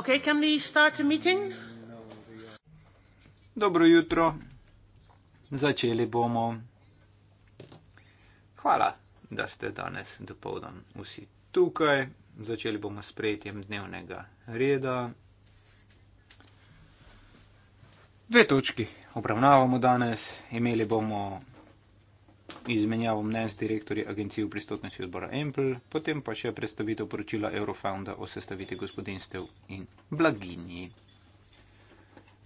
Okay, can we start the meeting? Dobro jutro. Začeli bomo. Hvala, da ste danes dopoldan vsi tukaj. Začeli bomo s prejetjem dnevnega reda. Dve točki obravnavamo danes. Imeli bomo izmenjavo mnen s direktorji agencij v pristotnosti odbora Empl, potem pa še predstavitev poročila Eurofounda o sestavitvi gospodinstev in blaginji.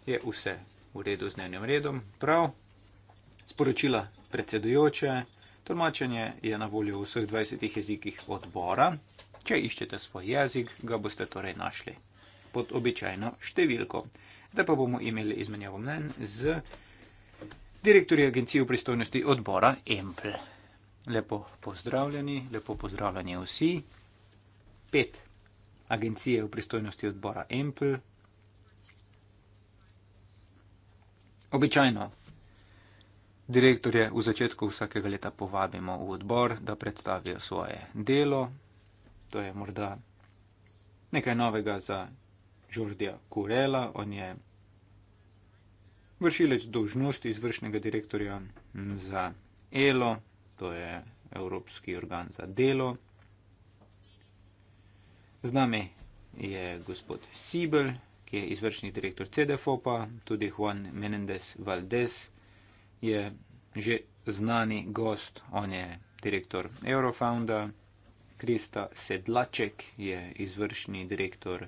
Je vse v redu z dnevnim redom, prav? Sporočila predsedujoče, tolmačenje je na voljo v vseh 20 jezikih odbora. Če iščete svoj jezik, ga boste torej našli pod običajno številko. Zdaj pa bomo imeli izmenjavo mnen z direktorji agencije v pristojnosti odbora EMPL. Lepo pozdravljeni, lepo pozdravljeni vsi. Pet agencije v pristojnosti odbora EMPL. Običajno direktorje v začetku vsakega leta povabimo v odbor, da predstavijo svoje delo. To je morda nekaj novega za Žurdija Kurela. On je vršilec dožnosti izvršnega direktorja za ELO, to je Evropski organ za delo. Z nami je gospod Sibel, ki je izvršni direktor CDFOPA, tudi Juan Menendez Valdez je že znani gost, on je direktor Eurofounda, Krista Sedlaček je izvršni direktor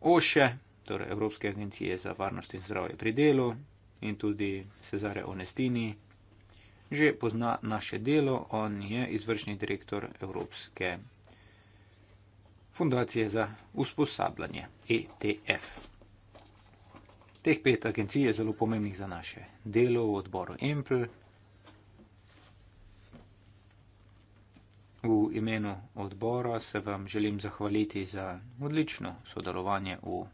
OŠE, direktor Evropske agencije za varnost in zdravje pri delu in tudi Cezare Onestini, že pozna naše delo. On je izvršni direktor Evropske fundacije za usposabljanje ETF. Teh pet agencij je zelo pomembnih za naše delo v odboru EMPL. V imenu odbora se vam želim zahvaliti za odlično sodelovanje v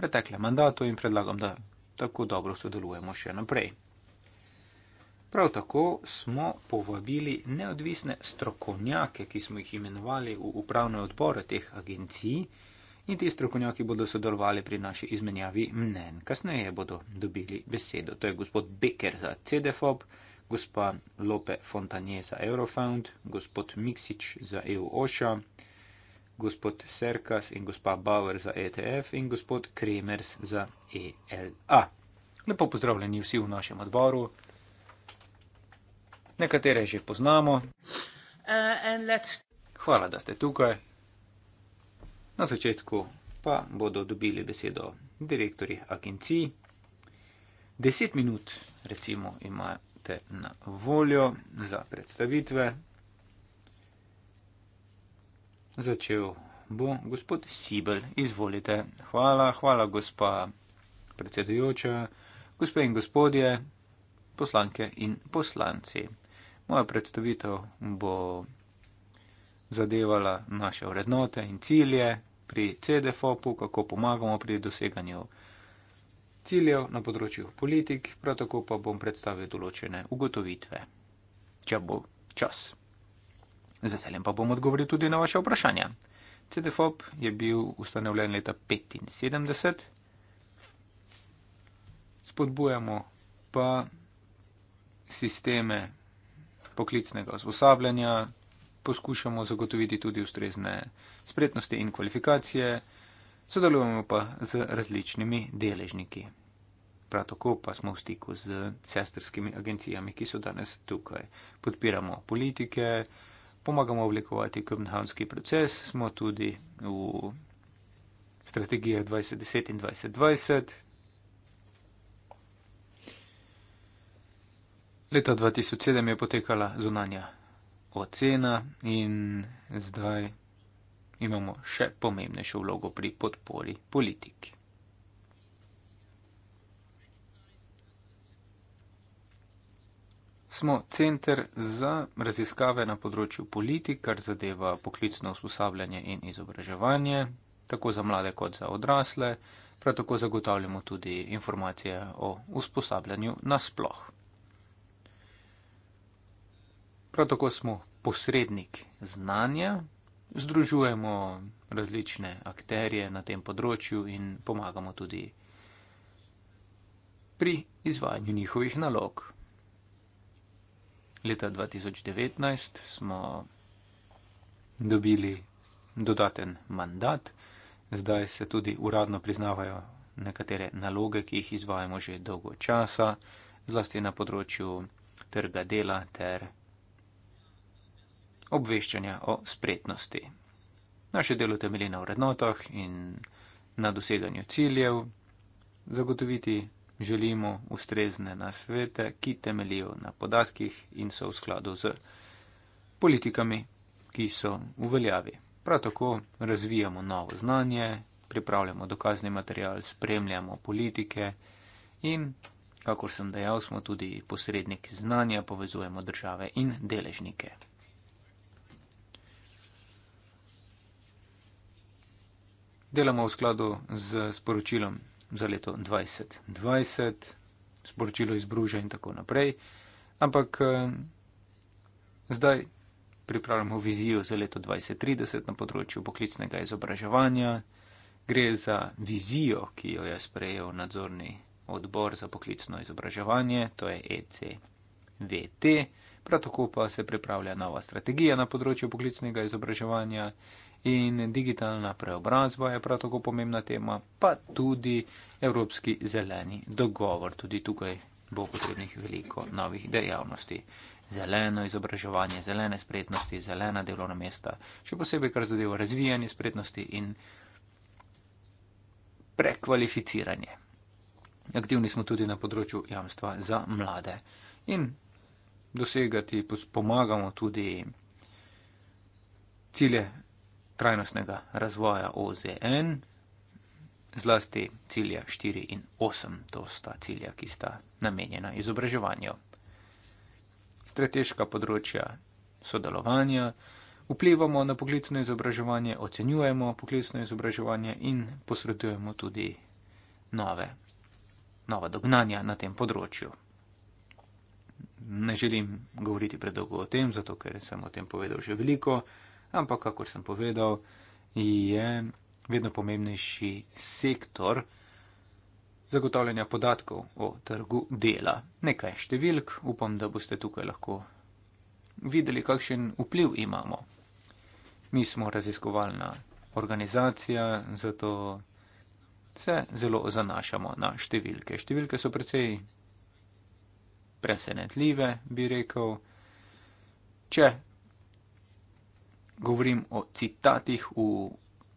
preteklem mandatu in predlagam, da tako dobro sodelujemo še naprej. Prav tako smo povabili neodvisne strokovnjake, ki smo jih imenovali v upravne odbore teh agencij, in ti strokovnjaki bodo sodelovali pri naši izmenjavi mnen. Kasneje bodo dobili besedo. To je gospod Becker za CDFOB, gospa Lope Fontanje za Eurofound, gospod Miksič za EU OŠA gospod Serkas in gospa Bauer za ETF in gospod Kremers za ELA. Lepo pozdravljeni vsi v našem odboru. Nekatere že poznamo. Uh, Hvala, da ste tukaj. Na začetku pa bodo dobili besedo direktori agencij. Deset minut recimo imate na voljo za predstavitve. Začel bo gospod Sibel. Izvolite. Hvala, hvala gospa predsedujoča, gospe in gospodje, poslanke in poslanci. Moja predstavitev bo zadevala naše vrednote in cilje pri CDFOP-u, kako pomagamo pri doseganju ciljev na področju politik, prav tako pa bom predstavil določene ugotovitve, če bo čas. Z veseljem pa bom odgovoril tudi na vaše vprašanje. CDFOP je bil ustanovljen leta 1975, spodbujamo pa sisteme poklicnega usposabljanja, poskušamo zagotoviti tudi ustrezne spretnosti in kvalifikacije, sodelujemo pa z različnimi deležniki. Prav tako pa smo v stiku z sestrskimi agencijami, ki so danes tukaj. Podpiramo politike, pomagamo oblikovati kopenhavnski proces, smo tudi v strategijah 2010 in 2020. Leta 2007 je potekala zunanja ocena in zdaj imamo še pomembnejšo vlogo pri podpori politiki. smo centr za raziskave na področju politik, kar zadeva poklicno usposabljanje in izobraževanje, tako za mlade kot za odrasle. Prav tako zagotavljamo tudi informacije o usposabljanju nasploh. Prav tako smo posrednik znanja, združujemo različne akterje na tem področju in pomagamo tudi pri izvajanju njihovih nalog leta 2019 smo dobili dodaten mandat, zdaj se tudi uradno priznavajo nekatere naloge, ki jih izvajamo že dolgo časa, zlasti na področju trga dela ter obveščanja o spretnosti. Naše delo temelji na vrednotah in na doseganju ciljev, zagotoviti želimo ustrezne nasvete, ki temelijo na podatkih in so v skladu z politikami, ki so v veljavi. Prav tako razvijamo novo znanje, pripravljamo dokazni material, spremljamo politike in, kako sem dejal, smo tudi posrednik znanja, povezujemo države in deležnike. Delamo v skladu z sporočilom za leto 2020, sporočilo iz Bruža in tako naprej. Ampak eh, zdaj pripravljamo vizijo za leto 2030 na področju poklicnega izobraževanja. Gre za vizijo, ki jo je sprejel nadzorni odbor za poklicno izobraževanje, to je ECVT. Prav tako pa se pripravlja nova strategija na področju poklicnega izobraževanja, in digitalna preobrazba je prav tako pomembna tema, pa tudi Evropski zeleni dogovor. Tudi tukaj bo potrebnih veliko novih dejavnosti. Zeleno izobraževanje, zelene spretnosti, zelena delovna mesta, še posebej kar zadeva razvijanje spretnosti in prekvalificiranje. Aktivni smo tudi na področju jamstva za mlade in dosegati pomagamo tudi cilje trajnostnega razvoja OZN, zlasti cilja 4 in 8, to sta cilja, ki sta namenjena izobraževanju. Strateška področja sodelovanja, vplivamo na poklicno izobraževanje, ocenjujemo poklicno izobraževanje in posredujemo tudi nove, nova dognanja na tem področju. Ne želim govoriti predolgo o tem, zato ker sem o tem povedal že veliko ampak, kakor sem povedal, je vedno pomembnejši sektor zagotavljanja podatkov o trgu dela. Nekaj številk, upam, da boste tukaj lahko videli, kakšen vpliv imamo. Mi smo raziskovalna organizacija, zato se zelo zanašamo na številke. Številke so precej presenetljive, bi rekel. Če govorim o citatih v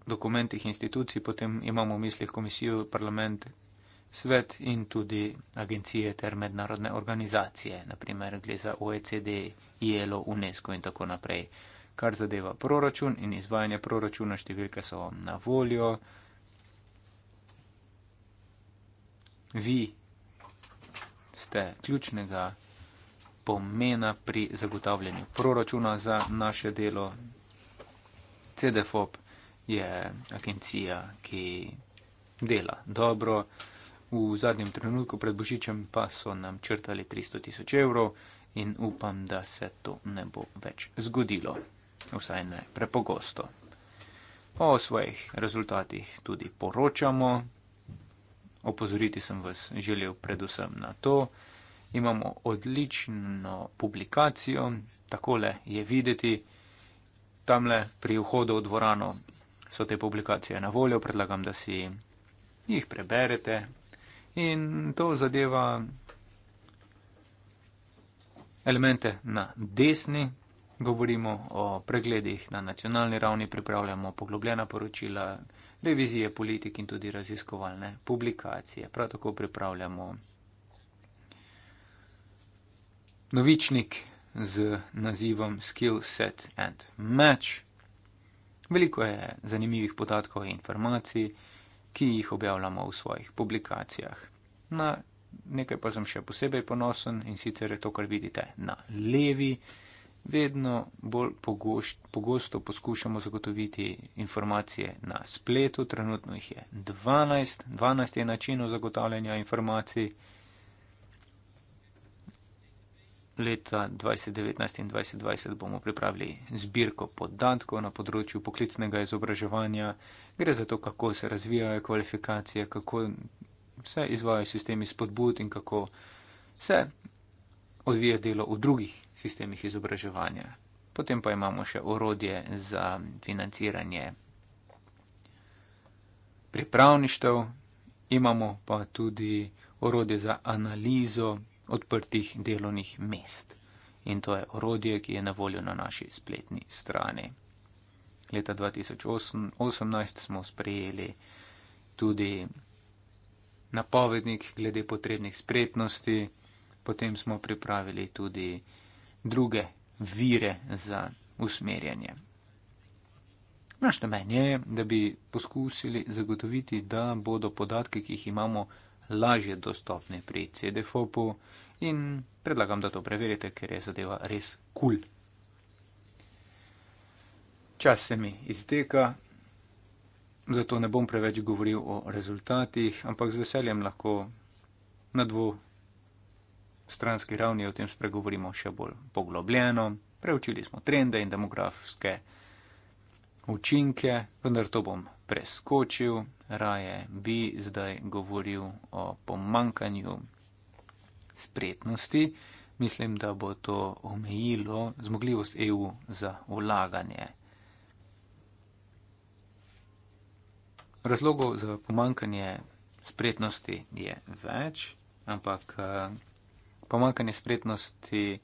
dokumentih institucij, potem imamo v mislih komisijo, parlament, svet in tudi agencije ter mednarodne organizacije, naprimer gre za OECD, ILO, UNESCO in tako naprej. Kar zadeva proračun in izvajanje proračuna, številke so vam na voljo. Vi ste ključnega pomena pri zagotavljanju proračuna za naše delo, CDFOP je agencija, ki dela dobro. V zadnjem trenutku pred Božičem pa so nam črtali 300 tisoč evrov in upam, da se to ne bo več zgodilo. Vsaj ne prepogosto. O svojih rezultatih tudi poročamo. Opozoriti sem vas želel predvsem na to. Imamo odlično publikacijo, takole je videti tamle pri vhodu v dvorano so te publikacije na voljo, predlagam, da si jih preberete. In to zadeva elemente na desni, govorimo o pregledih na nacionalni ravni, pripravljamo poglobljena poročila, revizije politik in tudi raziskovalne publikacije. Prav tako pripravljamo novičnik z nazivom Skill Set and Match. Veliko je zanimivih podatkov in informacij, ki jih objavljamo v svojih publikacijah. Na nekaj pa sem še posebej ponosen in sicer je to, kar vidite na levi. Vedno bolj pogosto poskušamo zagotoviti informacije na spletu, trenutno jih je 12. 12 je načinov zagotavljanja informacij leta 2019 in 2020 bomo pripravili zbirko podatkov na področju poklicnega izobraževanja. Gre za to, kako se razvijajo kvalifikacije, kako se izvajo sistemi spodbud in kako se odvija delo v drugih sistemih izobraževanja. Potem pa imamo še orodje za financiranje pripravništev, imamo pa tudi orodje za analizo odprtih delovnih mest. In to je orodje, ki je na voljo na naši spletni strani. Leta 2018 smo sprejeli tudi napovednik glede potrebnih spretnosti, potem smo pripravili tudi druge vire za usmerjanje. Naš namen je, da bi poskusili zagotoviti, da bodo podatki, ki jih imamo lažje dostopni pri CD-fopu in predlagam, da to preverite, ker je zadeva res kul. Cool. Čas se mi izteka, zato ne bom preveč govoril o rezultatih, ampak z veseljem lahko na dvo stranski ravni o tem spregovorimo še bolj poglobljeno. Preučili smo trende in demografske učinke, vendar to bom preskočil, raje bi zdaj govoril o pomankanju spretnosti. Mislim, da bo to omejilo zmogljivost EU za vlaganje. Razlogov za pomankanje spretnosti je več, ampak eh, pomankanje spretnosti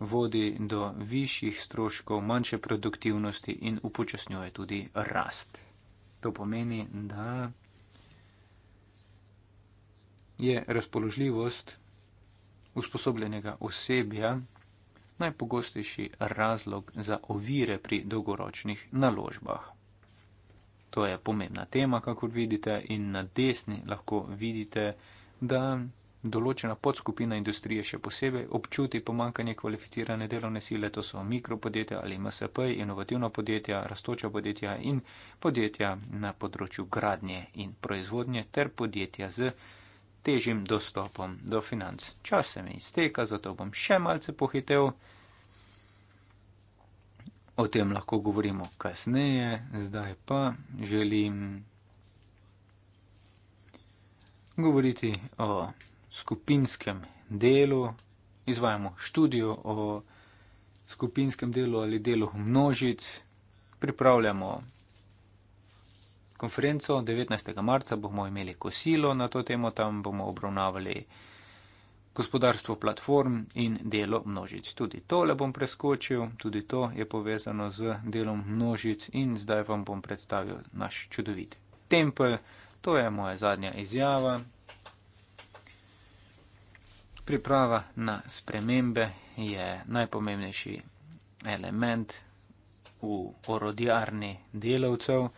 vodi do višjih stroškov, manjše produktivnosti in upočasnjuje tudi rast. To pomeni, da je razpoložljivost usposobljenega osebja najpogostejši razlog za ovire pri dolgoročnih naložbah. To je pomembna tema, kakor vidite, in na desni lahko vidite, da določena podskupina industrije še posebej občuti pomankanje kvalificirane delovne sile, to so mikropodjetja ali MSP, inovativna podjetja, raztoča podjetja in podjetja na področju gradnje in proizvodnje ter podjetja z težjim dostopom do financ. Čas se mi izteka, zato bom še malce pohitev. O tem lahko govorimo kasneje, zdaj pa želim govoriti o skupinskem delu, izvajamo študijo o skupinskem delu ali delu množic, pripravljamo konferenco. 19. marca bomo imeli kosilo na to temo, tam bomo obravnavali gospodarstvo platform in delo množic. Tudi to le bom preskočil, tudi to je povezano z delom množic in zdaj vam bom predstavil naš čudovit tempelj. To je moja zadnja izjava. Priprava na spremembe je najpomembnejši element v orodjarni delavcev,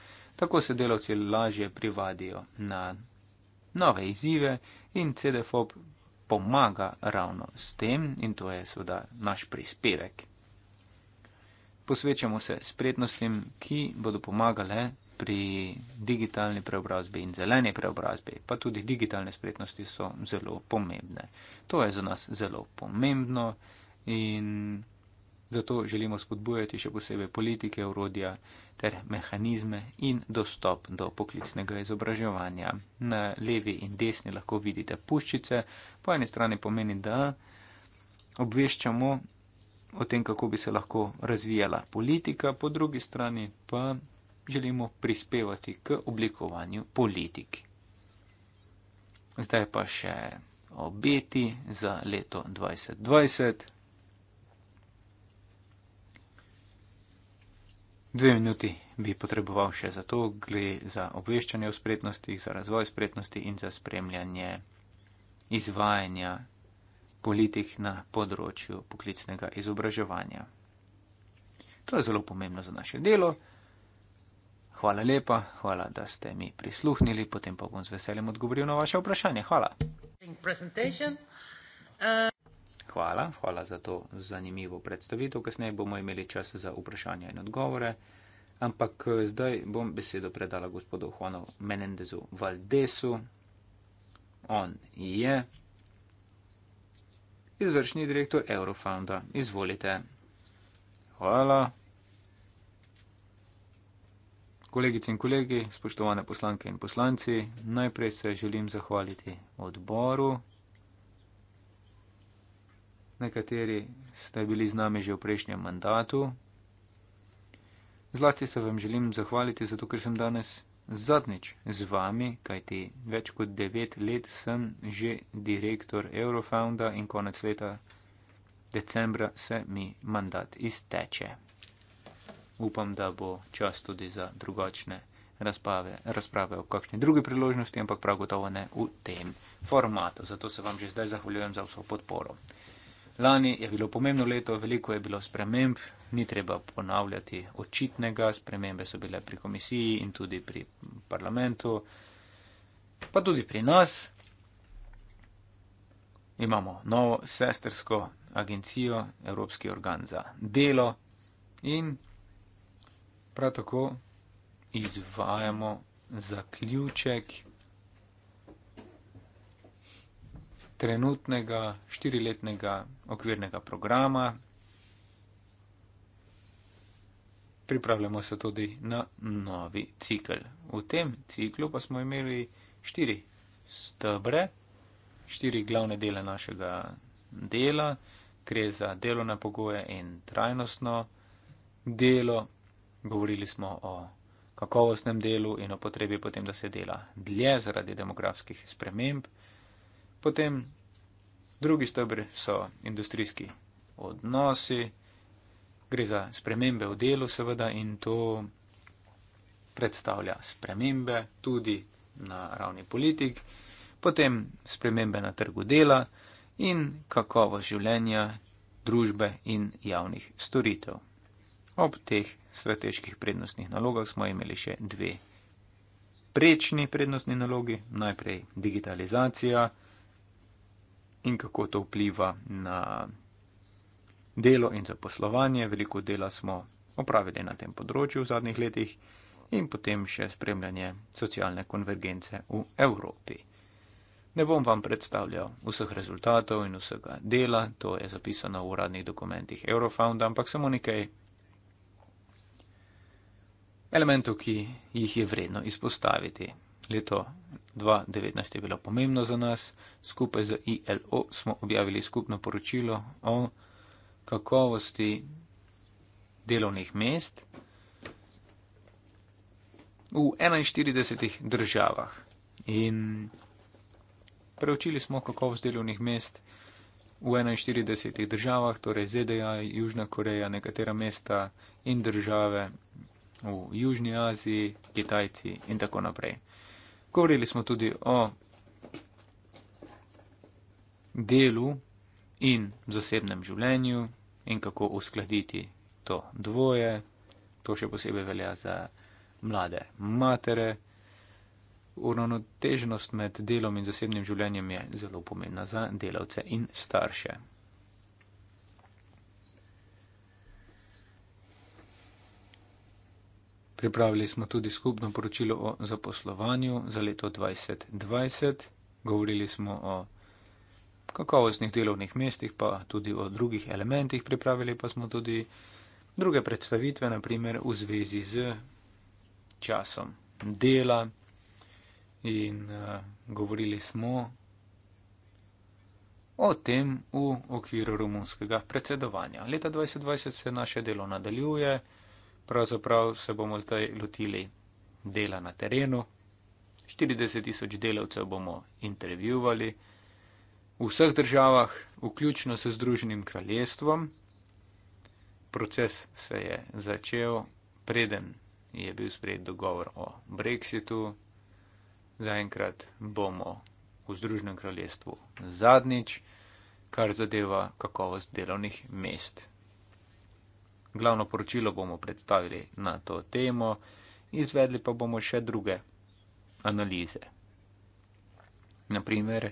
tako se delavci lažje privadijo na nove izzive in CDFOP pomaga ravno s tem in to je seveda naš prispevek. Posvečamo se spretnostim, ki bodo pomagale pri digitalni preobrazbi in zeleni preobrazbi, pa tudi digitalne spretnosti so zelo pomembne. To je za nas zelo pomembno in zato želimo spodbujati še posebej politike, urodja ter mehanizme in dostop do poklicnega izobraževanja. Na levi in desni lahko vidite puščice, po eni strani pomeni, da obveščamo o tem, kako bi se lahko razvijala politika, po drugi strani pa želimo prispevati k oblikovanju politik. Zdaj pa še obeti za leto 2020. Dve minuti bi potreboval še za to, gre za obveščanje o spretnostih, za razvoj spretnosti in za spremljanje izvajanja politik na področju poklicnega izobraževanja. To je zelo pomembno za naše delo hvala lepa, hvala, da ste mi prisluhnili, potem pa bom z veseljem odgovoril na vaše vprašanje. Hvala. Hvala, hvala za to zanimivo predstavitev. Kasneje bomo imeli čas za vprašanja in odgovore. Ampak eh, zdaj bom besedo predala gospodu Juanu Menendezu Valdesu. On je izvršni direktor Eurofonda. Izvolite. Hvala. Kolegice in kolegi, spoštovane poslanke in poslanci, najprej se želim zahvaliti odboru. Nekateri ste bili z nami že v prejšnjem mandatu. Zlasti se vam želim zahvaliti, zato ker sem danes zadnjič z vami, kajti več kot devet let sem že direktor Eurofounda in konec leta, decembra, se mi mandat izteče upam, da bo čas tudi za drugačne razprave, razprave o kakšni drugi priložnosti, ampak prav gotovo ne v tem formatu. Zato se vam že zdaj zahvaljujem za vso podporo. Lani je bilo pomembno leto, veliko je bilo sprememb, ni treba ponavljati očitnega, spremembe so bile pri komisiji in tudi pri parlamentu, pa tudi pri nas. Imamo novo sestrsko agencijo, Evropski organ za delo in Prav tako izvajamo zaključek trenutnega štiriletnega okvirnega programa. Pripravljamo se tudi na novi cikl. V tem ciklu pa smo imeli štiri stebre, štiri glavne dele našega dela. Gre za delovne pogoje in trajnostno delo, Govorili smo o kakovostnem delu in o potrebi potem, da se dela dlje zaradi demografskih sprememb. Potem drugi stebri so industrijski odnosi, gre za spremembe v delu seveda in to predstavlja spremembe tudi na ravni politik, potem spremembe na trgu dela in kakovost življenja družbe in javnih storitev. Ob teh strateških prednostnih nalogah smo imeli še dve prečni prednostni nalogi. Najprej digitalizacija in kako to vpliva na delo in zaposlovanje. Veliko dela smo opravili na tem področju v zadnjih letih in potem še spremljanje socialne konvergence v Evropi. Ne bom vam predstavljal vseh rezultatov in vsega dela, to je zapisano v uradnih dokumentih Eurofound, ampak samo nekaj elementov, ki jih je vredno izpostaviti. Leto 2019 je bilo pomembno za nas, skupaj z ILO smo objavili skupno poročilo o kakovosti delovnih mest v 41 državah. In preučili smo kakovost delovnih mest v 41 državah, torej ZDA, Južna Koreja, nekatera mesta in države v Južni Aziji, Kitajci in tako naprej. Govorili smo tudi o delu in zasebnem življenju in kako uskladiti to dvoje. To še posebej velja za mlade matere. Uravnoteženost med delom in zasebnim življenjem je zelo pomembna za delavce in starše. Pripravili smo tudi skupno poročilo o zaposlovanju za leto 2020, govorili smo o kakovostnih delovnih mestih, pa tudi o drugih elementih, pripravili pa smo tudi druge predstavitve, naprimer v zvezi z časom dela in uh, govorili smo o tem v okviru rumunskega predsedovanja. Leta 2020 se naše delo nadaljuje pravzaprav se bomo zdaj lotili dela na terenu. 40 tisoč delavcev bomo intervjuvali v vseh državah, vključno s Združenim kraljestvom. Proces se je začel, preden je bil sprejet dogovor o Brexitu. Zaenkrat bomo v Združenem kraljestvu zadnjič, kar zadeva kakovost delovnih mest. Glavno poročilo bomo predstavili na to temo, izvedli pa bomo še druge analize. Naprimer,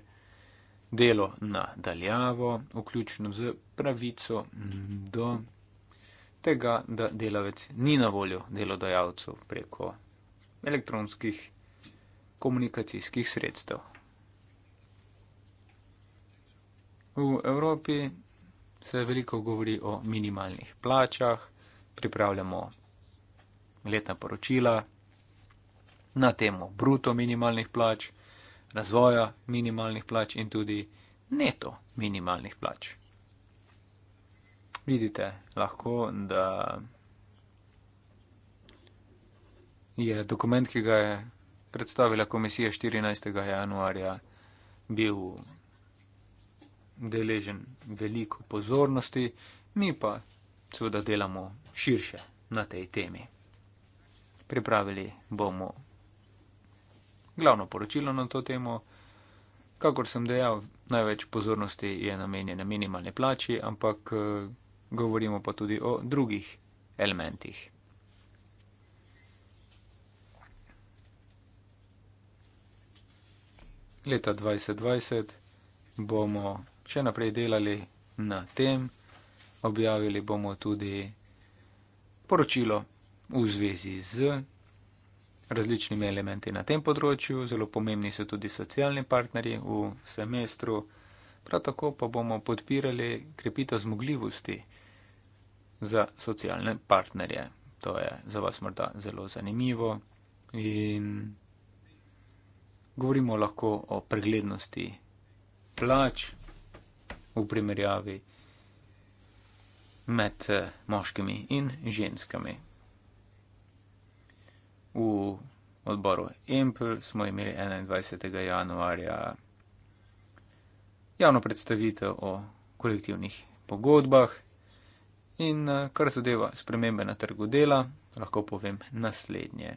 delo na daljavo, vključno z pravico do tega, da delavec ni na voljo delodajalcu preko elektronskih komunikacijskih sredstev. V Evropi se veliko govori o minimalnih plačah, pripravljamo letna poročila na temo bruto minimalnih plač, razvoja minimalnih plač in tudi neto minimalnih plač. Vidite lahko, da je dokument, ki ga je predstavila komisija 14. januarja, bil deležen veliko pozornosti, mi pa seveda delamo širše na tej temi. Pripravili bomo glavno poročilo na to temo. Kakor sem dejal, največ pozornosti je namenjene minimalne plači, ampak eh, govorimo pa tudi o drugih elementih. Leta 2020 bomo še naprej delali na tem, objavili bomo tudi poročilo v zvezi z različnimi elementi na tem področju. Zelo pomembni so tudi socialni partnerji v semestru. Prav tako pa bomo podpirali krepitev zmogljivosti za socialne partnerje. To je za vas morda zelo zanimivo in govorimo lahko o preglednosti plač, v primerjavi med eh, moškimi in ženskami. V odboru Impel smo imeli 21. januarja javno predstavitev o kolektivnih pogodbah in eh, kar zadeva spremembe na trgu dela, lahko povem naslednje.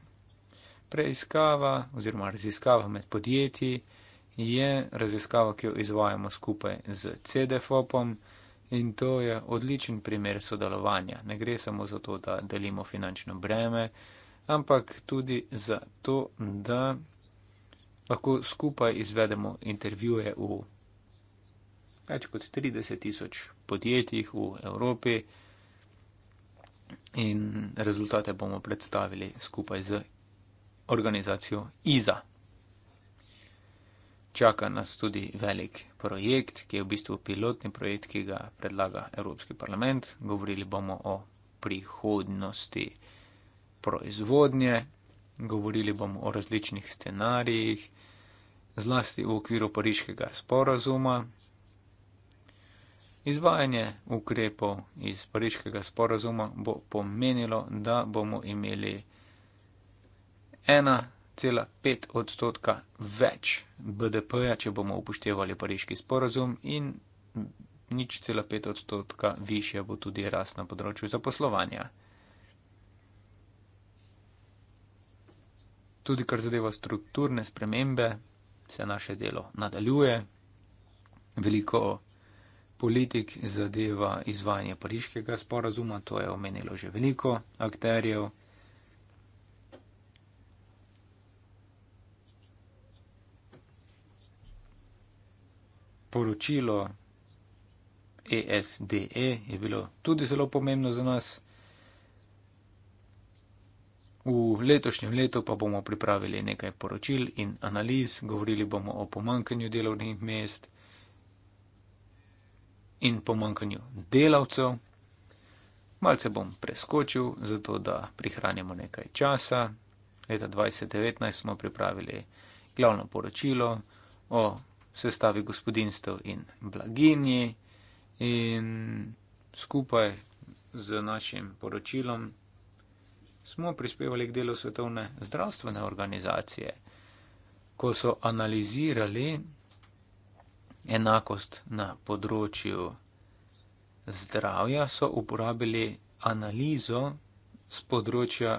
Preiskava oziroma raziskava med podjetji je raziskava, ki jo izvajamo skupaj z CDFOPom in to je odličen primer sodelovanja. Ne gre samo za to, da delimo finančno breme, ampak tudi za to, da lahko skupaj izvedemo intervjuje v več kot 30 tisoč podjetjih v Evropi. In rezultate bomo predstavili skupaj z organizacijo IZA čaka nas tudi velik projekt, ki je v bistvu pilotni projekt, ki ga predlaga Evropski parlament. Govorili bomo o prihodnosti proizvodnje, govorili bomo o različnih scenarijih, zlasti v okviru pariškega sporazuma. Izvajanje ukrepov iz pariškega sporazuma bo pomenilo, da bomo imeli ena 2,5 odstotka več BDP-ja, če bomo upoštevali pariški sporozum in nič cela pet odstotka više bo tudi rast na področju zaposlovanja. Tudi kar zadeva strukturne spremembe, se naše delo nadaljuje. Veliko politik zadeva izvajanje pariškega sporazuma, to je omenilo že veliko akterjev. poročilo ESDE e je bilo tudi zelo pomembno za nas. V letošnjem letu pa bomo pripravili nekaj poročil in analiz, govorili bomo o pomankanju delovnih mest in pomankanju delavcev. Malce bom preskočil, zato da prihranimo nekaj časa. Leta 2019 smo pripravili glavno poročilo o sestavi gospodinstv in blaginji, in skupaj z našim poročilom smo prispevali k delu Svetovne zdravstvene organizacije, ko so analizirali enakost na področju zdravja, so uporabili analizo z področja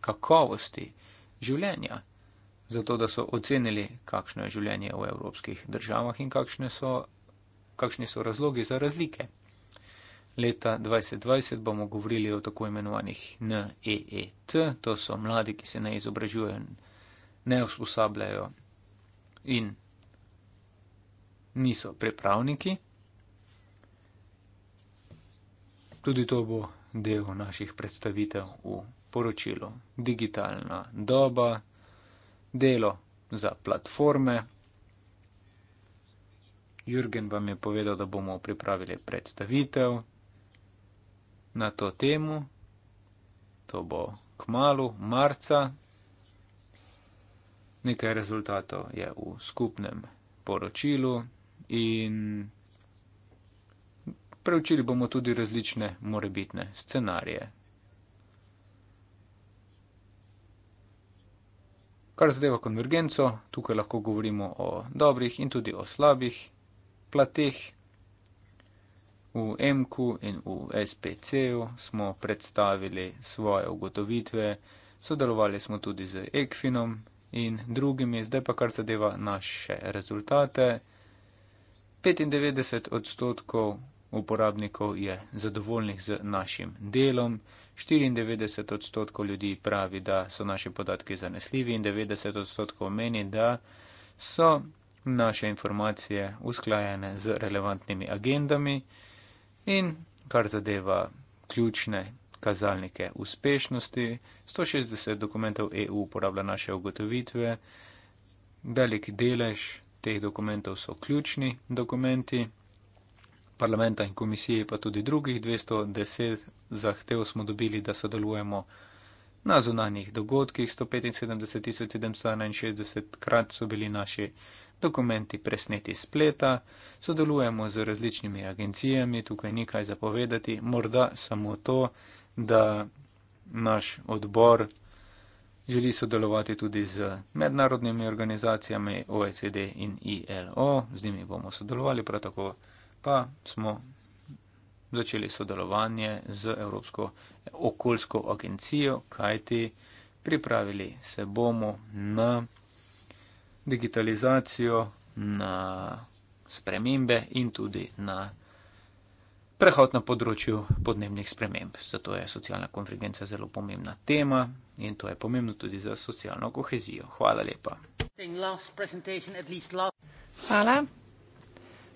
kakovosti življenja zato da so ocenili, kakšno je življenje v evropskih državah in kakšne so, kakšne so razlogi za razlike. Leta 2020 bomo govorili o tako imenovanih NEET, to so mladi, ki se ne izobražujejo, ne usposabljajo in niso prepravniki. Tudi to bo del naših predstavitev v poročilu. Digitalna doba, delo za platforme. Jürgen vam je povedal, da bomo pripravili predstavitev na to temo. To bo k malu, marca. Nekaj rezultatov je v skupnem poročilu in preučili bomo tudi različne morebitne scenarije. Kar zadeva konvergenco, tukaj lahko govorimo o dobrih in tudi o slabih plateh. V MQ in v SPC-ju smo predstavili svoje ugotovitve, sodelovali smo tudi z Ekfinom in drugimi, zdaj pa kar zadeva naše rezultate. 95 odstotkov uporabnikov je zadovoljnih z našim delom, 94 odstotkov ljudi pravi, da so naše podatke zanesljivi in 90 odstotkov meni, da so naše informacije usklajene z relevantnimi agendami in kar zadeva ključne kazalnike uspešnosti. 160 dokumentov EU uporablja naše ugotovitve, velik delež teh dokumentov so ključni dokumenti parlamenta in komisije, pa tudi drugih 210 zahtev smo dobili, da sodelujemo na zunanjih dogodkih. 175.761 krat so bili naši dokumenti presneti spleta, sodelujemo z različnimi agencijami, tukaj ni kaj zapovedati, morda samo to, da naš odbor želi sodelovati tudi z mednarodnimi organizacijami OECD in ILO, z njimi bomo sodelovali prav tako pa smo začeli sodelovanje z Evropsko okoljsko agencijo, kajti pripravili se bomo na digitalizacijo, na spremembe in tudi na prehod na področju podnebnih sprememb. Zato je socialna konvergenca zelo pomembna tema in to je pomembno tudi za socialno kohezijo. Hvala lepa. Hvala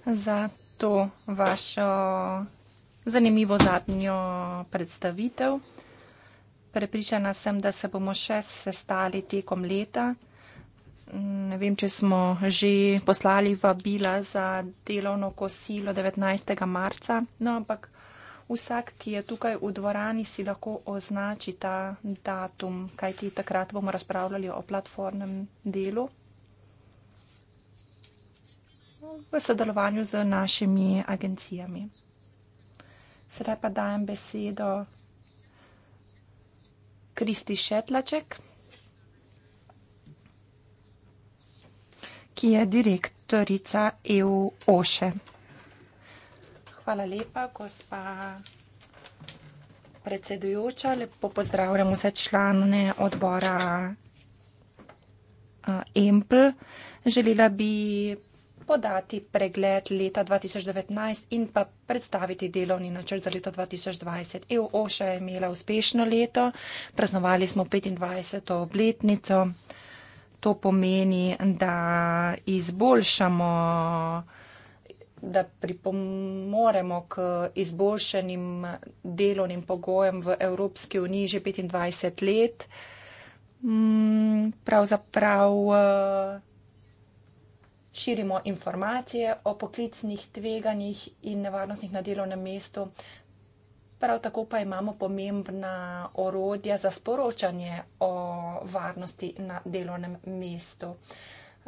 za to vašo zanimivo zadnjo predstavitev. Prepričana sem, da se bomo še sestali tekom leta. Ne vem, če smo že poslali vabila za delovno kosilo 19. marca, no, ampak vsak, ki je tukaj v dvorani, si lahko označi ta datum, kajti takrat bomo razpravljali o platformnem delu v sodelovanju z našimi agencijami. Sedaj pa dajem besedo Kristi Šetlaček, ki je direktorica EU OŠE. Hvala lepa, gospa predsedujoča. Lepo pozdravljam vse člane odbora EMPL. Želela bi podati pregled leta 2019 in pa predstaviti delovni načrt za leto 2020. EUOŠA je imela uspešno leto, praznovali smo 25. obletnico. To pomeni, da izboljšamo, da pripomoremo k izboljšanim delovnim pogojem v Evropski uniji že 25 let. Mm, pravzaprav širimo informacije o poklicnih tveganjih in nevarnostih na delovnem mestu. Prav tako pa imamo pomembna orodja za sporočanje o varnosti na delovnem mestu.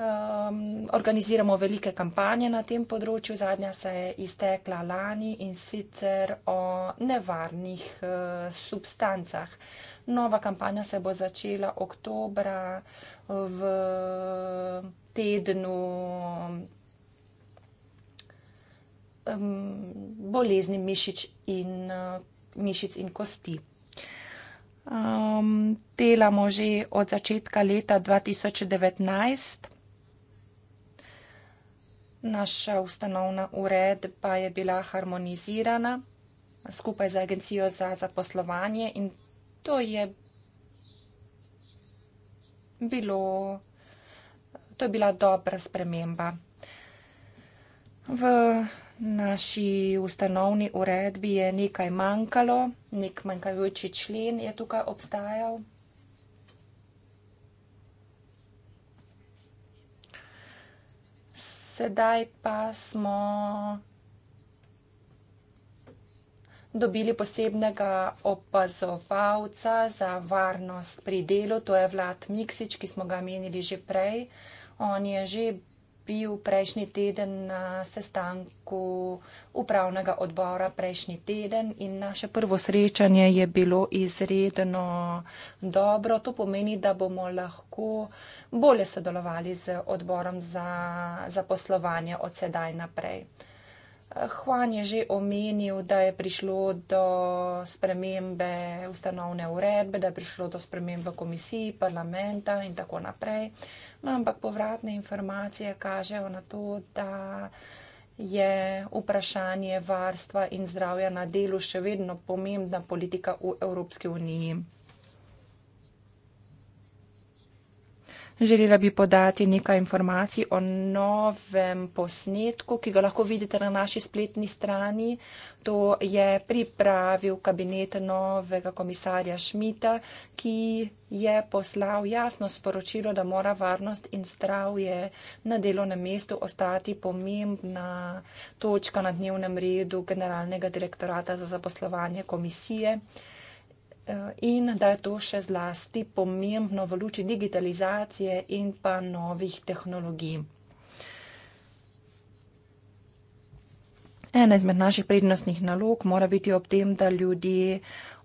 Um, organiziramo velike kampanje na tem področju. Zadnja se je iztekla lani in sicer o nevarnih uh, substancah. Nova kampanja se bo začela oktobra v tednu um, bolezni mišič in, uh, mišic in kosti. Um, telamo že od začetka leta 2019. Naša ustanovna uredba je bila harmonizirana skupaj z Agencijo za zaposlovanje in to je bilo to je bila dobra sprememba. V naši ustanovni uredbi je nekaj manjkalo, nek manjkajoči člen je tukaj obstajal. Sedaj pa smo dobili posebnega opazovalca za varnost pri delu, to je Vlad Miksič, ki smo ga menili že prej. On je že bil prejšnji teden na sestanku upravnega odbora prejšnji teden in naše prvo srečanje je bilo izredno dobro. To pomeni, da bomo lahko bolje sodelovali z odborom za, za poslovanje od sedaj naprej. Hvan je že omenil, da je prišlo do spremembe ustanovne uredbe, da je prišlo do sprememb v komisiji, parlamenta in tako naprej. No, ampak povratne informacije kažejo na to, da je vprašanje varstva in zdravja na delu še vedno pomembna politika v Evropski uniji. Želela bi podati nekaj informacij o novem posnetku, ki ga lahko vidite na naši spletni strani. To je pripravil kabinet novega komisarja Šmita, ki je poslal jasno sporočilo, da mora varnost in zdravje na delovnem mestu ostati pomembna točka na dnevnem redu generalnega direktorata za zaposlovanje komisije. Eh, in da je to še zlasti pomembno v luči digitalizacije in pa novih tehnologij. Ena izmed naših prednostnih nalog mora biti ob tem, da ljudje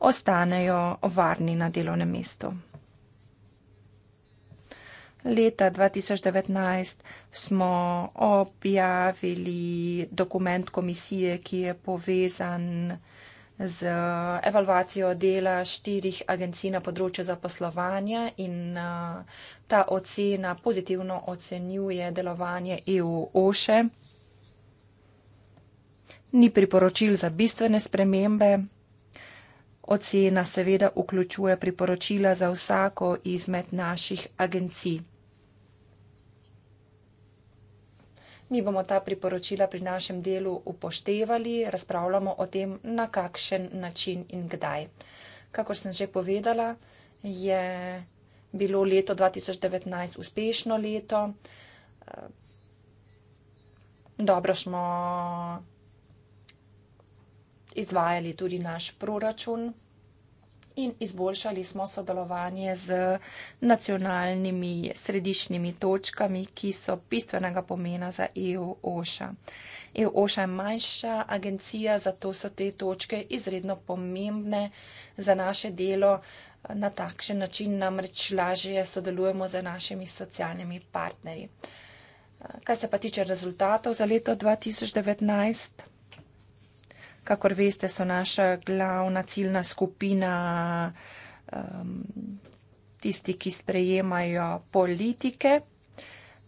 ostanejo varni na delovnem mestu. Leta 2019 smo objavili dokument komisije, ki je povezan z evalvacijo dela štirih agencij na področju zaposlovanja in uh, ta ocena pozitivno ocenjuje delovanje EU OŠE. Ni priporočil za bistvene spremembe. Ocena seveda vključuje priporočila za vsako izmed naših agencij. Mi bomo ta priporočila pri našem delu upoštevali, razpravljamo o tem, na kakšen način in kdaj. Kakor sem že povedala, je bilo leto 2019 uspešno leto. Eh, dobro smo izvajali tudi naš proračun in izboljšali smo sodelovanje z nacionalnimi središnjimi točkami, ki so bistvenega pomena za EU OŠA. EU OŠA je manjša agencija, zato so te točke izredno pomembne za naše delo. Na takšen način namreč lažje sodelujemo z našimi socialnimi partnerji. Kaj se pa tiče rezultatov za leto 2019? kakor veste, so naša glavna ciljna skupina um, tisti, ki sprejemajo politike.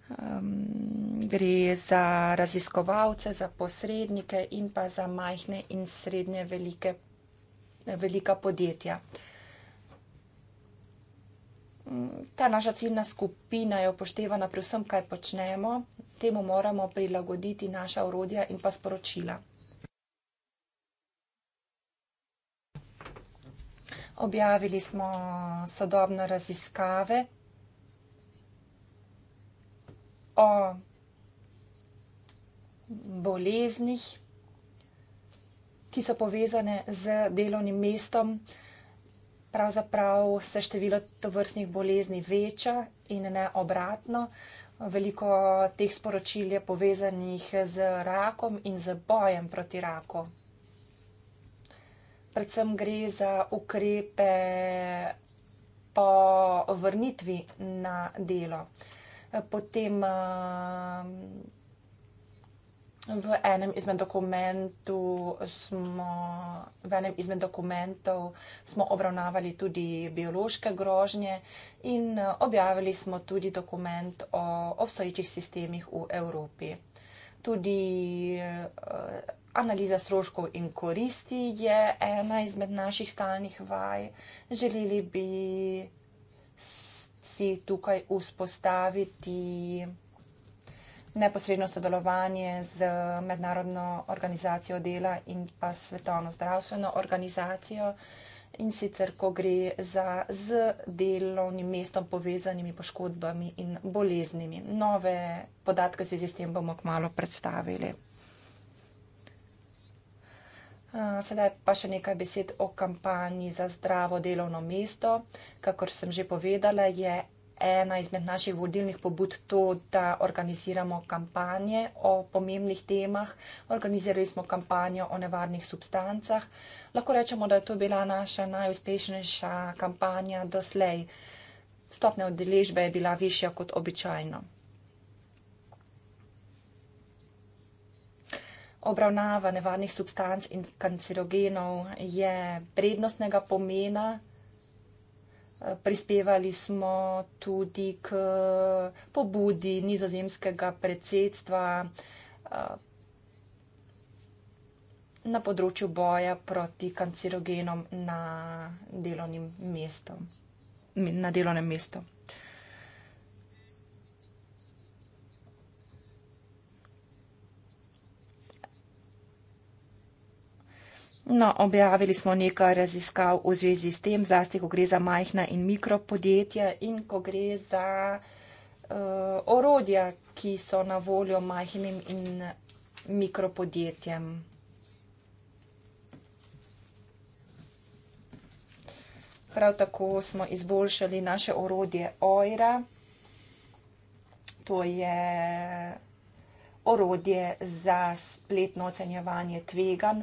Um, gre za raziskovalce, za posrednike in pa za majhne in srednje velike, velika podjetja. Ta naša ciljna skupina je upoštevana pri vsem, kaj počnemo. Temu moramo prilagoditi naša urodja in pa sporočila. objavili smo sodobne raziskave o boleznih, ki so povezane z delovnim mestom. Pravzaprav se število tovrstnih bolezni veča in ne obratno. Veliko teh sporočil je povezanih z rakom in z bojem proti raku predvsem gre za ukrepe po vrnitvi na delo. Potem eh, v enem izmed dokumentov smo, v enem izmed dokumentov smo obravnavali tudi biološke grožnje in eh, objavili smo tudi dokument o obstoječih sistemih v Evropi. Tudi eh, Analiza stroškov in koristi je ena izmed naših stalnih vaj. Želeli bi si tukaj vzpostaviti neposredno sodelovanje z mednarodno organizacijo dela in pa svetovno zdravstveno organizacijo in sicer, ko gre za z delovnim mestom povezanimi poškodbami in boleznimi. Nove podatke v zvezi s tem bomo kmalo predstavili. Eh, sedaj pa še nekaj besed o kampanji za zdravo delovno mesto. Kakor sem že povedala, je ena izmed naših vodilnih pobud to, da organiziramo kampanje o pomembnih temah. Organizirali smo kampanjo o nevarnih substancah. Lahko rečemo, da je to bila naša najuspešnejša kampanja doslej. Stopnja udeležbe je bila višja kot običajno. obravnava nevarnih substanc in kancerogenov je prednostnega pomena. Eh, prispevali smo tudi k eh, pobudi nizozemskega predsedstva eh, na področju boja proti kancerogenom na, mesto, na delovnem mestu. No, objavili smo nekaj raziskav v zvezi s tem, zlasti ko gre za majhna in mikropodjetja in ko gre za uh, orodja, ki so na voljo majhnim in mikropodjetjem. Prav tako smo izboljšali naše orodje OIRA, to je orodje za spletno ocenjevanje tveganj.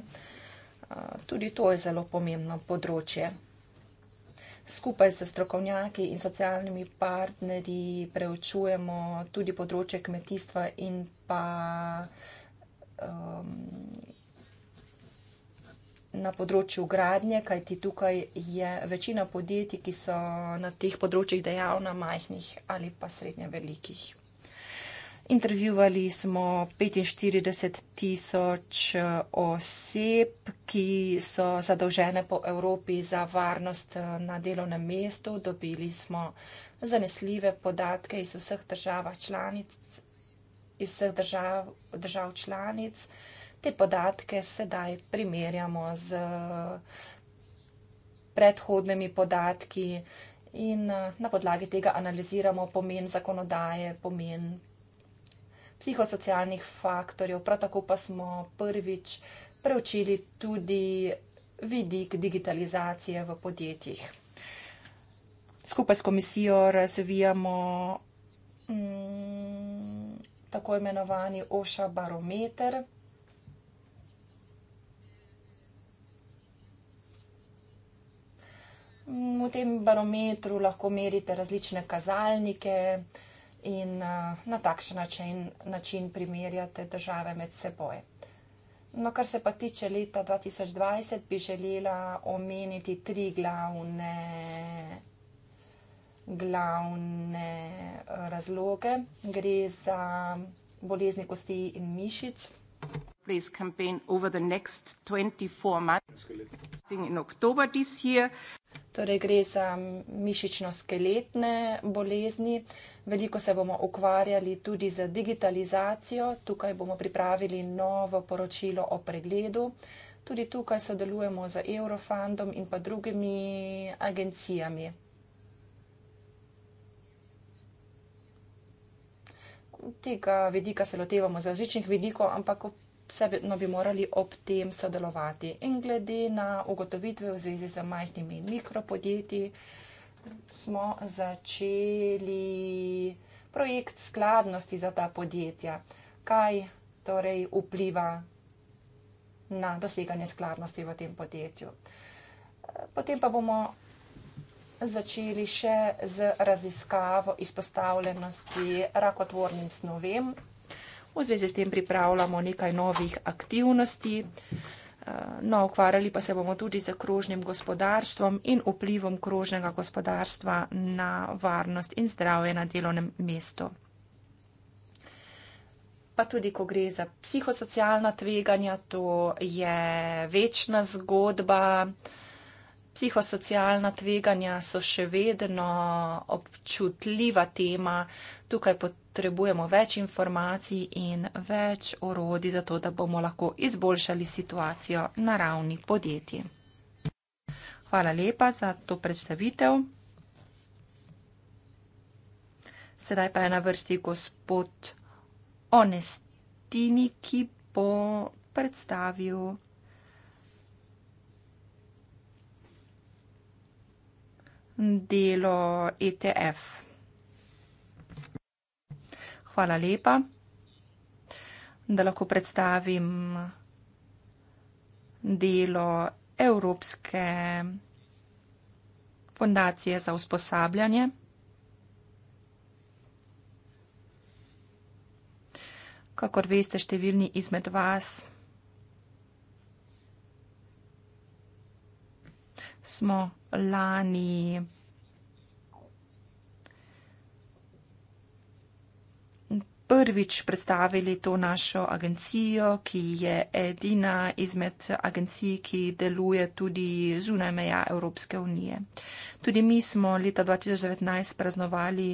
Tudi to je zelo pomembno področje. Skupaj s strokovnjaki in socialnimi partnerji preučujemo tudi področje kmetijstva in pa um, na področju gradnje, kajti tukaj je večina podjetij, ki so na teh področjih dejavna, majhnih ali pa srednje velikih. Intervjuvali smo 45 tisoč eh, oseb, ki so zadolžene po Evropi za varnost eh, na delovnem mestu. Dobili smo zanesljive podatke iz vseh država članic, iz vseh držav, držav članic. Te podatke sedaj primerjamo z predhodnimi podatki in eh, na podlagi tega analiziramo pomen zakonodaje, pomen psihosocialnih faktorjev, prav tako pa smo prvič preučili tudi vidik digitalizacije v podjetjih. Skupaj s komisijo razvijamo mm, tako imenovani OŠA barometer. V tem barometru lahko merite različne kazalnike, in uh, na takšen način, način primerjate države med seboj. No, kar se pa tiče leta 2020, bi želela omeniti tri glavne, glavne eh, razloge. Gre za bolezni kosti in mišic. Please campaign over the next 24 months. In oktober this year. Torej, gre za mišično-skeletne bolezni. Veliko se bomo ukvarjali tudi z digitalizacijo. Tukaj bomo pripravili novo poročilo o pregledu. Tudi tukaj sodelujemo z Eurofundom in pa drugimi agencijami. Tega vidika se lotevamo z različnih vidikov, ampak vseeno bi morali ob tem sodelovati. In glede na ugotovitve v zvezi z majhnimi in mikropodjetji, smo začeli projekt skladnosti za ta podjetja. Kaj torej vpliva na doseganje skladnosti v tem podjetju? Potem pa bomo začeli še z raziskavo izpostavljenosti rakotvornim snovem V zvezi s tem pripravljamo nekaj novih aktivnosti. Eh, no, ukvarjali pa se bomo tudi z krožnim gospodarstvom in vplivom krožnega gospodarstva na varnost in zdravje na delovnem mestu. Pa tudi, ko gre za psihosocialna tveganja, to je večna zgodba. Psihosocialna tveganja so še vedno občutljiva tema. Tukaj potrebujemo potrebujemo več informacij in več orodi za to, da bomo lahko izboljšali situacijo na ravni podjetij. Hvala lepa za to predstavitev. Sedaj pa je na vrsti gospod Onestini, ki bo predstavil delo ETF. Hvala lepa, da lahko predstavim delo Evropske fundacije za usposabljanje. Kakor veste, številni izmed vas smo lani prvič predstavili to našo agencijo, ki je edina izmed agencij, ki deluje tudi zunaj meja Evropske unije. Tudi mi smo leta 2019 praznovali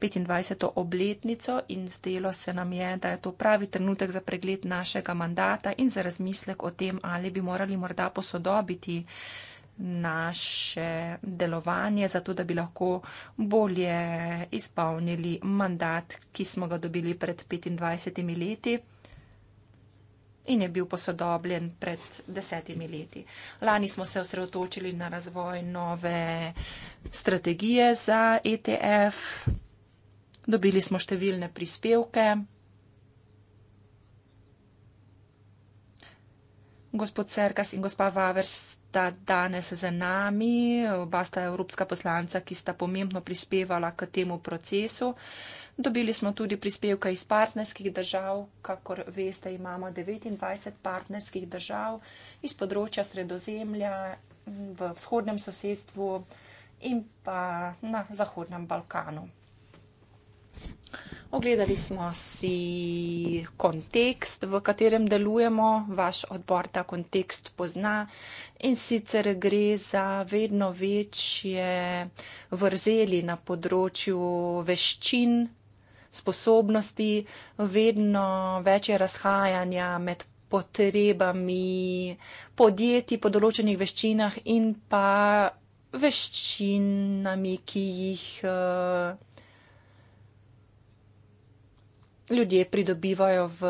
25. obletnico in zdelo se nam je, da je to pravi trenutek za pregled našega mandata in za razmislek o tem, ali bi morali morda posodobiti naše delovanje, zato da bi lahko bolje izpolnili mandat, ki smo ga dobili pred 25 leti in je bil posodobljen pred desetimi leti. Lani smo se osredotočili na razvoj nove strategije za ETF, dobili smo številne prispevke. Gospod Cerkas in gospa Vavers sta danes z nami, oba sta evropska poslanca, ki sta pomembno prispevala k temu procesu. Dobili smo tudi prispevke iz partnerskih držav, kakor veste, imamo 29 partnerskih držav iz področja sredozemlja v vzhodnem sosedstvu in pa na Zahodnem Balkanu. Ogledali smo si kontekst, v katerem delujemo, vaš odbor ta kontekst pozna in sicer gre za vedno večje vrzeli na področju veščin, sposobnosti, vedno večje razhajanja med potrebami podjetij po določenih veščinah in pa veščinami, ki jih. Uh, ljudje pridobivajo v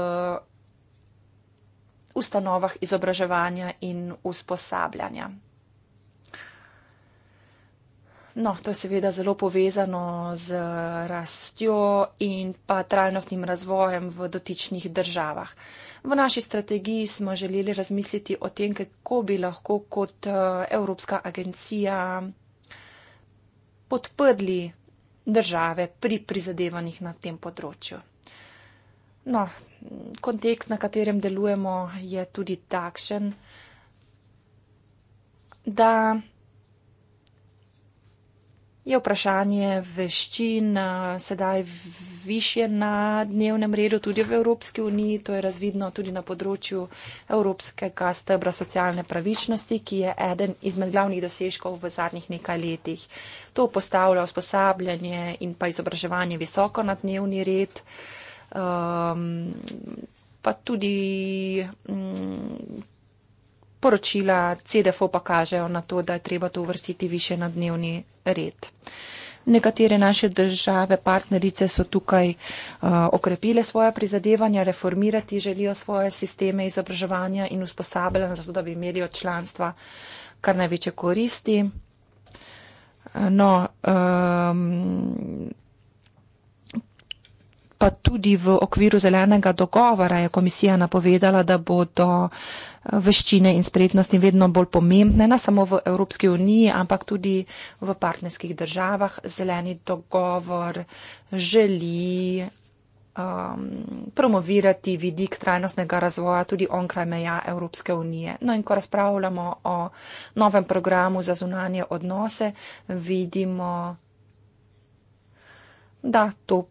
ustanovah izobraževanja in usposabljanja. No, to je seveda zelo povezano z rastjo in pa trajnostnim razvojem v dotičnih državah. V naši strategiji smo želeli razmisliti o tem, kako bi lahko kot eh, Evropska agencija podprli države pri prizadevanjih na tem področju. No, kontekst, na katerem delujemo, je tudi takšen, da je vprašanje veščin eh, sedaj više na dnevnem redu tudi v Evropski uniji. To je razvidno tudi na področju Evropskega stebra socialne pravičnosti, ki je eden izmed glavnih dosežkov v zadnjih nekaj letih. To postavlja usposabljanje in pa izobraževanje visoko na dnevni red um, pa tudi um, poročila CDFO pa kažejo na to, da je treba to uvrstiti više na dnevni red. Nekatere naše države, partnerice so tukaj uh, okrepile svoje prizadevanja, reformirati želijo svoje sisteme izobraževanja in usposabljanja, zato da bi imeli od članstva kar največje koristi. No, um, pa tudi v okviru zelenega dogovora je komisija napovedala, da bodo eh, veščine in spretnosti vedno bolj pomembne, ne samo v Evropski uniji, ampak tudi v partnerskih državah. Zeleni dogovor želi um, promovirati vidik trajnostnega razvoja tudi onkraj meja Evropske unije. No in ko razpravljamo o novem programu za zunanje odnose, vidimo, da to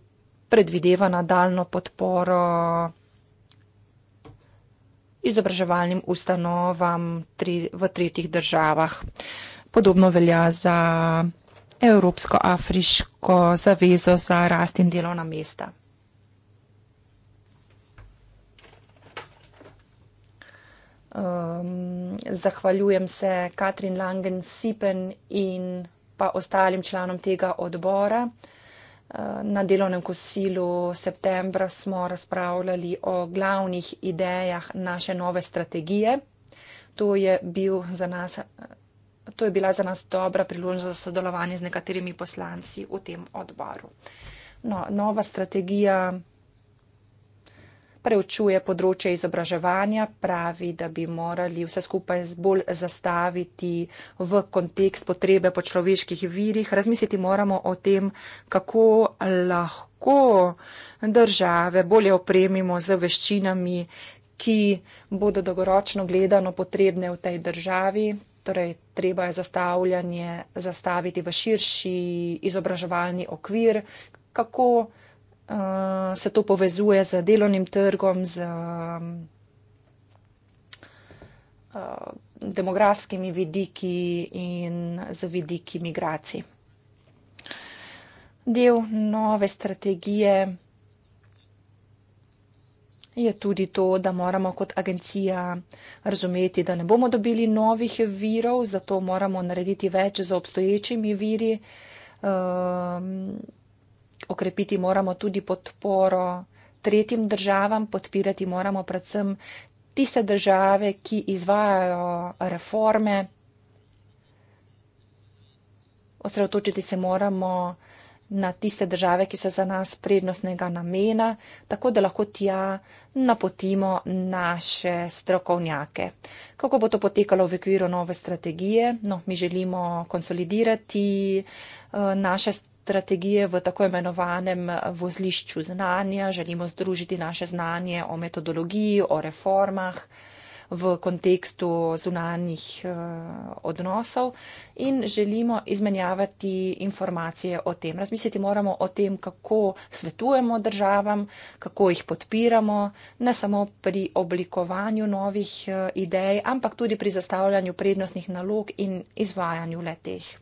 predvideva nadaljno podporo izobraževalnim ustanovam tri, v tretjih državah. Podobno velja za Evropsko-afriško zavezo za rast in delovna mesta. Um, zahvaljujem se Katrin Langen-Sipen in pa ostalim članom tega odbora na delovnem kosilu septembra smo razpravljali o glavnih idejah naše nove strategije. To je, bil za nas, to je bila za nas dobra priložnost za sodelovanje z nekaterimi poslanci v tem odboru. No, nova strategija preučuje področje izobraževanja, pravi, da bi morali vse skupaj bolj zastaviti v kontekst potrebe po človeških virih. Razmisliti moramo o tem, kako lahko države bolje opremimo z veščinami, ki bodo dolgoročno gledano potrebne v tej državi. Torej, treba je zastavljanje zastaviti v širši izobraževalni okvir, kako uh, se to povezuje z delovnim trgom, z uh, demografskimi vidiki in z vidiki migracij. Del nove strategije je tudi to, da moramo kot agencija razumeti, da ne bomo dobili novih virov, zato moramo narediti več za obstoječimi viri. Uh, okrepiti moramo tudi podporo tretjim državam, podpirati moramo predvsem tiste države, ki izvajajo reforme. Osredotočiti se moramo na tiste države, ki so za nas prednostnega namena, tako da lahko tja napotimo naše strokovnjake. Kako bo to potekalo v okviru nove strategije? No, mi želimo konsolidirati uh, naše strokovnjake strategije v tako imenovanem vozlišču znanja. Želimo združiti naše znanje o metodologiji, o reformah v kontekstu zunanjih eh, odnosov in želimo izmenjavati informacije o tem. Razmisliti moramo o tem, kako svetujemo državam, kako jih podpiramo, ne samo pri oblikovanju novih eh, idej, ampak tudi pri zastavljanju prednostnih nalog in izvajanju leteh.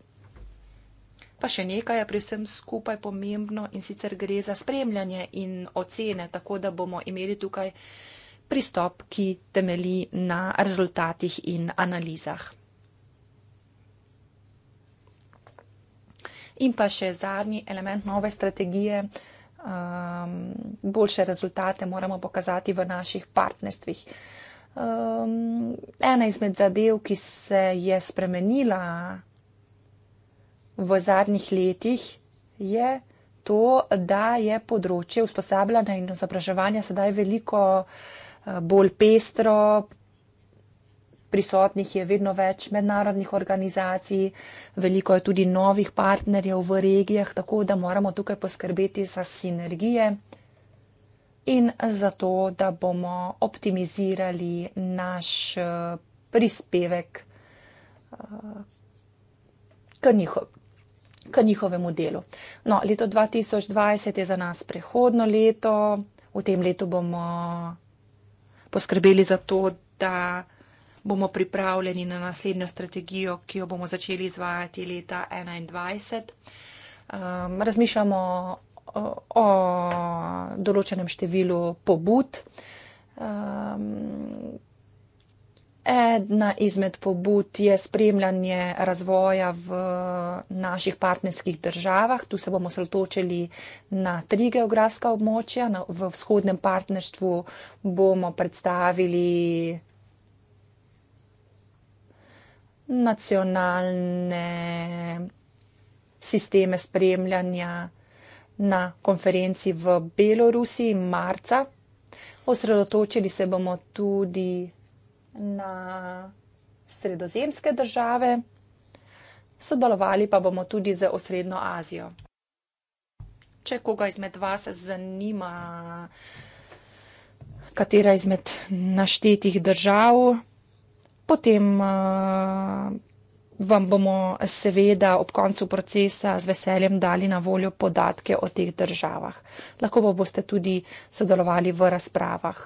Pa še nekaj je pri vsem skupaj pomembno in sicer gre za spremljanje in ocene, tako da bomo imeli tukaj pristop, ki temeli na rezultatih in analizah. In pa še zadnji element nove strategije. Um, boljše rezultate moramo pokazati v naših partnerstvih. Um, ena izmed zadev, ki se je spremenila v zadnjih letih, je to, da je področje usposabljanja in izobraževanja sedaj veliko eh, bolj pestro, prisotnih je vedno več mednarodnih organizacij, veliko je tudi novih partnerjev v regijah, tako da moramo tukaj poskrbeti za sinergije. In zato, da bomo optimizirali naš eh, prispevek eh, k, njiho, k njihovemu delu. No, leto 2020 je za nas prehodno leto. V tem letu bomo poskrbeli za to, da bomo pripravljeni na naslednjo strategijo, ki jo bomo začeli izvajati leta 2021. Um, ehm, razmišljamo o, o določenem številu pobud, um, Edna izmed pobud je spremljanje razvoja v naših partnerskih državah. Tu se bomo sotočili na tri geografska območja. V vzhodnem partnerstvu bomo predstavili nacionalne sisteme spremljanja na konferenci v Belorusiji marca. Osredotočili se bomo tudi na sredozemske države, sodelovali pa bomo tudi z osrednjo Azijo. Če koga izmed vas zanima, katera izmed naštetih držav, potem vam bomo seveda ob koncu procesa z veseljem dali na voljo podatke o teh državah. Lahko pa boste tudi sodelovali v razpravah.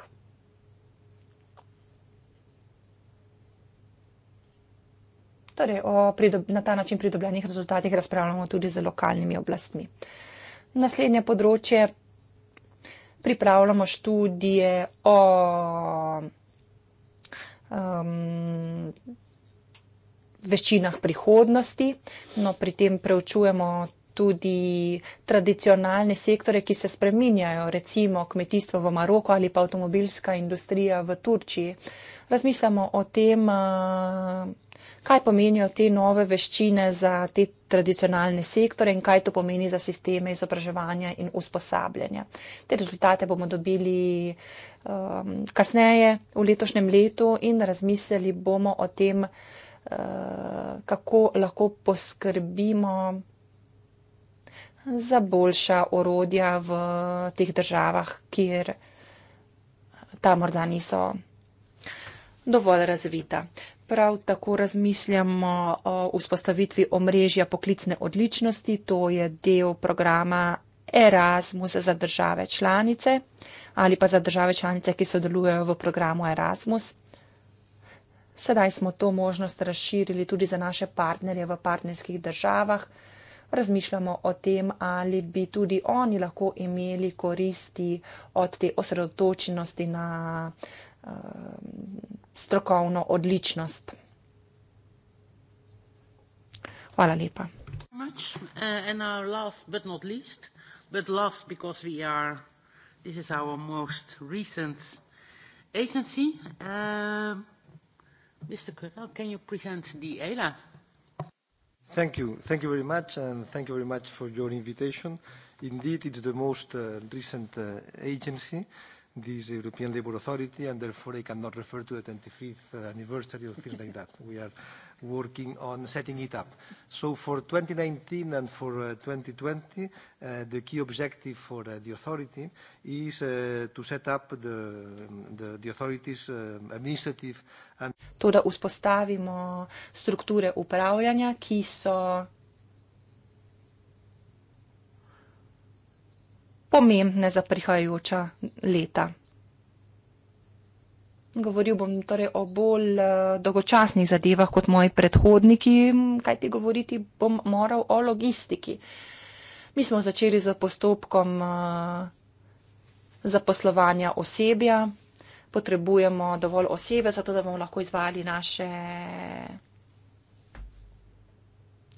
torej o na ta način pridobljenih rezultatih razpravljamo tudi z lokalnimi oblastmi. Naslednje področje pripravljamo študije o um, veščinah prihodnosti, no pri tem preučujemo tudi tradicionalne sektore, ki se spreminjajo, recimo kmetijstvo v Maroku ali pa avtomobilska industrija v Turčiji. Razmišljamo o tem, uh, kaj pomenijo te nove veščine za te tradicionalne sektore in kaj to pomeni za sisteme izobraževanja in usposabljanja. Te rezultate bomo dobili um, kasneje v letošnjem letu in razmislili bomo o tem, uh, kako lahko poskrbimo za boljša orodja v teh državah, kjer ta morda niso dovolj razvita. Prav tako razmišljamo o vzpostavitvi omrežja poklicne odličnosti, to je del programa Erasmus za države članice ali pa za države članice, ki sodelujejo v programu Erasmus. Sedaj smo to možnost razširili tudi za naše partnerje v partnerskih državah. Razmišljamo o tem, ali bi tudi oni lahko imeli koristi od te osredotočenosti na Eh, strokovno odličnost. Hvala lepa. Much eh, and our last but not least, but last because we are, this is our most recent agency. Uh, eh, Mr. Kuhl, can you present the ELA? Thank you. Thank you very much and thank you very much for your invitation. Indeed, it's the most uh, recent uh, agency. Uh, this European Labour Authority, and therefore I cannot refer to the 25th anniversary or things like that. We are working on setting it up. So for 2019 and for uh, 2020, uh, the key objective for uh, the authority is uh, to set up the, the, the authority's uh, administrative and... To, da vzpostavimo strukture upravljanja, ki so pomembne za prihajajoča leta. Govoril bom torej o bolj eh, dolgočasnih zadevah kot moji predhodniki, kaj ti govoriti bom moral o logistiki. Mi smo začeli z postopkom eh, zaposlovanja osebja, potrebujemo dovolj osebe, zato da bomo lahko izvali naše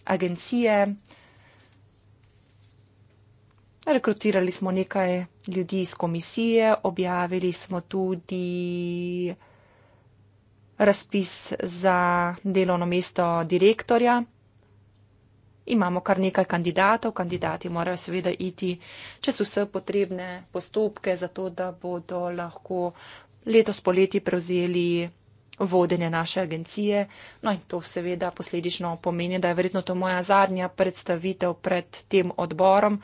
agencije. Rekrutirali smo nekaj ljudi iz komisije, objavili smo tudi razpis za delovno mesto direktorja. Imamo kar nekaj kandidatov, kandidati morajo seveda iti čez vse potrebne postopke, zato da bodo lahko letos poleti prevzeli vodenje naše agencije. No in to seveda posledično pomeni, da je verjetno to moja zadnja predstavitev pred tem odborom.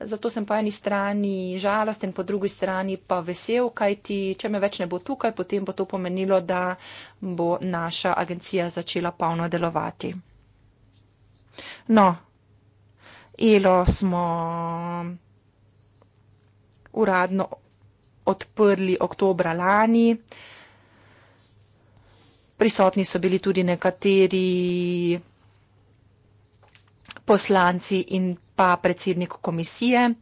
Zato sem po eni strani žalosten, po drugi strani pa vesel, kajti če me več ne bo tukaj, potem bo to pomenilo, da bo naša agencija začela polno delovati. No, Elo smo uradno odprli oktobra lani. Prisotni so bili tudi nekateri poslanci in pa predsednik komisije.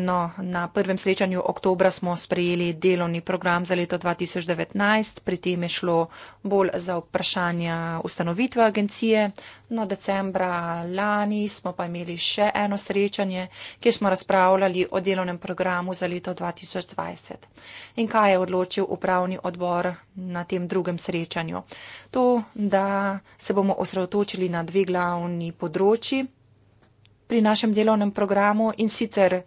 No, na prvem srečanju oktobra smo sprejeli delovni program za leto 2019, pri tem je šlo bolj za vprašanja ustanovitve agencije. No, decembra lani smo pa imeli še eno srečanje, kjer smo razpravljali o delovnem programu za leto 2020. In kaj je odločil upravni odbor na tem drugem srečanju? To, da se bomo osredotočili na dve glavni področji pri našem delovnem programu in sicer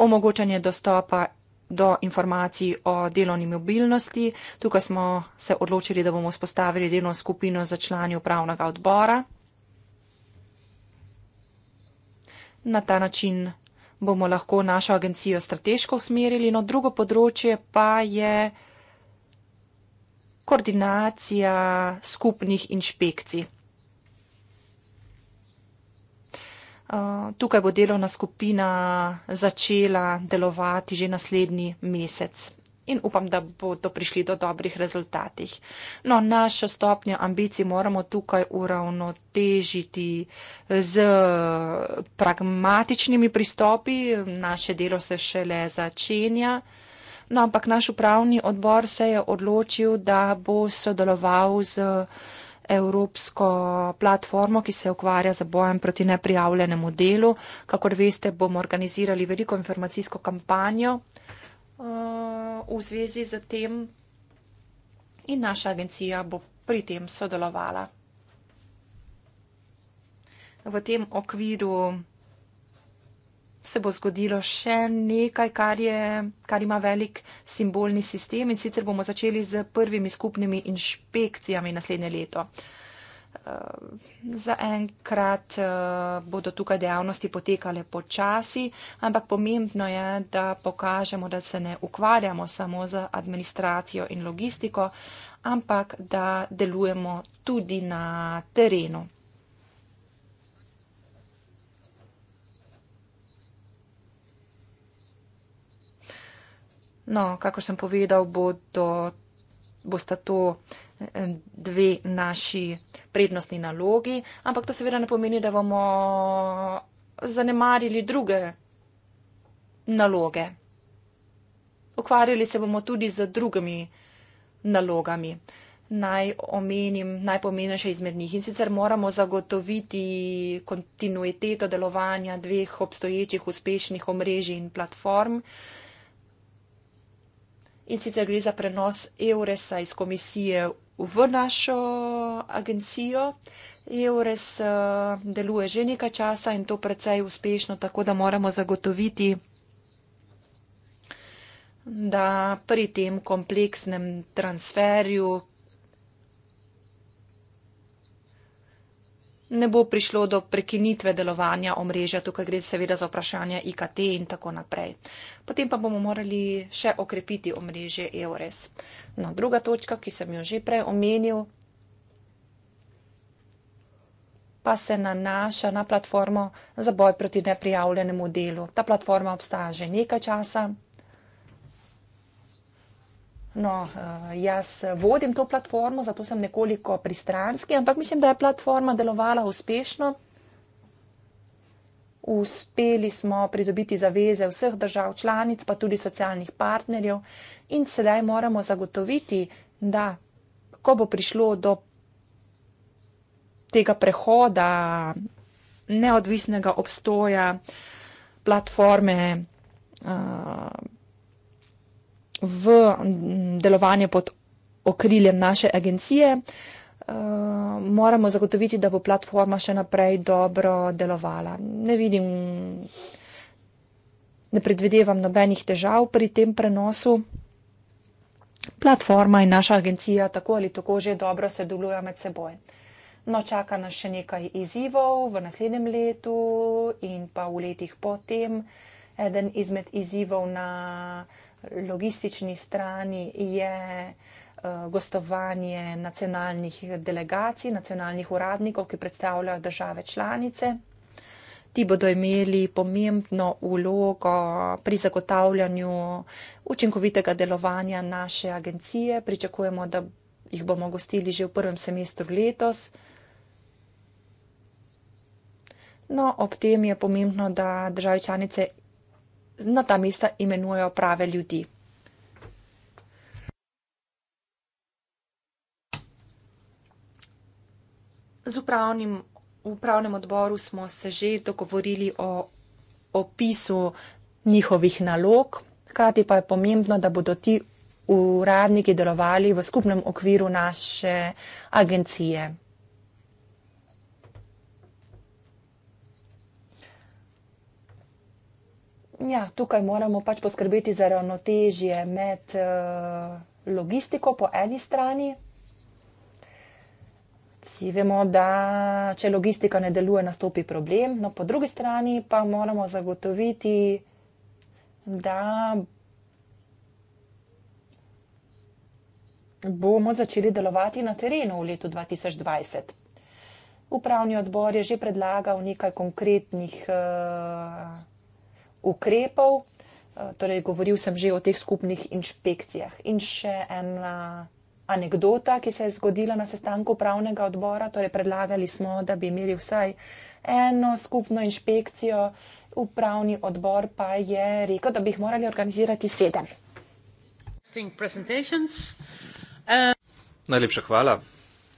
omogočanje dostopa do informacij o delovni mobilnosti. Tukaj smo se odločili, da bomo spostavili delovno skupino za člani upravnega odbora. Na ta način bomo lahko našo agencijo strateško usmerili. No, drugo področje pa je koordinacija skupnih inšpekcij. Eh, tukaj bo delovna skupina začela delovati že naslednji mesec in upam, da bodo prišli do dobrih rezultatih. No, našo stopnjo ambicij moramo tukaj uravnotežiti z pragmatičnimi pristopi, naše delo se šele začenja. No, ampak naš upravni odbor se je odločil, da bo sodeloval z evropsko platformo, ki se ukvarja za bojem proti neprijavljenemu delu. Kakor veste, bomo organizirali veliko informacijsko kampanjo uh, v zvezi z tem in naša agencija bo pri tem sodelovala. V tem okviru se bo zgodilo še nekaj, kar, je, kar ima velik simbolni sistem in sicer bomo začeli z prvimi skupnimi inšpekcijami naslednje leto. Eh, za enkrat eh, bodo tukaj dejavnosti potekale počasi, ampak pomembno je, da pokažemo, da se ne ukvarjamo samo z administracijo in logistiko, ampak da delujemo tudi na terenu. No, kako sem povedal, bodo, bosta to eh, dve naši prednostni nalogi, ampak to seveda ne pomeni, da bomo zanemarili druge naloge. Ukvarjali se bomo tudi z drugimi nalogami. Naj omenim najpomembnejše izmed njih in sicer moramo zagotoviti kontinuiteto delovanja dveh obstoječih uspešnih omrežij in platform. Uh, in sicer gre za prenos Euresa iz komisije v našo agencijo. Eures eh, deluje že nekaj časa in to precej uspešno, tako da moramo zagotoviti, da pri tem kompleksnem transferju, ne bo prišlo do prekinitve delovanja omrežja. Tukaj gre seveda za vprašanje IKT in tako naprej. Potem pa bomo morali še okrepiti omrežje EURES. No, druga točka, ki sem jo že prej omenil, pa se nanaša na platformo za boj proti neprijavljenemu delu. Ta platforma obstaja že nekaj časa. No, eh, jaz eh, vodim to platformo, zato sem nekoliko pristranski, ampak mislim, da je platforma delovala uspešno. Uspeli smo pridobiti zaveze vseh držav članic, pa tudi socialnih partnerjev in sedaj moramo zagotoviti, da ko bo prišlo do tega prehoda neodvisnega obstoja platforme, uh, v delovanje pod okriljem naše agencije, eh, moramo zagotoviti, da bo platforma še naprej dobro delovala. Ne vidim, ne predvidevam nobenih težav pri tem prenosu. Platforma in naša agencija tako ali tako že dobro se deluje med seboj. No, čaka nas še nekaj izzivov v naslednjem letu in pa v letih potem. Eden izmed izzivov na logistični strani je eh, gostovanje nacionalnih delegacij, nacionalnih uradnikov, ki predstavljajo države članice. Ti bodo imeli pomembno vlogo pri zagotavljanju učinkovitega delovanja naše agencije. Pričakujemo, da jih bomo gostili že v prvem semestru letos. No, ob tem je pomembno, da države članice na ta mesta imenujejo prave ljudi. Z upravnim, upravnem odboru smo se že dogovorili o opisu njihovih nalog, hkrati pa je pomembno, da bodo ti uradniki delovali v skupnem okviru naše agencije. ja, tukaj moramo pač poskrbeti za ravnotežje med uh, logistiko po eni strani. Vsi vemo, da če logistika ne deluje, nastopi problem, no po drugi strani pa moramo zagotoviti, da bomo začeli delovati na terenu v letu 2020. Upravni odbor je že predlagal nekaj konkretnih uh, ukrepov. Eh, torej, govoril sem že o teh skupnih inšpekcijah. In še ena anekdota, ki se je zgodila na sestanku pravnega odbora, torej predlagali smo, da bi imeli vsaj eno skupno inšpekcijo, upravni odbor pa je rekel, da bi jih morali organizirati sedem. Eh, Najlepša hvala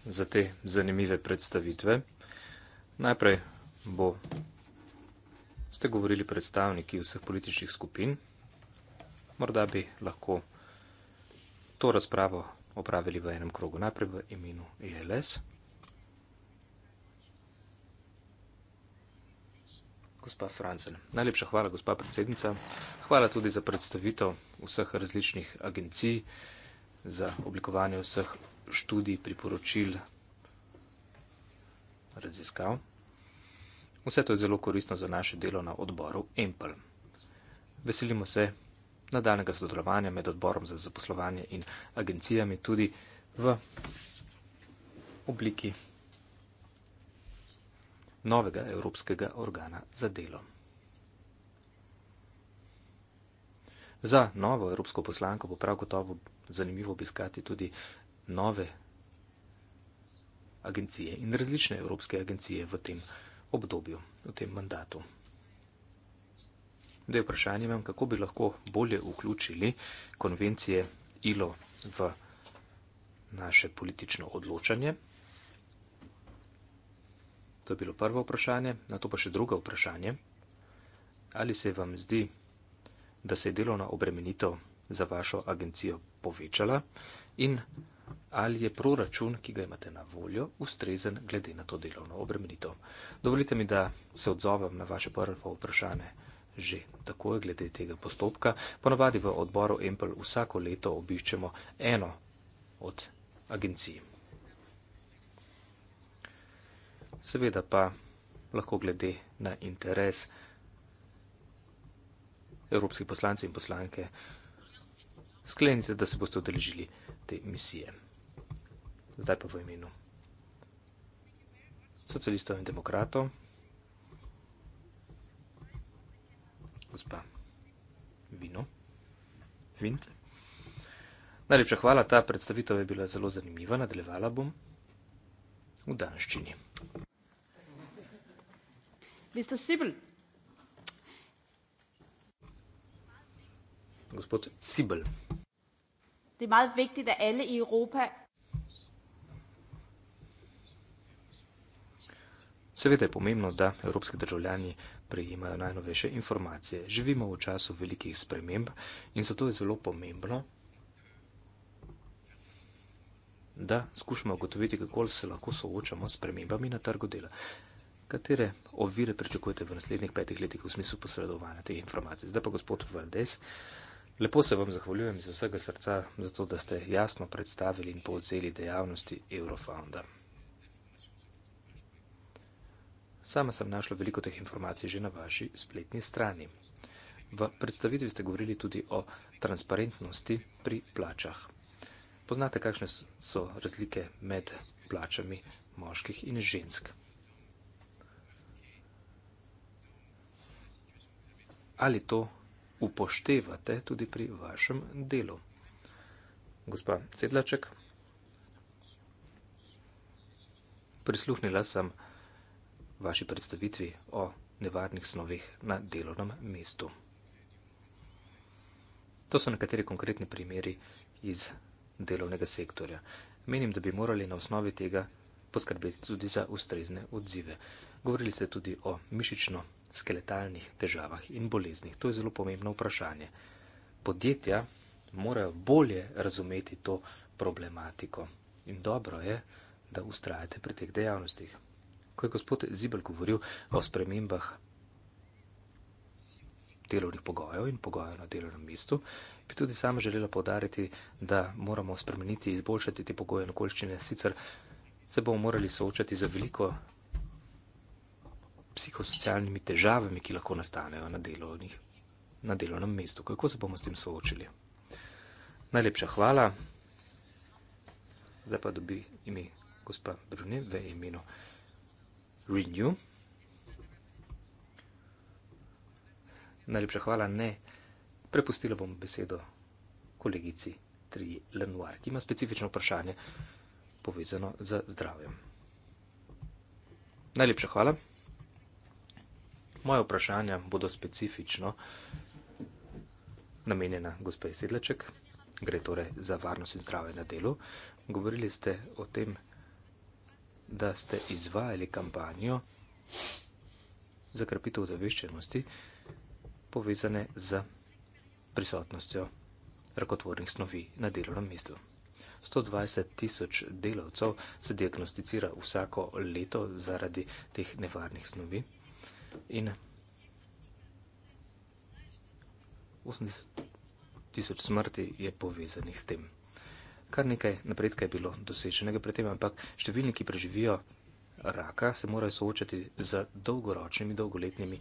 za te zanimive predstavitve. Najprej bo ste govorili predstavniki vseh političnih skupin, morda bi lahko to razpravo opravili v enem krogu. Najprej v imenu ELS. Gospa Francen, najlepša hvala, gospa predsednica. Hvala tudi za predstavitev vseh različnih agencij, za oblikovanje vseh študij, priporočil, raziskav. Vse to je zelo koristno za naše delo na odboru Empel. Veselimo se nadaljnega sodelovanja med odborom za zaposlovanje in agencijami tudi v obliki novega evropskega organa za delo. Za novo evropsko poslanko bo prav gotovo zanimivo obiskati tudi nove agencije in različne evropske agencije v tem obdobju, v tem mandatu. Zdaj vprašanje imam, kako bi lahko bolje vključili konvencije ILO v naše politično odločanje. To je bilo prvo vprašanje, na to pa še drugo vprašanje. Ali se vam zdi, da se je delovna obremenitev za vašo agencijo povečala in ali je proračun, ki ga imate na voljo, ustrezen glede na to delovno obremenitev. Dovolite mi, da se odzovem na vaše prvo vprašanje. Že tako je glede tega postopka. Ponavadi v odboru EMPL vsako leto obiščemo eno od agencij. Seveda pa lahko glede na interes evropskih poslancev in poslanke sklenite, da se boste odeležili te misije zdaj pa v imenu socialistov in demokratov. Gospa Vino. Vint. Najlepša hvala, ta predstavitev je bila zelo zanimiva, nadaljevala bom v danščini. Mr. Sibel. Gospod Sibel. Det er meget vigtigt, at alle i Europa Seveda je pomembno, da evropski državljani prejemajo najnovejše informacije. Živimo v času velikih sprememb in zato je zelo pomembno, da skušamo ugotoviti, kako se lahko soočamo s premembami na trgu dela. Katere ovire pričakujete v naslednjih petih letih v smislu posredovanja teh informacij? Zdaj pa gospod Valdes, lepo se vam zahvaljujem iz vsega srca za to, da ste jasno predstavili in povzeli dejavnosti Eurofonda. Sama sem našla veliko teh informacij že na vaši spletni strani. V predstavitvi ste govorili tudi o transparentnosti pri plačah. Poznate, kakšne so razlike med plačami moških in žensk? Ali to upoštevate tudi pri vašem delu? Gospa Sedlaček, prisluhnila sem vaši predstavitvi o nevarnih snovih na delovnem mestu. To so nekateri konkretni primeri iz delovnega sektorja. Menim, da bi morali na osnovi tega poskrbeti tudi za ustrezne odzive. Govorili ste tudi o mišično-skeletalnih težavah in boleznih. To je zelo pomembno vprašanje. Podjetja morajo bolje razumeti to problematiko. In dobro je, da ustrajate pri teh dejavnostih ko je gospod Zibel govoril o spremembah delovnih pogojev in pogojev na delovnem mestu, bi tudi sama želela povdariti, da moramo spremeniti in izboljšati te pogoje in okoliščine, sicer se bomo morali soočati za veliko psihosocialnimi težavami, ki lahko nastanejo na, delovnih, na delovnem mestu. Kako se bomo s tem soočili? Najlepša hvala. Zdaj pa dobi ime gospa Brune v imenu. Renew. Najlepša hvala, ne. Prepustila bom besedo kolegici Tri Lenoir, ki ima specifično vprašanje povezano z zdravjem. Najlepša hvala. Moje vprašanja bodo specifično namenjena gospe Sedleček. Gre torej za varnost in zdravje na delu. Govorili ste o tem, da ste izvajali kampanjo za krepitev zaveščenosti, povezane z prisotnostjo rakotvornih snovi na delovnem mestu. 120 tisoč delavcev se diagnosticira vsako leto zaradi teh nevarnih snovi in 80 tisoč smrti je povezanih s tem kar nekaj napredka je bilo dosečenega pri tem, ampak številni, ki preživijo raka, se morajo soočati z dolgoročnimi, dolgoletnimi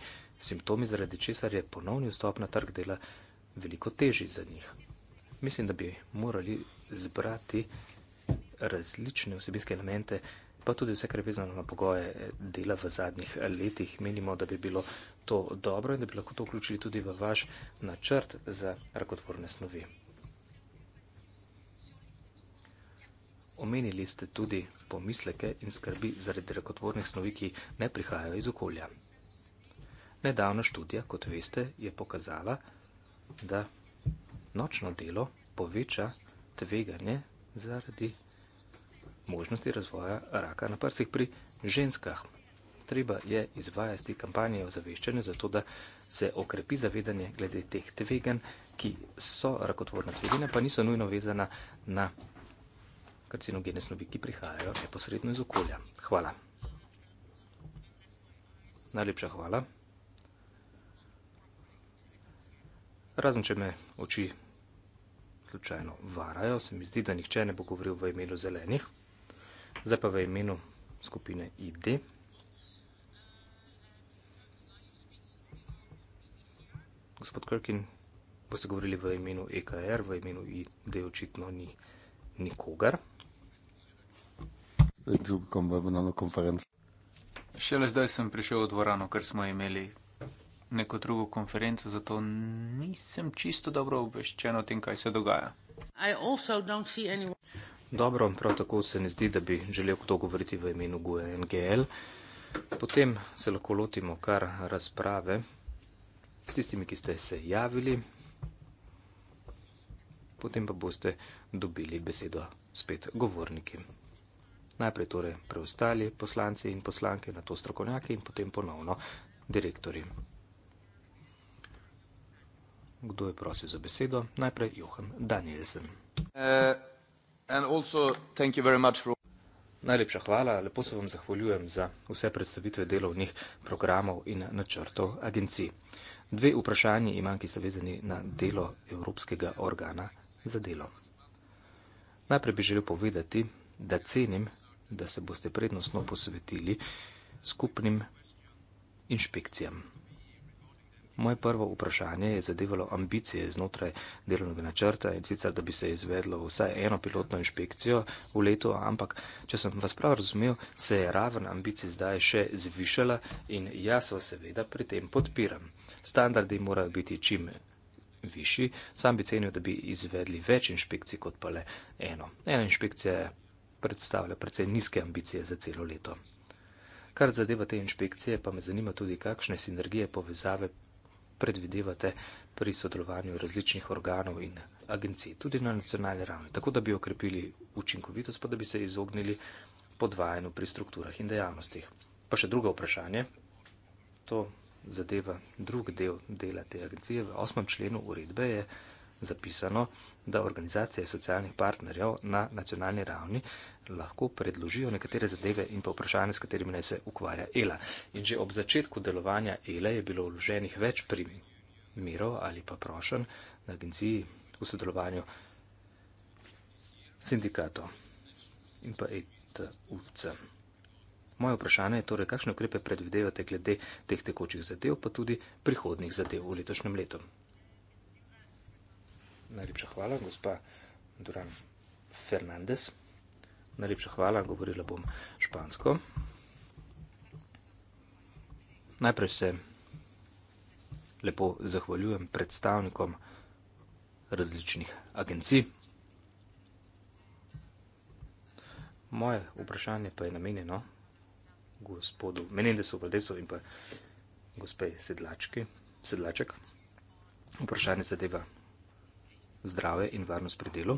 simptomi, zaradi česar je ponovni vstop na trg dela veliko težji za njih. Mislim, da bi morali zbrati različne vsebinske elemente, pa tudi vse, kar je vezano na pogoje dela v zadnjih letih. Menimo, da bi bilo to dobro in da bi lahko to vključili tudi v vaš načrt za rakotvorne snovi. Omenili ste tudi pomisleke in skrbi zaradi rakotvornih snovi, ki ne prihajajo iz okolja. Nedavna študija, kot veste, je pokazala, da nočno delo poveča tveganje zaradi možnosti razvoja raka na prsih pri ženskah. Treba je izvajati kampanje o zaveščanju, zato da se okrepi zavedanje glede teh tveganj, ki so rakotvorna tveganja, pa niso nujno vezana na karcinogene snovi, ki prihajajo neposredno iz okolja. Hvala. Najlepša hvala. Razen, če me oči slučajno varajo, se mi zdi, da nihče ne bo govoril v imenu zelenih, zdaj pa v imenu skupine ID. Gospod Krkin, boste govorili v imenu EKR, v imenu ID očitno ni nikogar. Nikogar zdaj drugom v eno konferenco. Šele zdaj sem prišel v dvorano, ker smo imeli neko drugo konferenco, zato nisem čisto dobro obveščen o tem, kaj se dogaja. Dobro, prav tako se ne zdi, da bi želel kdo govoriti v imenu GUE-NGL. Potem se lahko lotimo kar razprave s tistimi, ki ste se javili. Potem pa boste dobili besedo spet govorniki. Najprej torej preostali poslanci in poslanke, na to strokovnjaki in potem ponovno direktori. Kdo je prosil za besedo? Najprej Johan Danielsen. Uh, Najlepša hvala, lepo se vam zahvaljujem za vse predstavitve delovnih programov in načrtov agencij. Dve vprašanji imam, ki so vezani na delo Evropskega organa za delo. Najprej bi želel povedati, da cenim da se boste prednostno posvetili skupnim inšpekcijam. Moje prvo vprašanje je zadevalo ambicije znotraj delovnega načrta in sicer, da bi se izvedlo vsaj eno pilotno inšpekcijo v letu, ampak če sem vas prav razumel, se je raven ambicij zdaj še zvišala in jaz vas seveda pri tem podpiram. Standardi morajo biti čim višji, sam bi cenil, da bi izvedli več inšpekcij kot pa le eno. Ena inšpekcija je predstavlja precej nizke ambicije za celo leto. Kar zadeva te inšpekcije, pa me zanima tudi, kakšne sinergije povezave predvidevate pri sodelovanju različnih organov in agencij, tudi na nacionalni ravni, tako da bi okrepili učinkovitost, pa da bi se izognili podvajanju pri strukturah in dejavnostih. Pa še drugo vprašanje, to zadeva drug del dela te agencije. V osmem členu uredbe je zapisano, da organizacije socialnih partnerjev na nacionalni ravni lahko predložijo nekatere zadeve in pa vprašanje, s katerimi naj se ukvarja ELA. In že ob začetku delovanja ELA je bilo vloženih več primerov ali pa prošen na agenciji v sodelovanju sindikato in pa ETUC. Moje vprašanje je torej, kakšne ukrepe predvidevate glede teh tekočih zadev, pa tudi prihodnih zadev v letošnjem letu. Najlepša hvala, gospa Duran Fernandez. Najlepša hvala, govorila bom špansko. Najprej se lepo zahvaljujem predstavnikom različnih agencij. Moje vprašanje pa je namenjeno gospodu Menendesu Valdesu in pa gospej Sedlački, Sedlaček. Vprašanje zadeva zdrave in varnost pri delu.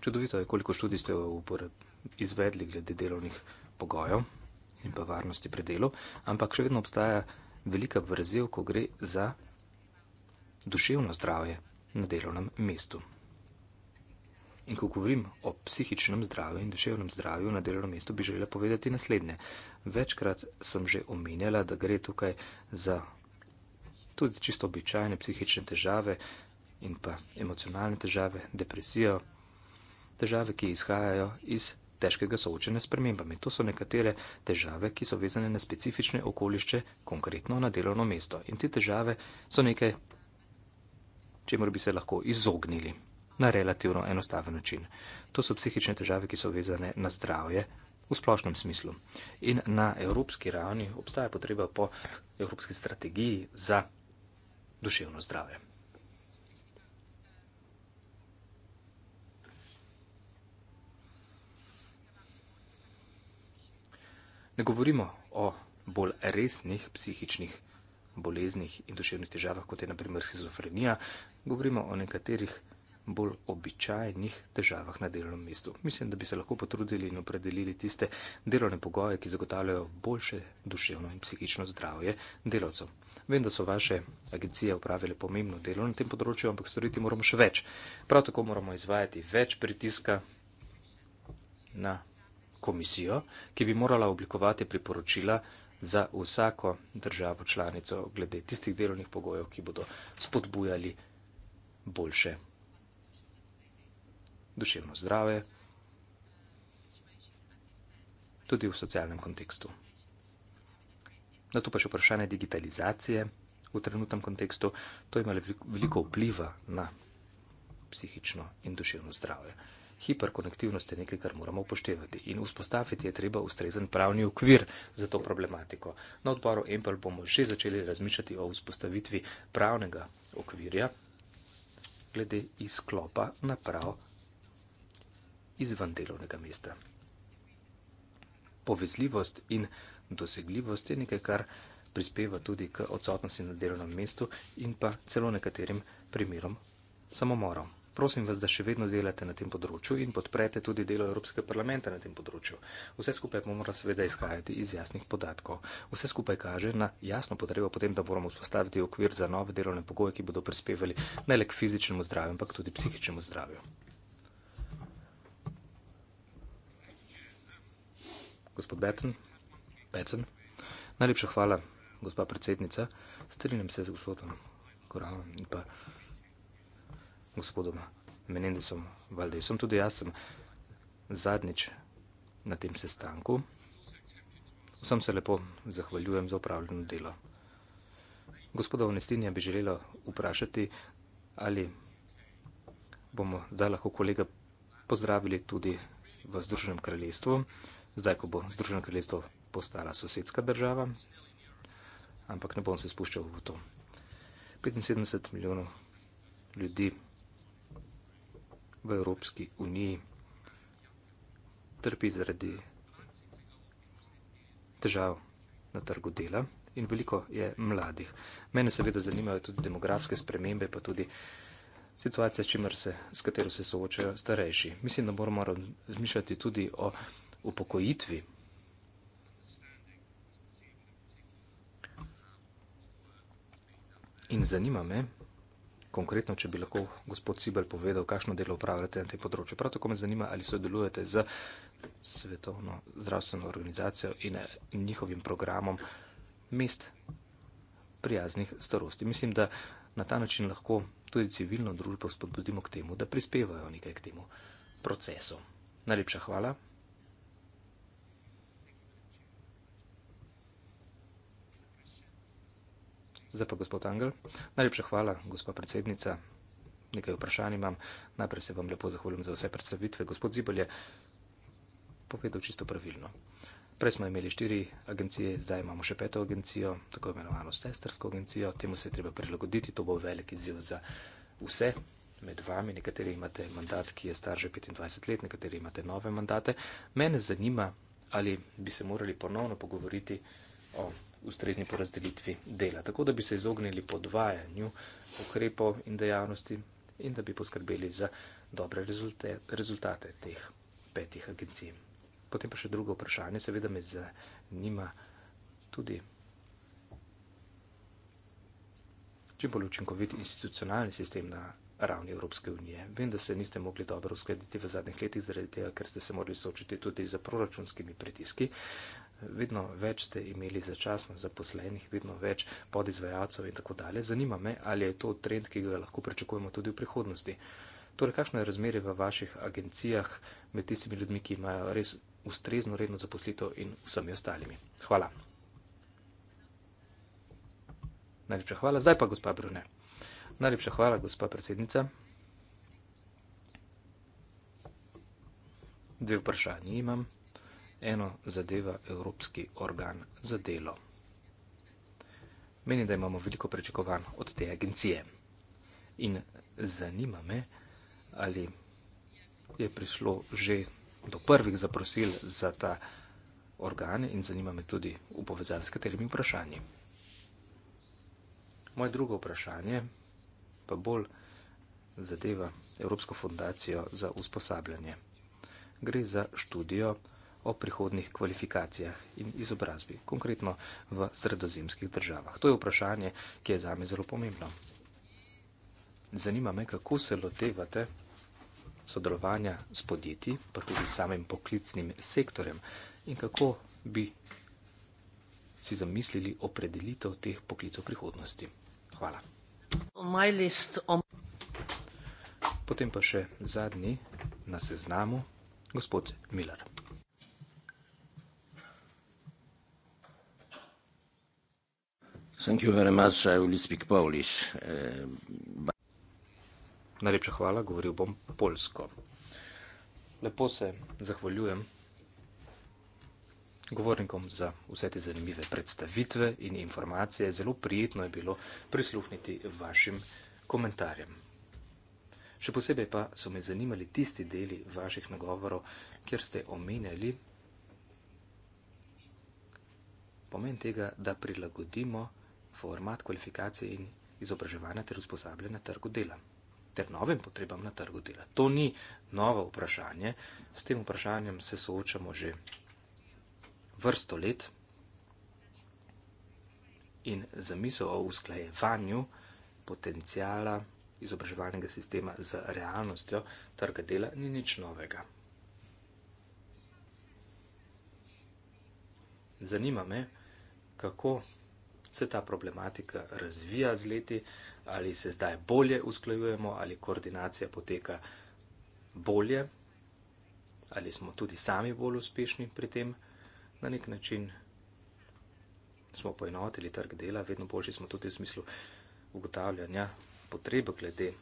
Čudovito je, koliko študij ste izvedli glede delovnih pogojev in pa varnosti pri delu, ampak še vedno obstaja velika vrzel, ko gre za duševno zdravje na delovnem mestu. In ko govorim o psihičnem zdravju in duševnem zdravju na delovnem mestu, bi želela povedati naslednje. Večkrat sem že omenjala, da gre tukaj za tudi čisto običajne psihične težave in pa emocionalne težave, depresijo, težave, ki izhajajo iz težkega soočanja s premembami. To so nekatere težave, ki so vezane na specifične okolišče, konkretno na delovno mesto. In te težave so nekaj, čemu bi se lahko izognili na relativno enostaven način. To so psihične težave, ki so vezane na zdravje v splošnem smislu. In na evropski ravni obstaja potreba po evropski strategiji za duševno zdrave. Ne govorimo o bolj resnih psihičnih boleznih in duševnih težavah, kot je naprimer schizofrenija, govorimo o nekaterih težavah, bolj običajnih težavah na delovnem mestu. Mislim, da bi se lahko potrudili in opredelili tiste delovne pogoje, ki zagotavljajo boljše duševno in psihično zdravje delavcev. Vem, da so vaše agencije upravile pomembno delo na tem področju, ampak storiti moramo še več. Prav tako moramo izvajati več pritiska na komisijo, ki bi morala oblikovati priporočila za vsako državo članico glede tistih delovnih pogojev, ki bodo spodbujali boljše duševno zdrave, tudi v socialnem kontekstu. Na to pa še vprašanje digitalizacije v trenutnem kontekstu, to ima veliko vpliva na psihično in duševno zdravje. Hiperkonektivnost je nekaj, kar moramo upoštevati in vzpostaviti je treba ustrezen pravni okvir za to problematiko. Na odboru EMPL bomo že začeli razmišljati o vzpostavitvi pravnega okvirja glede izklopa naprav izven delovnega mesta. Povezljivost in dosegljivost je nekaj, kar prispeva tudi k odsotnosti na delovnem mestu in pa celo nekaterim primerom samomorom. Prosim vas, da še vedno delate na tem področju in podprete tudi delo Evropske parlamenta na tem področju. Vse skupaj pa mora seveda izhajati iz jasnih podatkov. Vse skupaj kaže na jasno potrebo potem, da moramo vzpostaviti okvir za nove delovne pogoje, ki bodo prispevali ne le k fizičnemu zdravju, ampak tudi psihičnemu zdravju. gospod Beton, Becen. Najlepša hvala, gospa predsednica. Strinjam se z gospodom Koralom in pa gospodom Menendesom Valdesom. Tudi jaz sem zadnjič na tem sestanku. Vsem se lepo zahvaljujem za upravljeno delo. Gospoda Onestinja bi želela vprašati, ali bomo zdaj lahko kolega pozdravili tudi v Združenem kraljestvu zdaj, ko bo Združeno kraljestvo postala sosedska država, ampak ne bom se spuščal v to. 75 milijonov ljudi v Evropski uniji trpi zaradi težav na trgu dela in veliko je mladih. Mene seveda zanimajo tudi demografske spremembe, pa tudi situacija, s, se, s katero se soočajo starejši. Mislim, da moramo razmišljati tudi o upokojitvi. In zanima me, konkretno, če bi lahko gospod Cibel povedal, kakšno delo upravljate na tem področju. Prav tako me zanima, ali sodelujete z Svetovno zdravstveno organizacijo in eh, njihovim programom mest prijaznih starosti. Mislim, da na ta način lahko tudi civilno družbo spodbudimo k temu, da prispevajo nekaj k temu procesu. Najlepša hvala. Zdaj pa gospod Angel. Najlepša hvala, gospa predsednica. Nekaj vprašanj imam. Najprej se vam lepo zahvaljujem za vse predstavitve. Gospod Zibel je povedal čisto pravilno. Prej smo imeli štiri agencije, zdaj imamo še peto agencijo, tako imenovano sestrsko agencijo. Temu se je treba prilagoditi, to bo velik izziv za vse med vami. Nekateri imate mandat, ki je star že 25 let, nekateri imate nove mandate. Mene zanima, ali bi se morali ponovno pogovoriti o ustrezni porazdelitvi dela, tako da bi se izognili podvajanju ukrepov in dejavnosti in da bi poskrbeli za dobre rezultate, rezultate teh petih agencij. Potem pa še drugo vprašanje, seveda me zanima tudi, če bo učinkovit institucionalni sistem na ravni Evropske unije. Vem, da se niste mogli dobro uskladiti v zadnjih letih, zaradi tega, ker ste se morali soočiti tudi za proračunskimi pritiski vedno več ste imeli začasno zaposlenih, vedno več podizvajalcev in tako dalje. Zanima me, ali je to trend, ki ga lahko pričakujemo tudi v prihodnosti. Torej, kakšno je razmerje v vaših agencijah med tistimi ljudmi, ki imajo res ustrezno redno zaposlitev in vsemi ostalimi? Hvala. Najlepša hvala. Zdaj pa gospa Brune. Najlepša hvala, gospa predsednica. Dve vprašanje imam eno zadeva Evropski organ za delo. Meni, da imamo veliko pričakovanj od te agencije. In zanima me, ali je prišlo že do prvih zaprosil za ta organ in zanima me tudi v povezavi s katerimi vprašanji. Moje drugo vprašanje pa bolj zadeva Evropsko fundacijo za usposabljanje. Gre za študijo, ki je o prihodnih kvalifikacijah in izobrazbi, konkretno v sredozemskih državah. To je vprašanje, ki je za me zelo pomembno. Zanima me, kako se lotevate sodelovanja s podjetji, pa tudi samim poklicnim sektorjem in kako bi si zamislili opredelitev teh poklicov prihodnosti. Hvala. Potem pa še zadnji na seznamu, gospod Miller. Thank you very much. I will speak Polish. Uh, Najlepša hvala, govoril bom polsko. Lepo se zahvaljujem govornikom za vse te zanimive predstavitve in informacije. Zelo prijetno je bilo prisluhniti vašim komentarjem. Še posebej pa so me zanimali tisti deli vaših nagovorov, kjer ste omenjali pomen tega, da prilagodimo format, kvalifikacije in izobraževanje ter usposabljanje na trgu dela ter novim potrebam na trgu dela. To ni novo vprašanje, s tem vprašanjem se soočamo že vrsto let in za misel o usklajevanju potencijala izobraževalnega sistema z realnostjo trga dela ni nič novega. Zanima me, kako se ta problematika razvija z leti, ali se zdaj bolje usklajujemo, ali koordinacija poteka bolje, ali smo tudi sami bolj uspešni pri tem na nek način. Smo poenotili trg dela, vedno boljši smo tudi v smislu ugotavljanja potrebe glede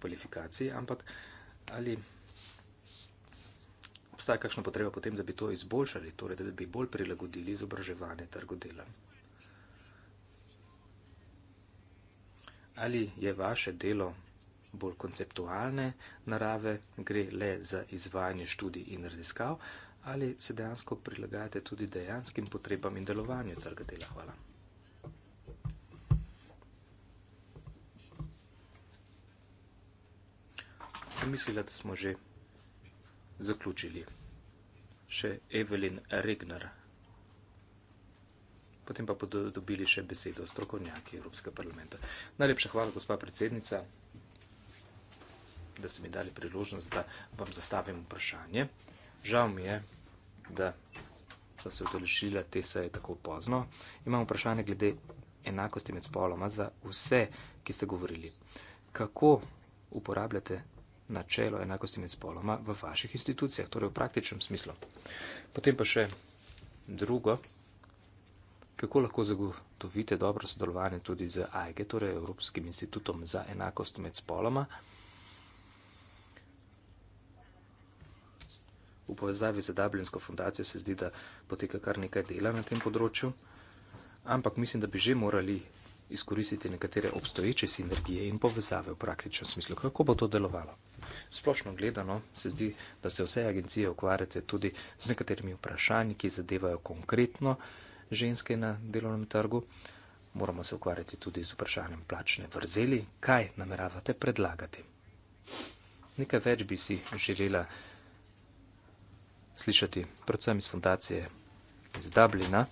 kvalifikacije, ampak ali obstaja kakšna potreba potem, da bi to izboljšali, torej da bi bolj prilagodili izobraževanje trgu dela. ali je vaše delo bolj konceptualne narave, gre le za izvajanje študij in raziskav, ali se dejansko prilagajate tudi dejanskim potrebam in delovanju trga dela. Hvala. Sem mislila, da smo že zaključili. Še Evelyn Regner potem pa bodo dobili še besedo strokovnjaki Evropskega parlamenta. Najlepša hvala, gospa predsednica, da ste mi dali priložnost, da vam zastavim vprašanje. Žal mi je, da so se odrešila te seje tako pozno. Imam vprašanje glede enakosti med spoloma za vse, ki ste govorili. Kako uporabljate načelo enakosti med spoloma v vaših institucijah, torej v praktičnem smislu? Potem pa še drugo kako lahko zagotovite dobro sodelovanje tudi z AIG, e torej Evropskim institutom za enakost med spoloma. V povezavi z Dublinsko fundacijo se zdi, da poteka kar nekaj dela na tem področju, ampak mislim, da bi že morali izkoristiti nekatere obstoječe sinergije in povezave v praktičnem smislu. Kako bo to delovalo? Splošno gledano se zdi, da se vse agencije ukvarjate tudi z nekaterimi vprašanji, ki zadevajo konkretno uh, ženske na delovnem trgu. Moramo se ukvarjati tudi z vprašanjem plačne vrzeli, kaj nameravate predlagati. Nekaj več bi si želela slišati, predvsem iz fundacije iz Dublina.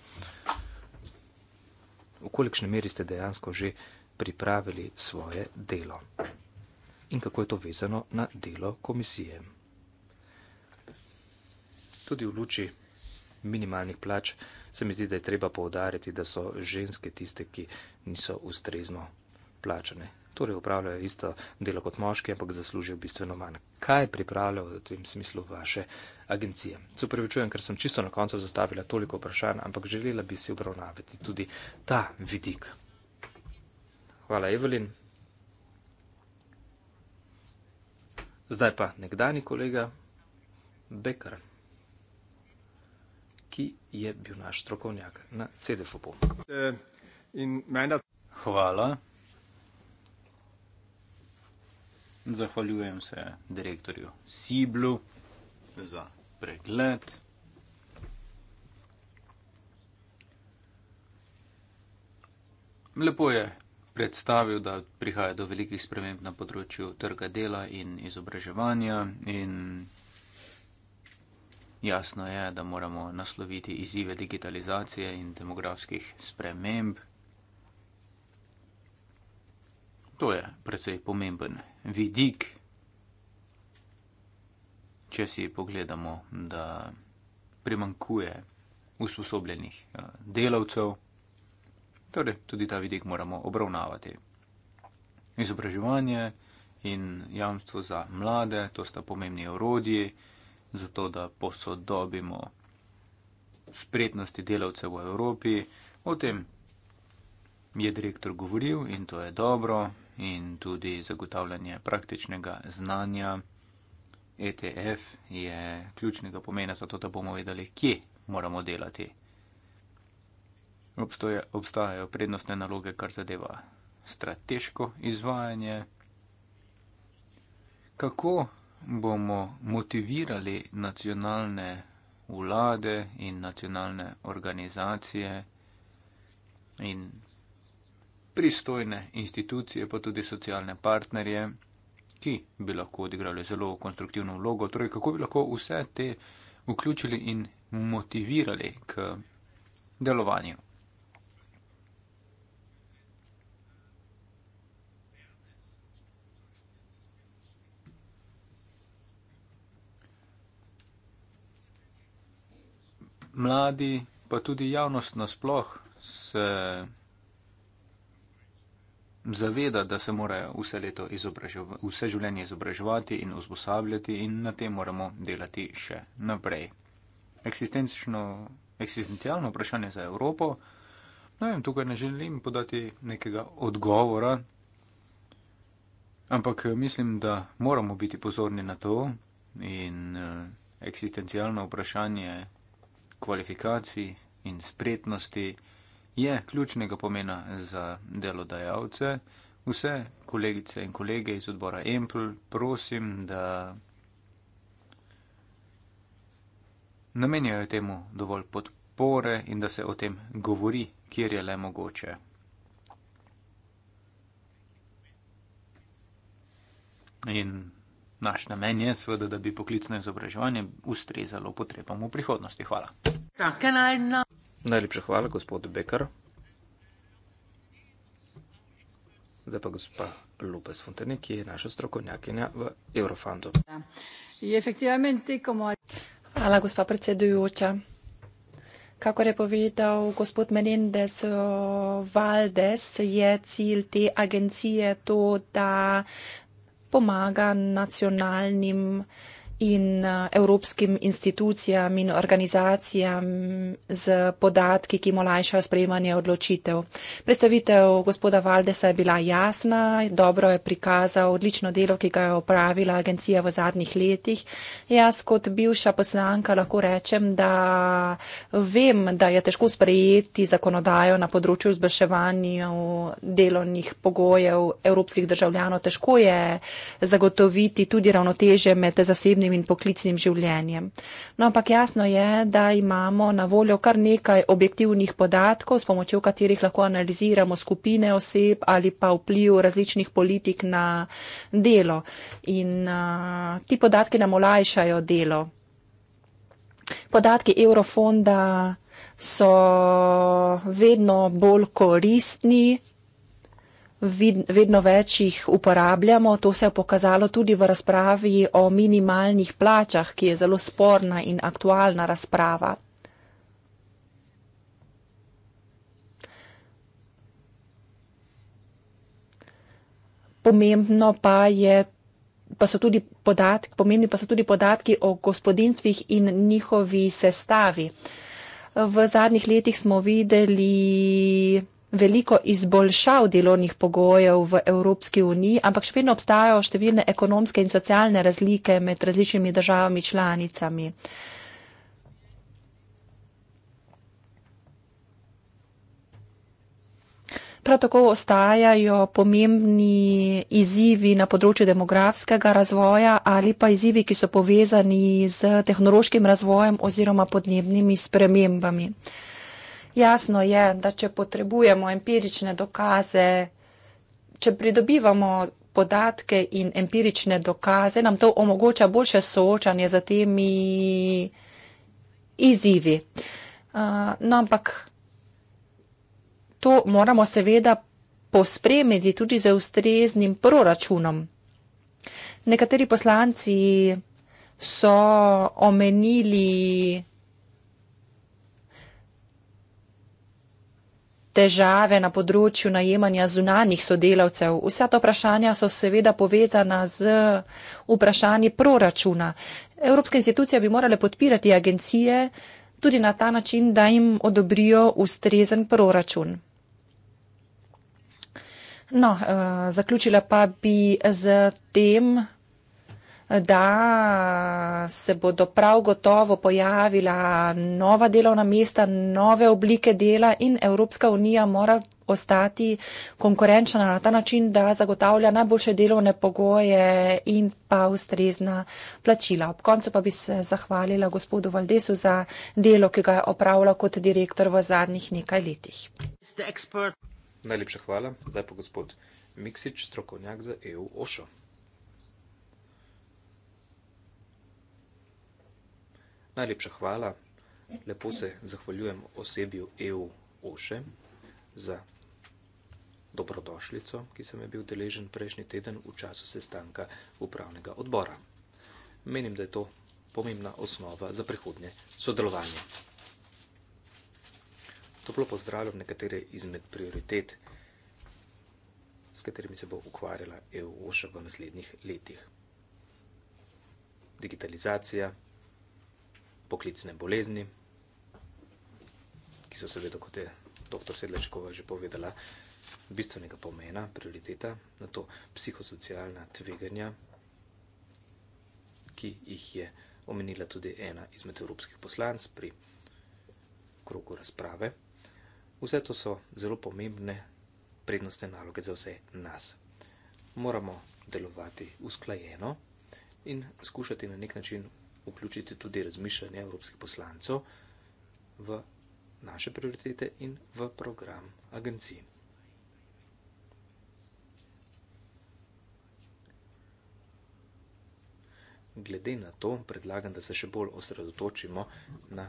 V kolikšni meri ste dejansko že pripravili svoje delo in kako je to vezano na delo komisije. Tudi v luči minimalnih plač, se mi zdi, da je treba povdariti, da so ženske tiste, ki niso ustrezno plačane. Torej, upravljajo isto delo kot moški, ampak zaslužijo bistveno manj. Kaj pripravlja v tem smislu vaše agencije? Se upravičujem, ker sem čisto na koncu zastavila toliko vprašanj, ampak želela bi si obravnavati tudi ta vidik. Hvala, Evelin. Zdaj pa nekdani kolega Bekar ki je bil naš strokovnjak na CDFOP-u. Eh, Hvala. Zahvaljujem se direktorju Siblu za pregled. Lepo je predstavil, da prihaja do velikih sprememb na področju trga dela in izobraževanja in Jasno je, da moramo nasloviti izzive digitalizacije in demografskih sprememb. To je precej pomemben vidik, če si pogledamo, da primankuje usposobljenih eh, delavcev. Torej, tudi ta vidik moramo obravnavati. Izobraževanje in jamstvo za mlade, to sta pomembni orodji zato da posodobimo spretnosti delavcev v Evropi. O tem je direktor govoril in to je dobro in tudi zagotavljanje praktičnega znanja ETF je ključnega pomena za to, da bomo vedeli, kje moramo delati. Obstoje, obstajajo prednostne naloge, kar zadeva strateško izvajanje. Kako bomo motivirali nacionalne vlade in nacionalne organizacije in pristojne institucije, pa tudi socialne partnerje, ki bi lahko odigrali zelo konstruktivno vlogo. Torej, kako bi lahko vse te vključili in motivirali k delovanju. mladi, pa tudi javnost nasploh, se zaveda, da se morajo vse leto izobraževati, vse življenje izobraževati in usposabljati in na tem moramo delati še naprej. Eksistencialno vprašanje za Evropo, no in tukaj ne želim podati nekega odgovora, ampak eh, mislim, da moramo biti pozorni na to in eh, eksistencialno vprašanje kvalifikacij in spretnosti je ključnega pomena za delodajalce. Vse kolegice in kolege iz odbora Empl, prosim, da namenjajo temu dovolj podpore in da se o tem govori, kjer je le mogoče. In Naš namen je seveda, da bi poklicno izobraževanje ustrezalo potrebam v prihodnosti. Hvala. Najlepša hvala, gospod Becker. Zdaj pa gospa Lupes Fontani, ki je naša strokovnjakinja v Eurofondu. Ja, hvala, gospa predsedujoča. Kako je povedal gospod Menendez Valdes, je cilj te agencije to, da pomaga nacionalnim in eh, evropskim institucijam in organizacijam z podatki, ki jim olajšajo sprejemanje odločitev. Predstavitev gospoda Valdesa je bila jasna, dobro je prikazal odlično delo, ki ga je opravila agencija v zadnjih letih. Jaz kot bivša poslanka lahko rečem, da vem, da je težko sprejeti zakonodajo na področju zbrševanja delovnih pogojev evropskih državljanov. Težko je zagotoviti tudi ravnoteže med zasebnimi zasebnim in poklicnim življenjem. No, ampak jasno je, da imamo na voljo kar nekaj objektivnih podatkov, s pomočjo katerih lahko analiziramo skupine oseb ali pa vpliv različnih politik na delo. In uh, ti podatki nam olajšajo delo. Podatki Eurofonda so vedno bolj koristni, vedno več jih uporabljamo. To se je pokazalo tudi v razpravi o minimalnih plačah, ki je zelo sporna in aktualna razprava. Pomembno pa je. Pa so tudi podatki, pomembni pa so tudi podatki o gospodinstvih in njihovi sestavi. V zadnjih letih smo videli veliko izboljšav delovnih pogojev v Evropski uniji, ampak še vedno obstajajo številne ekonomske in socialne razlike med različnimi državami članicami. Prav tako ostajajo pomembni izzivi na področju demografskega razvoja ali pa izzivi, ki so povezani z tehnološkim razvojem oziroma podnebnimi spremembami. Jasno je, da če potrebujemo empirične dokaze, če pridobivamo podatke in empirične dokaze, nam to omogoča boljše soočanje z temi izzivi. Uh, no, ampak to moramo seveda pospremiti tudi z ustreznim proračunom. Nekateri poslanci so omenili težave na področju najemanja zunanjih sodelavcev. Vsa ta vprašanja so seveda povezana z vprašanji proračuna. Evropske institucije bi morale podpirati agencije tudi na ta način, da jim odobrijo ustrezen proračun. No, eh, zaključila pa bi z tem, da se bodo prav gotovo pojavila nova delovna mesta, nove oblike dela in Evropska unija mora ostati konkurenčna na ta način, da zagotavlja najboljše delovne pogoje in pa ustrezna plačila. Ob koncu pa bi se zahvalila gospodu Valdesu za delo, ki ga je opravljal kot direktor v zadnjih nekaj letih. Najlepša hvala. Zdaj pa gospod Miksič, strokovnjak za EU OŠO. Najlepša hvala. Lepo se zahvaljujem osebju EU Oše za dobrodošljico, ki sem je bil deležen prejšnji teden v času sestanka upravnega odbora. Menim, da je to pomembna osnova za prihodnje sodelovanje. Toplo pozdravljam nekatere izmed prioritet, s katerimi se bo ukvarjala EU Oša v naslednjih letih. Digitalizacija, poklicne bolezni, ki so seveda, kot je dr. Sedlečkova že povedala, bistvenega pomena, prioriteta, na to psihosocialna tveganja, ki jih je omenila tudi ena izmed evropskih poslanc pri krogu razprave. Vse to so zelo pomembne prednostne naloge za vse nas. Moramo delovati usklajeno in skušati na nek način vključiti tudi razmišljanje evropskih poslancev v naše prioritete in v program agencij. Glede na to predlagam, da se še bolj osredotočimo na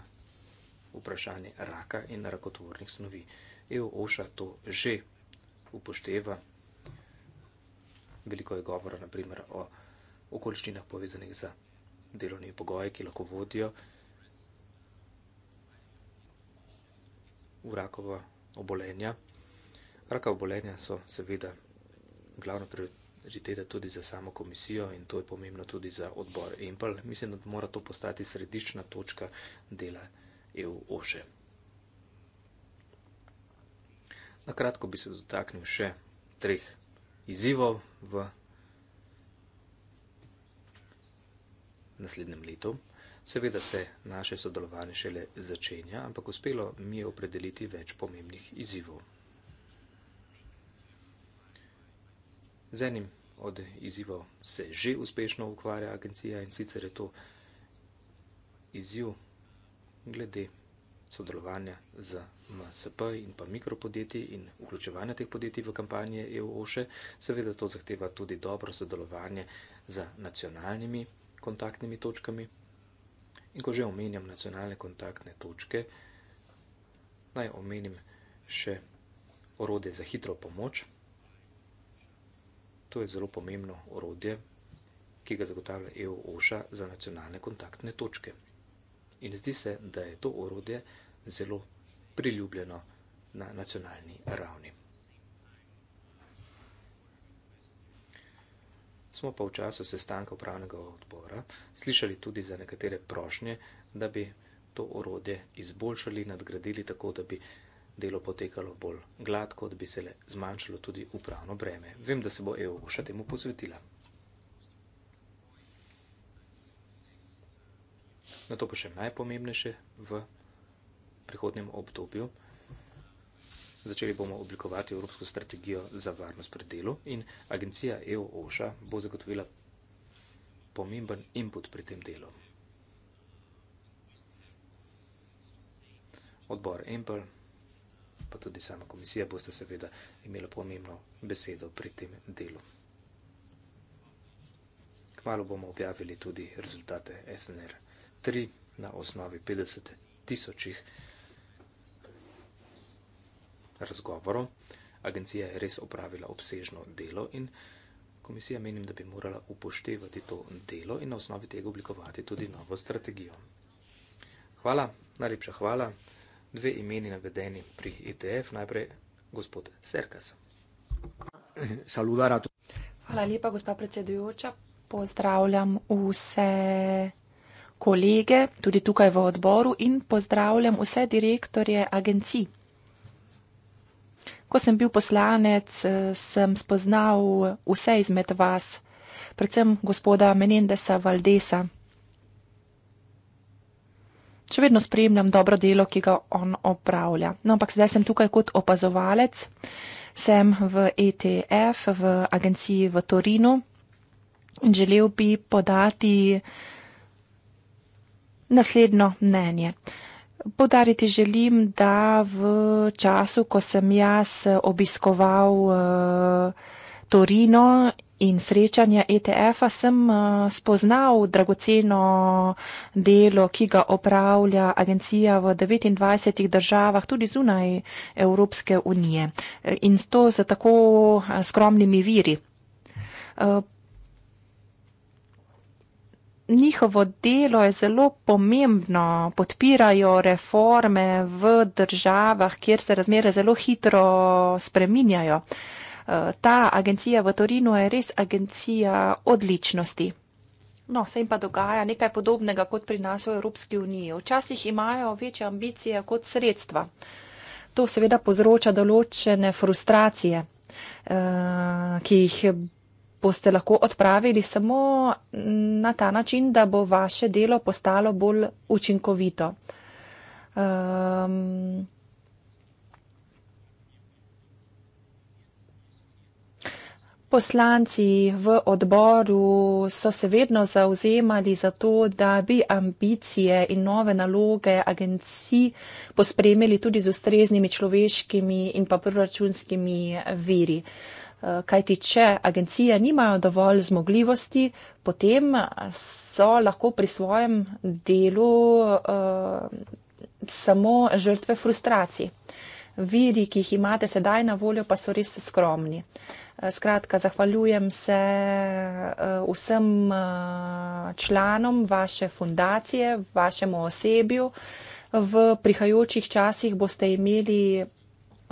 vprašanje raka in rakotvornih snovi. EU-OŠA to že upošteva. Veliko je govora naprimer o okoliščinah povezanih za delovni pogoji, ki lahko vodijo v rakova obolenja. Rakova obolenja so seveda glavna prioriteta tudi za samo komisijo in to je pomembno tudi za odbor EMPL. Mislim, da mora to postati središčna točka dela EU OŠE. Na kratko bi se dotaknil še treh izzivov v naslednjem letu. Seveda se naše sodelovanje šele začenja, ampak uspelo mi je opredeliti več pomembnih izzivov. Z enim od izzivov se že uspešno ukvarja agencija in sicer je to izziv glede sodelovanja z MSP in pa mikropodjetji in vključevanja teh podjetij v kampanje EU-OŠE. Seveda to zahteva tudi dobro sodelovanje z nacionalnimi kontaktnimi točkami. In ko že omenjam nacionalne kontaktne točke, naj omenim še orodje za hitro pomoč. To je zelo pomembno orodje, ki ga zagotavlja EOŠA za nacionalne kontaktne točke. In zdi se, da je to orodje zelo priljubljeno na nacionalni ravni. smo pa v času sestanka upravnega odbora slišali tudi za nekatere prošnje, da bi to orodje izboljšali, nadgradili tako, da bi delo potekalo bolj gladko, da bi se le zmanjšalo tudi upravno breme. Vem, da se bo EU še temu posvetila. Na to pa še najpomembnejše v prihodnem obdobju začeli bomo oblikovati evropsko strategijo za varnost pri delu in agencija EOŠA bo zagotovila pomemben input pri tem delu. Odbor EMPL, pa tudi sama komisija, boste seveda imela pomembno besedo pri tem delu. Kmalo bomo objavili tudi rezultate SNR 3 na osnovi 50 tisočih razgovorov. Agencija je res opravila obsežno delo in komisija menim, da bi morala upoštevati to delo in na osnovi tega oblikovati tudi novo strategijo. Hvala, najlepša hvala. Dve imeni navedeni pri ETF, najprej gospod Serkas. Hvala lepa, gospa predsedujoča. Pozdravljam vse kolege, tudi tukaj v odboru in pozdravljam vse direktorje agencij. Ko sem bil poslanec, eh, sem spoznal eh, vse izmed vas, predvsem gospoda Menendesa Valdesa. Še vedno spremljam dobro delo, ki ga on opravlja. No, ampak zdaj sem tukaj kot opazovalec, sem v ETF, v agenciji v Torinu in želel bi podati naslednjo mnenje. Uh, Podariti želim, da v času, ko sem jaz obiskoval uh, Torino in srečanja ETF-a, sem uh, spoznal dragoceno delo, ki ga opravlja agencija v 29 državah, tudi zunaj Evropske unije eh, in to z tako skromnimi viri. Uh, njihovo delo je zelo pomembno, podpirajo reforme v državah, kjer se razmere zelo hitro spreminjajo. Eh, ta agencija v Torinu je res agencija odličnosti. No, se jim pa dogaja nekaj podobnega kot pri nas v Evropski uniji. Včasih imajo večje ambicije kot sredstva. To seveda povzroča določene frustracije, eh, ki jih boste lahko odpravili samo na ta način, da bo vaše delo postalo bolj učinkovito. Um, Poslanci v odboru so se vedno zauzemali za to, da bi ambicije in nove naloge agencij pospremili tudi z ustreznimi človeškimi in pa proračunskimi veri. Uh, kajti če agencije nimajo dovolj zmogljivosti, potem so lahko pri svojem delu uh, samo žrtve frustracij. Viri, ki jih imate sedaj na voljo, pa so res skromni. Eh, skratka, zahvaljujem se eh, vsem članom vaše fundacije, vašemu osebju. V prihajajočih časih boste imeli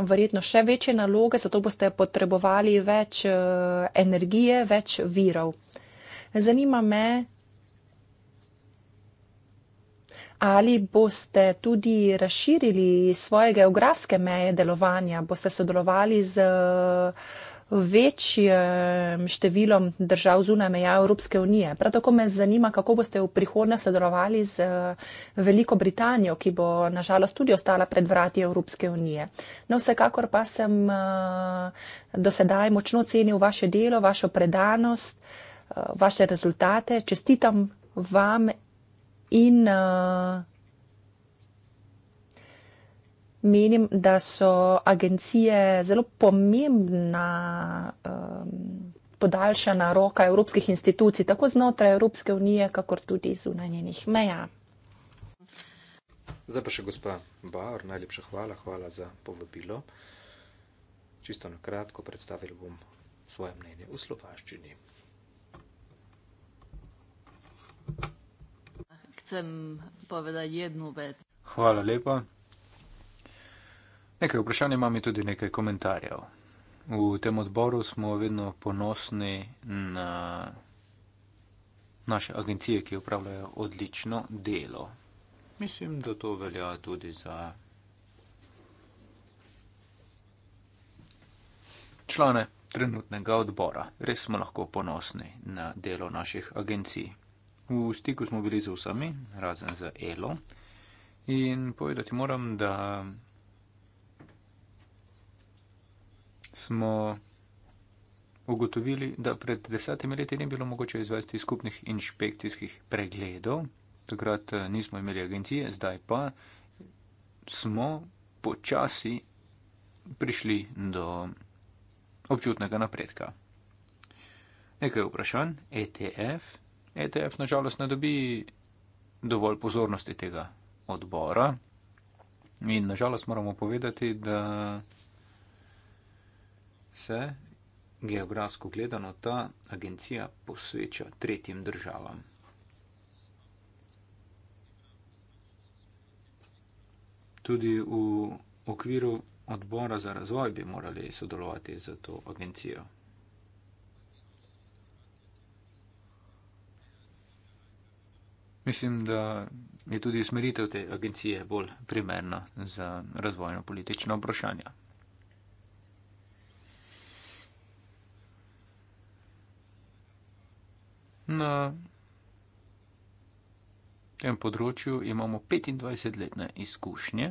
verjetno še večje naloge, zato boste potrebovali več eh, energije, več virov. Zanima me, ali boste tudi razširili svoje geografske meje delovanja, boste sodelovali z. Uh, večjim številom držav zunaj meja Evropske unije. Prav tako me zanima, kako boste v prihodnje sodelovali z eh, Veliko Britanijo, ki bo nažalost tudi ostala pred vrati Evropske unije. No, vsekakor pa sem eh, dosedaj močno cenil vaše delo, vašo predanost, eh, vaše rezultate. Čestitam vam in menim, da so agencije zelo pomembna um, podaljšana roka evropskih institucij, tako znotraj Evropske unije, kakor tudi zunaj njenih meja. Zdaj pa še gospa Bauer, najlepša hvala, hvala za povabilo. Čisto na kratko predstavil bom svoje mnenje v slovaščini. Chcem povedati jednu vec. Hvala lepa. Nekaj vprašanj imam in tudi nekaj komentarjev. V tem odboru smo vedno ponosni na naše agencije, ki upravljajo odlično delo. Mislim, da to velja tudi za člane trenutnega odbora. Res smo lahko ponosni na delo naših agencij. V stiku smo bili z vsemi, razen z Elo. In povedati moram, da smo ugotovili, da pred desetimi leti ni bilo mogoče izvesti skupnih inšpekcijskih pregledov. Takrat eh, nismo imeli agencije, zdaj pa smo počasi prišli do občutnega napredka. Nekaj vprašanj. ETF. ETF nažalost ne dobi dovolj pozornosti tega odbora. In nažalost moramo povedati, da se geografsko gledano ta agencija posveča tretjim državam. Tudi v okviru odbora za razvoj bi morali sodelovati z to agencijo. Mislim, da je tudi usmeritev te agencije bolj primerna za razvojno politično vprašanje. Na tem področju imamo 25-letne izkušnje.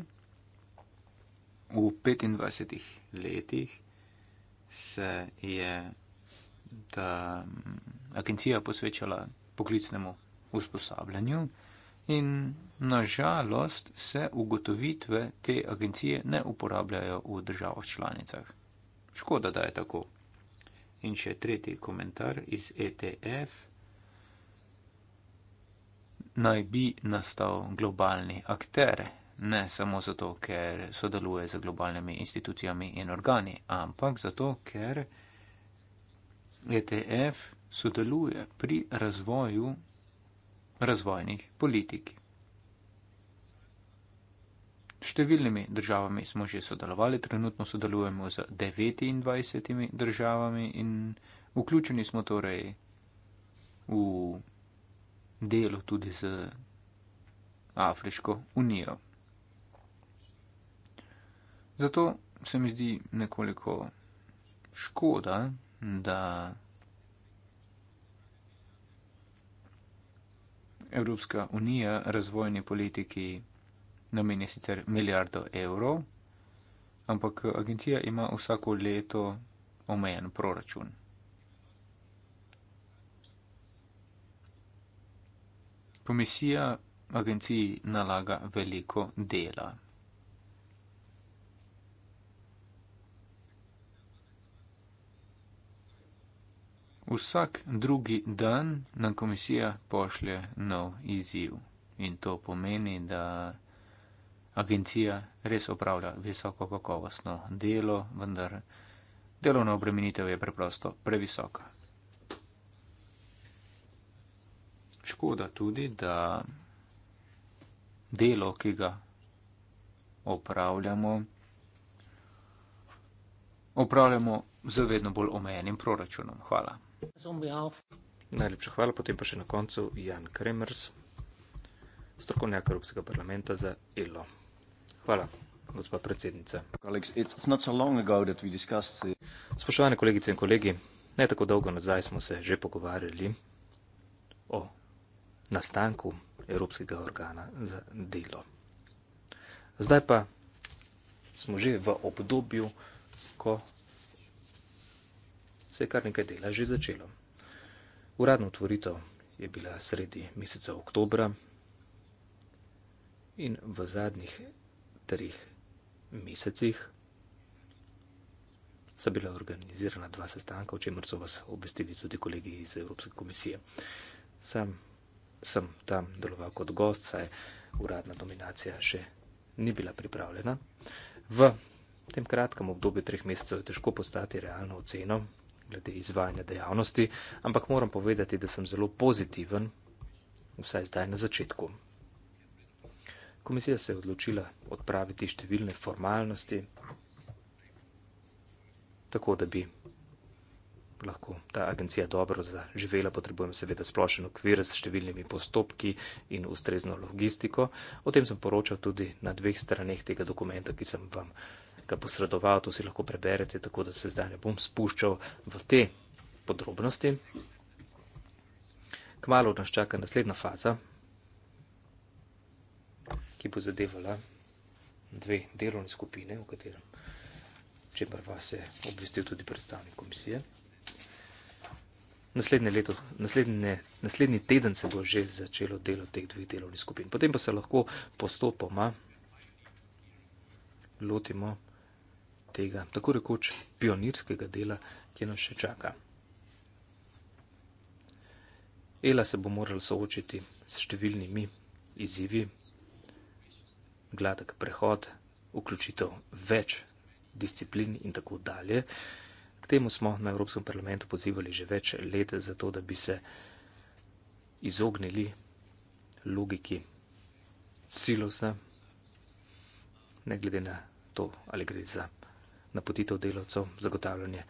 V 25 letih se je ta agencija posvečala poklicnemu usposabljanju in nažalost se ugotovitve te agencije ne uporabljajo v državah članicah. Škoda, da je tako. In še tretji komentar iz ETF naj bi nastal globalni akter, ne samo zato, ker sodeluje z globalnimi institucijami in organi, ampak zato, ker ETF sodeluje pri razvoju razvojnih politik. Številnimi državami smo že sodelovali, trenutno sodelujemo z 29 državami in vključeni smo torej v delo tudi z Afriško unijo. Zato se mi zdi nekoliko škoda, da Evropska unija razvojni politiki namenja sicer milijardo evrov, ampak agencija ima vsako leto omejen proračun. Komisija agenciji nalaga veliko dela. Vsak drugi dan nam komisija pošlje nov izziv in to pomeni, da agencija res opravlja visoko kakovostno delo, vendar delovna obremenitev je preprosto previsoka. škoda tudi, da delo, ki ga opravljamo, opravljamo z vedno bolj omejenim proračunom. Hvala. Najlepša hvala, potem pa še na koncu Jan Kremers, strokovnjak Evropskega parlamenta za ELO. Hvala, gospod predsednica. Spoštovane kolegice in kolegi, ne tako dolgo nazaj smo se že pogovarjali o nastanku Evropskega organa za delo. Zdaj pa smo že v obdobju, ko se je kar nekaj dela že začelo. Uradno otvoritev je bila sredi meseca oktober in v zadnjih treh mesecih so bila organizirana dva sestanka, o čemer so vas obvestili tudi kolegi iz Evropske komisije. Sam sem tam deloval kot gost, saj uradna dominacija še ni bila pripravljena. V tem kratkem obdobju treh mesecev je težko postati realno oceno glede izvajanja dejavnosti, ampak moram povedati, da sem zelo pozitiven, vsaj zdaj na začetku. Komisija se je odločila odpraviti številne formalnosti, tako da bi lahko ta agencija dobro zaživela, potrebujem seveda splošen okvir s številnimi postopki in ustrezno logistiko. O tem sem poročal tudi na dveh straneh tega dokumenta, ki sem vam ga posredoval, to si lahko preberete, tako da se zdaj ne bom spuščal v te podrobnosti. Kmalo nas čaka naslednja faza, ki bo zadevala dve delovne skupine, v katerem čemer vas je obvestil tudi predstavnik komisije naslednje leto, naslednje, naslednji teden se bo že začelo delo teh dveh delovnih skupin. Potem pa se lahko postopoma lotimo tega tako rekoč pionirskega dela, ki nas še čaka. Ela se bo morala soočiti s številnimi izzivi, gladek prehod, vključitev več disciplin in tako dalje. K temu smo na Evropskem parlamentu pozivali že več let, zato da bi se izognili logiki silosne, ne glede na to, ali gre za napotitev delavcev, zagotavljanje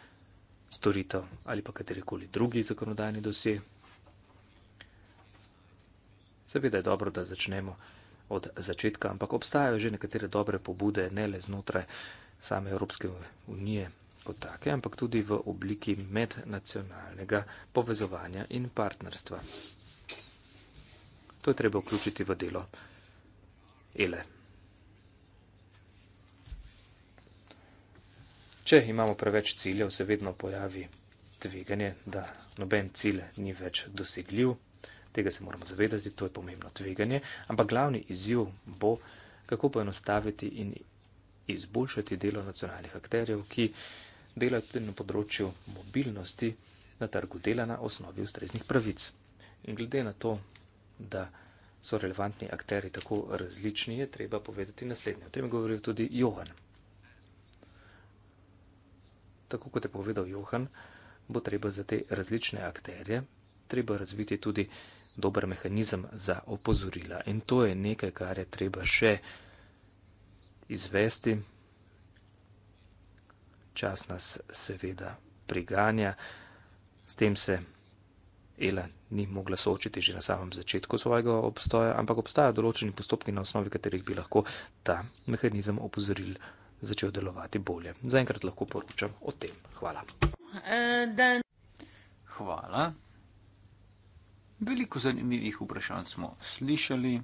storitev ali pa katerikoli drugi zakonodajni dosje. Seveda je dobro, da začnemo od začetka, ampak obstajajo že nekatere dobre pobude, ne le znotraj same Evropske unije, kot take, ampak tudi v obliki mednacionalnega povezovanja in partnerstva. To je treba vključiti v delo ELE. Če imamo preveč ciljev, se vedno pojavi tveganje, da noben cilj ni več dosegljiv. Tega se moramo zavedati, to je pomembno tveganje. Ampak glavni izziv bo, kako poenostaviti in izboljšati delo nacionalnih akterjev, ki delajo tudi na področju mobilnosti na trgu dela na osnovi ustreznih pravic. In glede na to, da so relevantni akteri tako različni, je treba povedati naslednje. O tem je govoril tudi Johan. Tako kot je povedal Johan, bo treba za te različne akterje treba razviti tudi dober mehanizem za opozorila. In to je nekaj, kar je treba še izvesti, čas nas seveda priganja. S tem se Ela ni mogla soočiti že na samem začetku svojega obstoja, ampak obstajajo določeni postopki, na osnovi katerih bi lahko ta mehanizem opozoril začel delovati bolje. Zaenkrat lahko poročam o tem. Hvala. Hvala. Veliko zanimivih vprašanj smo slišali.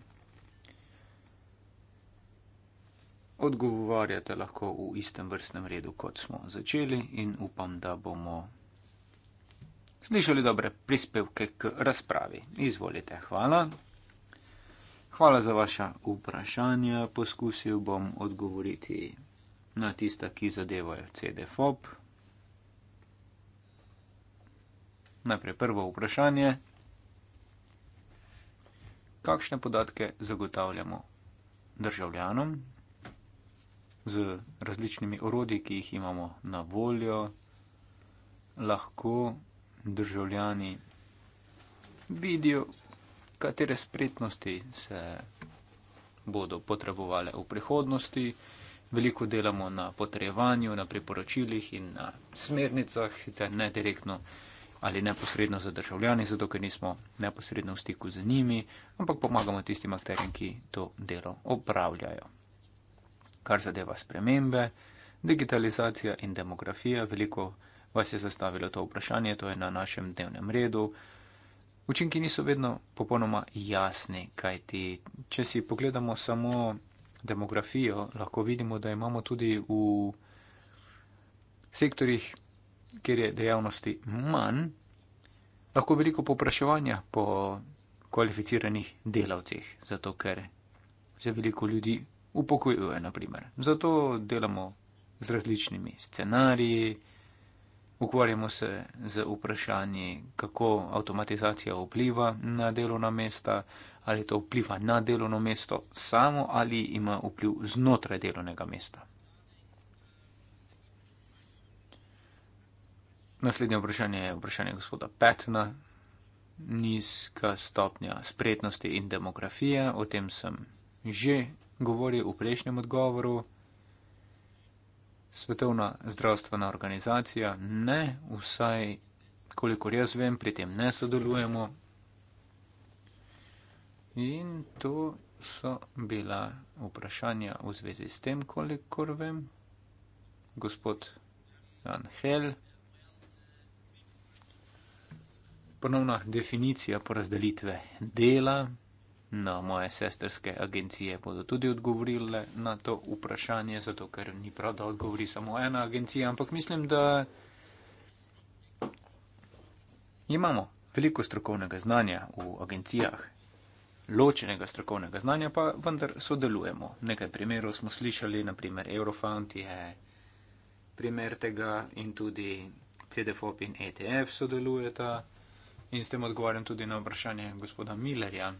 odgovarjate lahko v istem vrstnem redu, kot smo začeli in upam, da bomo slišali dobre prispevke k razpravi. Izvolite, hvala. Hvala za vaša vprašanja. Poskusil bom odgovoriti na tista, ki zadevajo CDFOP. Najprej prvo vprašanje. Kakšne podatke zagotavljamo državljanom, z različnimi orodji, ki jih imamo na voljo, lahko državljani vidijo, katere spretnosti se bodo potrebovali v prihodnosti. Veliko delamo na potrejevanju, na priporočilih in na smernicah, sicer ne direktno ali neposredno za državljani, zato ker nismo neposredno v stiku z njimi, ampak pomagamo tistim akterjem, ki to delo opravljajo kar zadeva spremembe, digitalizacija in demografija. Veliko vas je zastavilo to vprašanje, to je na našem dnevnem redu. Učinki niso vedno popolnoma jasni, kajti če si pogledamo samo demografijo, lahko vidimo, da imamo tudi v sektorjih, kjer je dejavnosti manj, lahko veliko popraševanja po kvalificiranih delavcih, zato ker se veliko ljudi upokojuje, naprimer. Zato delamo z različnimi scenariji, ukvarjamo se z vprašanji, kako avtomatizacija vpliva na delovna mesta, ali to vpliva na delovno mesto samo ali ima vpliv znotraj delovnega mesta. Naslednje vprašanje je vprašanje gospoda Petna. Nizka stopnja spretnosti in demografije, o tem sem že govoril v prejšnjem odgovoru. Svetovna zdravstvena organizacija ne, vsaj kolikor jaz vem, pri tem ne sodelujemo. In to so bila vprašanja v zvezi s tem, kolikor vem. Gospod Anhel, ponovna definicija porazdelitve dela. No, moje sestrske agencije bodo tudi odgovorile na to vprašanje, zato ker ni prav, da odgovori samo ena agencija, ampak mislim, da imamo veliko strokovnega znanja v agencijah, ločenega strokovnega znanja pa vendar sodelujemo. Nekaj primerov smo slišali, naprimer Eurofound je primer tega in tudi CDFOP in ETF sodelujeta in s tem odgovarjam tudi na vprašanje gospoda Millerja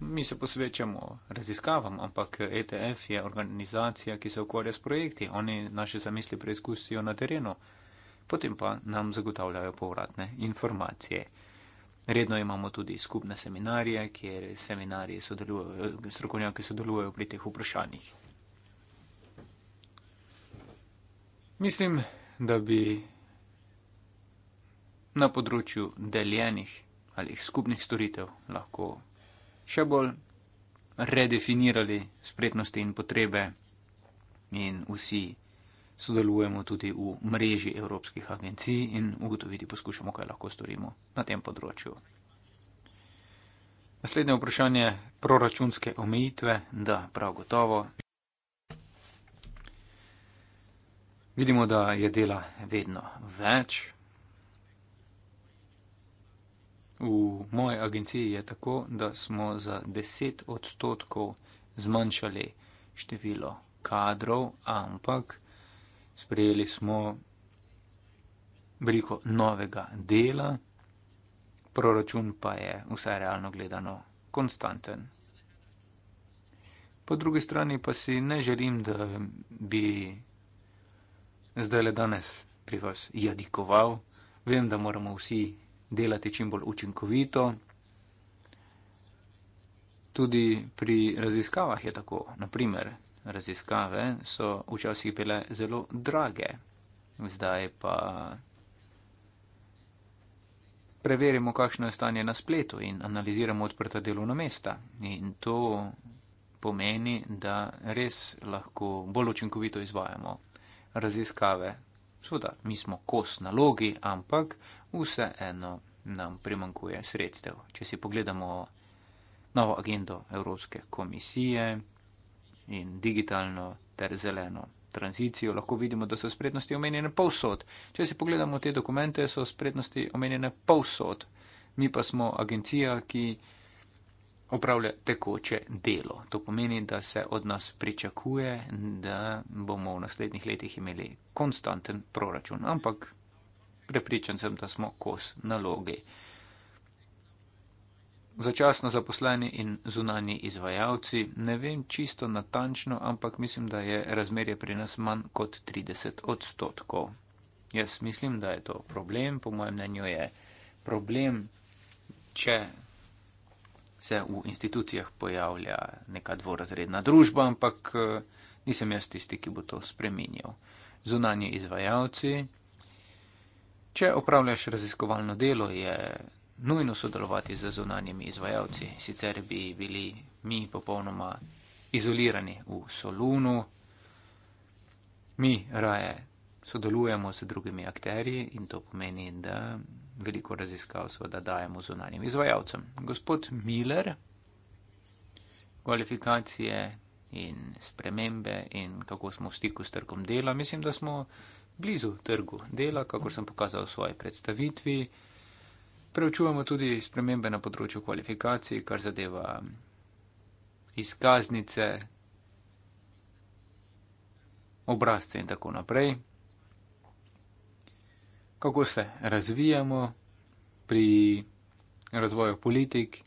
mi se posvečamo raziskavam, ampak ETF je organizacija, ki se ukvarja s projekti. Oni naše zamisli preizkusijo na terenu, potem pa nam zagotavljajo povratne informacije. Redno imamo tudi skupne seminarije, kjer seminarije sodelujo, strokovnjaki sodelujo pri teh vprašanjih. Mislim, da bi na področju deljenih ali skupnih storitev lahko še bolj redefinirali spretnosti in potrebe in vsi sodelujemo tudi v mreži evropskih agencij in ugotoviti poskušamo, kaj lahko storimo na tem področju. Naslednje vprašanje je proračunske omejitve, da prav gotovo. Vidimo, da je dela vedno več. V moji agenciji je tako, da smo za 10 odstotkov zmanjšali število kadrov, ampak sprejeli smo veliko novega dela, proračun pa je vsaj realno gledano konstanten. Po drugi strani pa si ne želim, da bi zdaj le danes pri vas jadikoval. Vem, da moramo vsi delati čim bolj učinkovito. Tudi pri raziskavah je tako. Naprimer, raziskave so včasih bile zelo drage, zdaj pa preverimo, kakšno je stanje na spletu in analiziramo odprta delovna mesta. In to pomeni, da res lahko bolj učinkovito izvajamo raziskave. Seveda, mi smo kos nalogi, ampak vseeno nam primankuje sredstev. Če si pogledamo novo agendo Evropske komisije in digitalno ter zeleno tranzicijo, lahko vidimo, da so spretnosti omenjene povsod. Če si pogledamo te dokumente, so spretnosti omenjene povsod. Mi pa smo agencija, ki opravlja tekoče delo. To pomeni, da se od nas pričakuje, da bomo v naslednjih letih imeli konstanten proračun, ampak prepričan sem, da smo kos naloge. Začasno zaposleni in zunani izvajalci, ne vem čisto natančno, ampak mislim, da je razmerje pri nas manj kot 30 odstotkov. Jaz mislim, da je to problem, po mojem mnenju je problem, če se v institucijah pojavlja neka dvorazredna družba, ampak eh, nisem jaz tisti, ki bo to spremenjal. Zunanje izvajalci. Če opravljaš raziskovalno delo, je nujno sodelovati z zunanjimi izvajalci, sicer bi bili mi popolnoma izolirani v Solunu. Mi raje sodelujemo z drugimi akterji in to pomeni, da veliko raziskav seveda dajemo zunanjim izvajalcem. Gospod Miller, kvalifikacije in spremembe in kako smo v stiku s trgom dela, mislim, da smo blizu trgu dela, kakor sem pokazal v svoji predstavitvi. Preučujemo tudi spremembe na področju kvalifikacij, kar zadeva izkaznice, obrazce in tako naprej kako se razvijamo pri razvoju politik,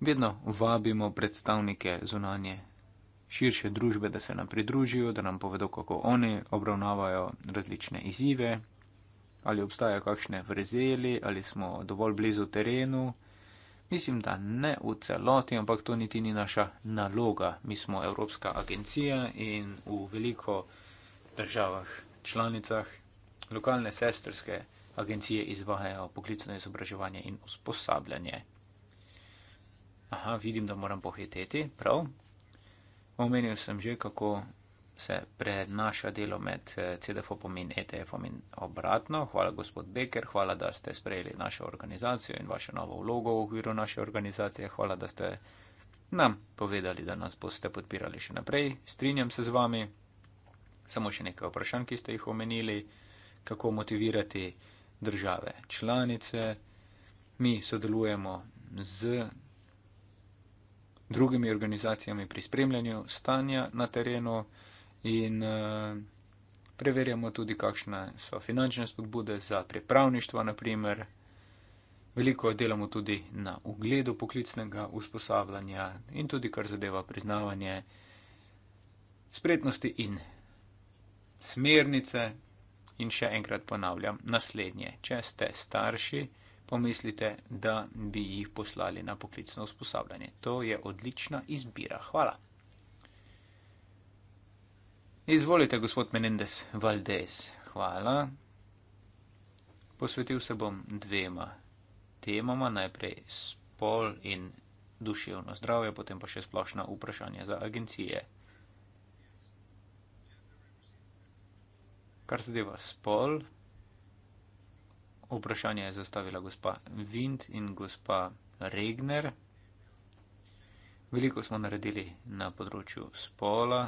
vedno vabimo predstavnike zunanje širše družbe, da se nam pridružijo, da nam povedo, kako oni obravnavajo različne izzive, ali obstajajo kakšne vrzeli, ali smo dovolj blizu terenu. Mislim, da ne v celoti, ampak to niti ni naša naloga. Mi smo Evropska agencija in v veliko državah, članicah lokalne sestrske agencije izvajajo poklicno izobraževanje in usposabljanje. Aha, vidim, da moram pohiteti, prav. Omenil sem že, kako se prenaša delo med eh, CDF-om in ETF-om in obratno. Hvala, gospod Becker, hvala, da ste sprejeli našo organizacijo in vašo novo vlogo v okviru naše organizacije. Hvala, da ste nam povedali, da nas boste podpirali še naprej. Strinjam se z vami. Samo še nekaj vprašanj, ki ste jih omenili kako motivirati države članice. Mi sodelujemo z drugimi organizacijami pri spremljanju stanja na terenu in eh, preverjamo tudi, kakšne so finančne spodbude za pripravništva, naprimer. Veliko delamo tudi na ugledu poklicnega usposabljanja in tudi kar zadeva priznavanje spretnosti in smernice, In še enkrat ponavljam naslednje. Če ste starši, pomislite, da bi jih poslali na poklicno usposabljanje. To je odlična izbira. Hvala. Izvolite, gospod Menendez Valdez. Hvala. Posvetil se bom dvema temama. Najprej spol in duševno zdravje, potem pa še splošna vprašanja za agencije. Kar zadeva spol, vprašanje je zastavila gospa Vind in gospa Regner. Veliko smo naredili na področju spola,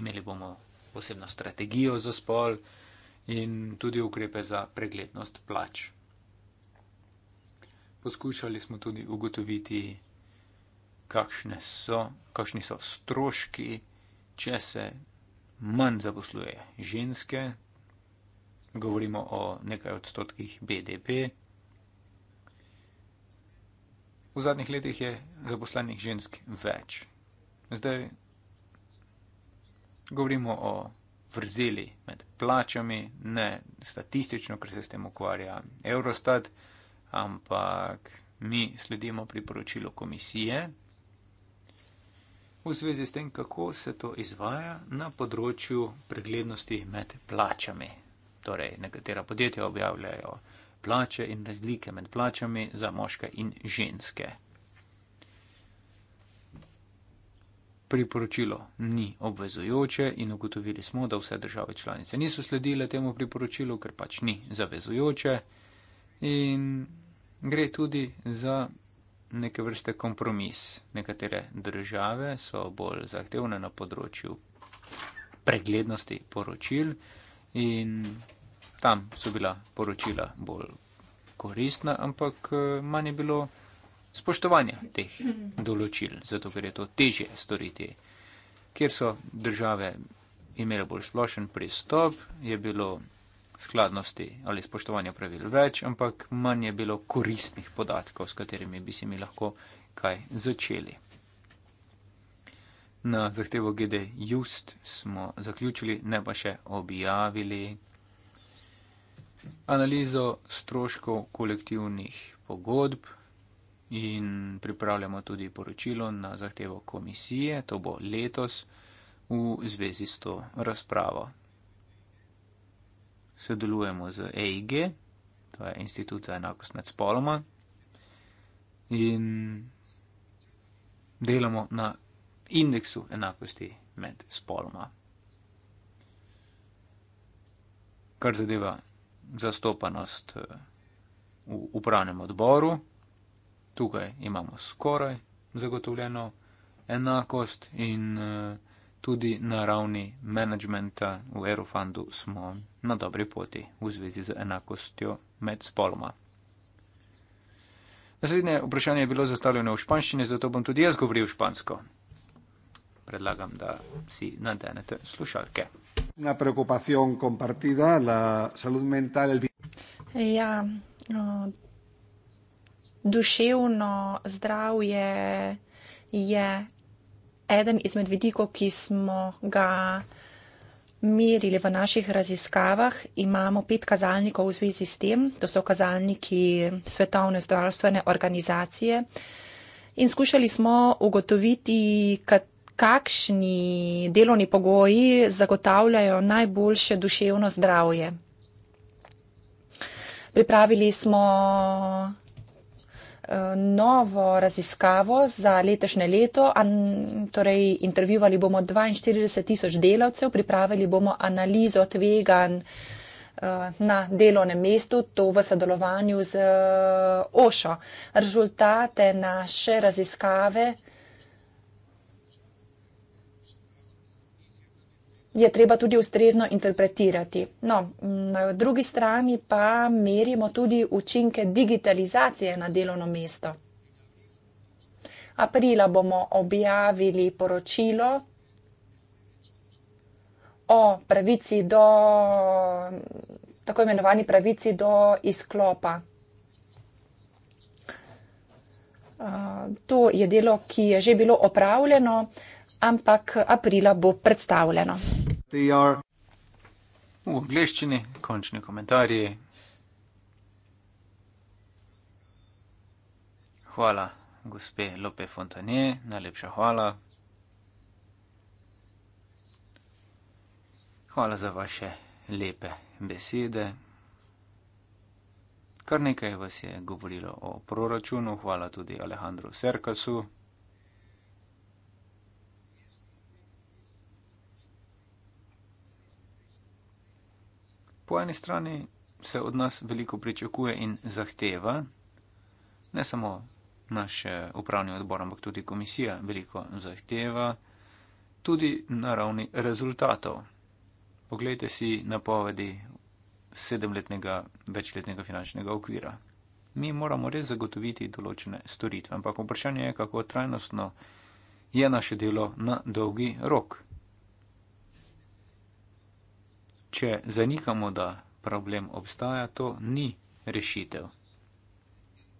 imeli bomo posebno strategijo za spol in tudi ukrepe za preglednost plač. Poskušali smo tudi ugotoviti, kakšne so, kakšni so stroški, če se manj zaposluje ženske, govorimo o nekaj odstotkih BDP. V zadnjih letih je zaposlenih žensk več. Zdaj govorimo o vrzeli med plačami, ne statistično, ker se s tem ukvarja Eurostat, ampak mi sledimo priporočilu komisije, v zvezi s tem, kako se to izvaja na področju preglednosti med plačami. Torej, nekatera podjetja objavljajo plače in razlike med plačami za moške in ženske. Priporočilo ni obvezujoče in ugotovili smo, da vse države članice niso sledile temu priporočilu, ker pač ni zavezujoče in gre tudi za neke vrste kompromis. Nekatere države so bolj zahtevne na področju preglednosti poročil in tam so bila poročila bolj koristna, ampak eh, manj je bilo spoštovanja teh določil, zato ker je to težje storiti. Ker so države imele bolj splošen pristop, je bilo skladnosti ali spoštovanja pravil več, ampak manj je bilo koristnih podatkov, s katerimi bi si mi lahko kaj začeli. Na zahtevo GD Just smo zaključili, ne pa še objavili analizo stroškov kolektivnih pogodb in pripravljamo tudi poročilo na zahtevo komisije, to bo letos, v zvezi s to razpravo sodelujemo z EIG, to je Institut za enakost med spoloma, in delamo na indeksu enakosti med spoloma. Kar zadeva zastopanost eh, v upravnem odboru, tukaj imamo skoraj zagotovljeno enakost in uh, tudi na ravni menedžmenta v Eurofundu smo na dobri poti v zvezi z enakostjo med spoloma. Naslednje vprašanje je bilo zastavljeno v španščini, zato bom tudi jaz govoril špansko. Predlagam, da si nadenete slušalke. Na preokupacijon kompartida, la salud mental. Ja, o, duševno zdravje je eden izmed vidikov, ki smo ga merili v naših raziskavah, imamo pet kazalnikov v zvezi s tem. To so kazalniki Svetovne zdravstvene organizacije. In skušali smo ugotoviti, kakšni delovni pogoji zagotavljajo najboljše duševno zdravje. Pripravili smo novo raziskavo za letošnje leto. An, torej, intervjuvali bomo 42 tisoč delavcev, pripravili bomo analizo tvegan eh, na delovnem mestu, to v sodelovanju z eh, OŠO. Rezultate naše raziskave je treba tudi ustrezno interpretirati. No, na drugi strani pa merimo tudi učinke digitalizacije na delovno mesto. Aprila bomo objavili poročilo o pravici do, tako imenovani pravici do izklopa. Uh, to je delo, ki je že bilo opravljeno, ampak aprila bo predstavljeno they are v angliščini, končni komentarji. Hvala, gospe Lope Fontanje, najlepša hvala. Hvala za vaše lepe besede. Kar nekaj vas je govorilo o proračunu, hvala tudi Alejandru Serkasu. Po eni strani se od nas veliko pričakuje in zahteva, ne samo naš eh, upravni odbor, ampak tudi komisija veliko zahteva, tudi na ravni rezultatov. Poglejte si napovedi sedemletnega večletnega finančnega okvira. Mi moramo res zagotoviti določene storitve, ampak vprašanje je, kako trajnostno je naše delo na dolgi rok. Če zanikamo, da problem obstaja, to ni rešitev.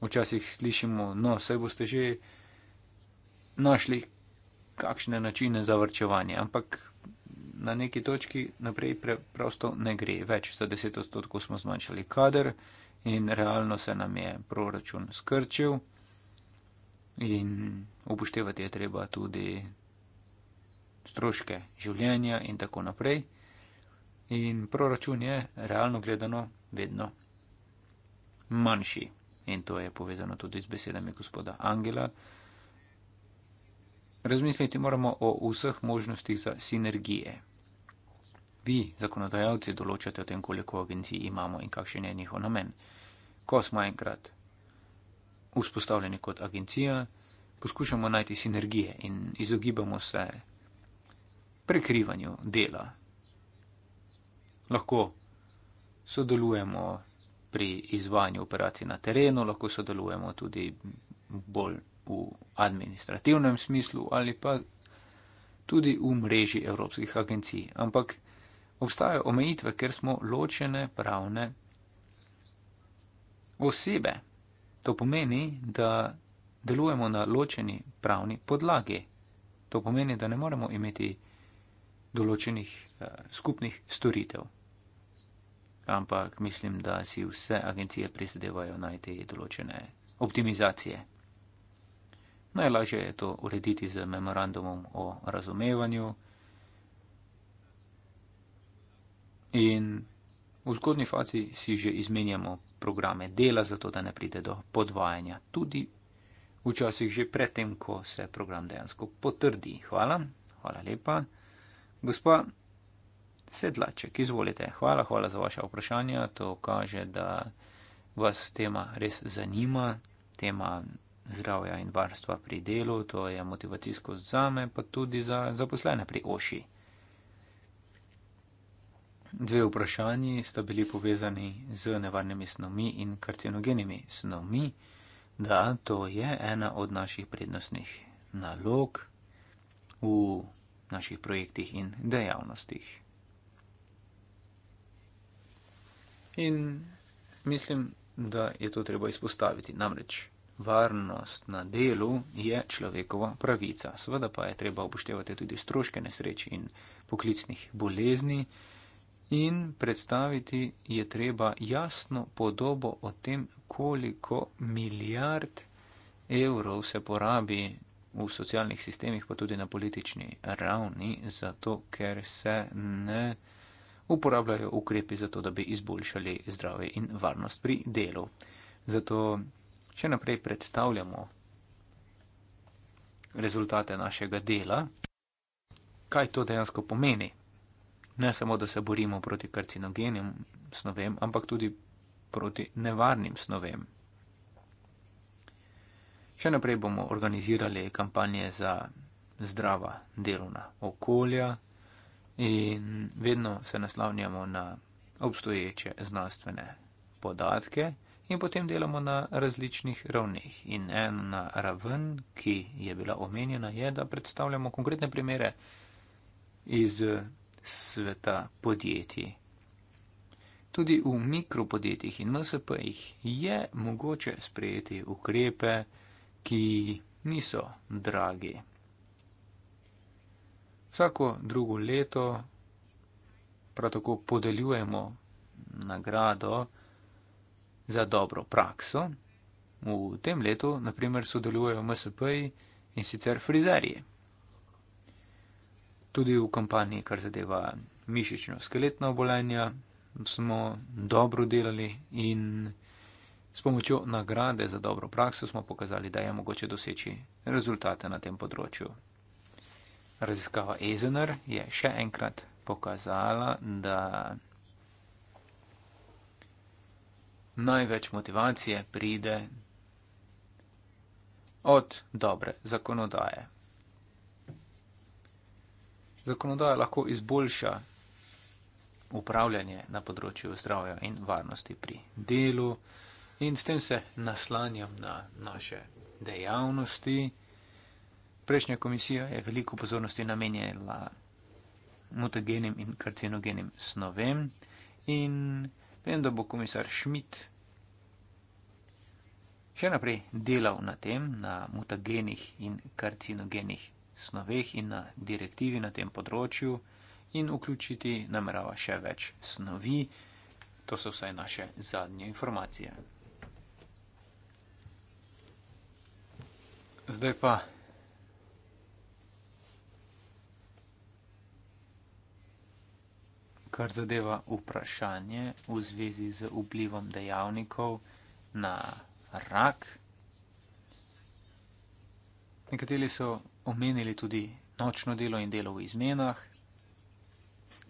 Včasih slišimo, no, se boste že našli kakšne načine zavrčevanja, ampak na neki točki naprej preprosto ne gre. Več za 10 odstotkov smo zmanjšali kader in realno se nam je proračun skrčil in upoštevati je treba tudi stroške življenja in tako naprej in proračun je, realno gledano, vedno manjši. In to je povezano tudi z besedami gospoda Angela. Razmisliti moramo o vseh možnostih za sinergije. Vi, zakonodajalci, določate o tem, koliko agencij imamo in kakšen je njihov namen. Ko smo enkrat vzpostavljeni kot agencija, poskušamo najti sinergije in izogibamo se prekrivanju dela lahko sodelujemo pri izvajanju operacij na terenu, lahko sodelujemo tudi bolj v administrativnem smislu ali pa tudi v mreži evropskih agencij. Ampak obstajajo omejitve, ker smo ločene pravne osebe. To pomeni, da delujemo na ločeni pravni podlagi. To pomeni, da ne moremo imeti določenih uh, skupnih storitev ampak mislim, da si vse agencije prizadevajo najti določene optimizacije. Najlažje je to urediti z memorandumom o razumevanju. In v zgodni fazi si že izmenjamo programe dela, zato da ne pride do podvajanja, tudi včasih že predtem, ko se program dejansko potrdi. Hvala, hvala lepa. Gospa Sedlaček, izvolite. Hvala, hvala za vaše vprašanje. To kaže, da vas tema res zanima, tema zdravja in varstva pri delu. To je motivacijsko za me, pa tudi za zaposlene pri Oši. Dve vprašanji sta bili povezani z nevarnimi snovmi in karcinogenimi snovmi. Da, to je ena od naših prednostnih nalog v naših projektih in dejavnostih. In mislim, da je to treba izpostaviti. Namreč varnost na delu je človekova pravica. Seveda pa je treba upoštevati tudi stroške nesreč in poklicnih bolezni. In predstaviti je treba jasno podobo o tem, koliko milijard evrov se porabi v socialnih sistemih, pa tudi na politični ravni, zato ker se ne uporabljajo ukrepi za to, da bi izboljšali zdravje in varnost pri delu. Zato še naprej predstavljamo rezultate našega dela, kaj to dejansko pomeni. Ne samo, da se borimo proti karcinogenim snovem, ampak tudi proti nevarnim snovem. Še naprej bomo organizirali kampanje za zdrava delovna okolja, in vedno se naslavljamo na obstoječe znanstvene podatke in potem delamo na različnih ravneh. In ena raven, ki je bila omenjena, je, da predstavljamo konkretne primere iz sveta podjetij. Tudi v mikropodjetjih in MSP-jih je mogoče sprejeti ukrepe, ki niso dragi. Vsako drugo leto prav tako podeljujemo nagrado za dobro prakso. V tem letu, na primer, sodelujejo MSP in sicer frizerji. Tudi v kampanji, kar zadeva mišično-skeletna obolenja, smo dobro delali in s pomočjo nagrade za dobro prakso smo pokazali, da je mogoče doseči rezultate na tem področju raziskava Ezener je še enkrat pokazala, da največ motivacije pride od dobre zakonodaje. Zakonodaja lahko izboljša upravljanje na področju zdravja in varnosti pri delu in s tem se naslanjam na naše dejavnosti prejšnja komisija je veliko pozornosti namenjala mutagenim in karcinogenim snovem in vem, da bo komisar Schmidt še naprej delal na tem, na mutagenih in karcinogenih snoveh in na direktivi na tem področju in vključiti namerava še več snovi. To so vsaj naše zadnje informacije. Zdaj pa kar zadeva vprašanje v zvezi z vplivom dejavnikov na rak. Nekateri so omenili tudi nočno delo in delo v izmenah,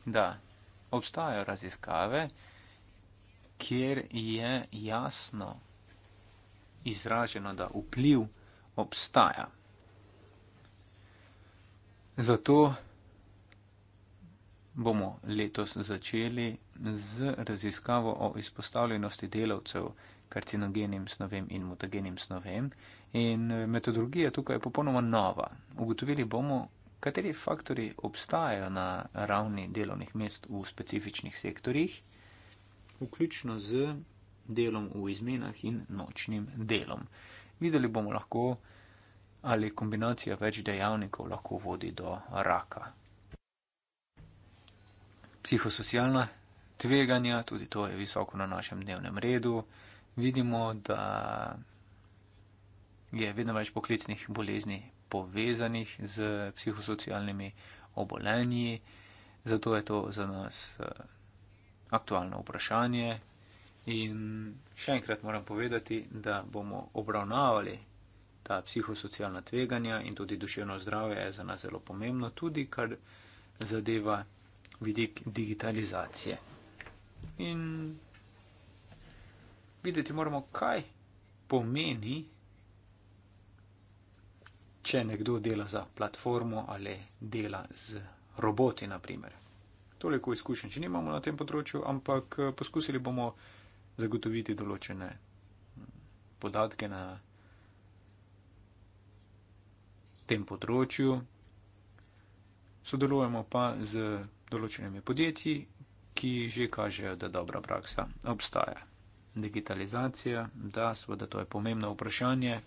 da obstajajo raziskave, kjer je jasno izraženo, da vpliv obstaja. Zato bomo letos začeli z raziskavo o izpostavljenosti delavcev karcinogenim snovem in mutagenim snovem. In eh, metodologija tukaj je popolnoma nova. Ugotovili bomo, kateri faktori obstajajo na ravni delovnih mest v specifičnih sektorjih, vključno z delom v izmenah in nočnim delom. Videli bomo lahko, ali kombinacija več dejavnikov lahko vodi do raka psihosocialna tveganja, tudi to je visoko na našem dnevnem redu. Vidimo, da je vedno več poklicnih bolezni povezanih z psihosocialnimi obolenji, zato je to za nas eh, aktualno vprašanje. In še enkrat moram povedati, da bomo obravnavali ta psihosocialna tveganja in tudi duševno zdravje je za nas zelo pomembno, tudi kar zadeva vidik digitalizacije. In videti moramo, kaj pomeni, če nekdo dela za platformo ali dela z roboti. Naprimer. Toliko izkušenj, če nimamo na tem področju, ampak eh, poskusili bomo zagotoviti določene hm, podatke na tem področju. Sodelujemo pa z določenimi podjetji, ki že kažejo, da dobra praksa obstaja. Digitalizacija, da, seveda, to je pomembno vprašanje.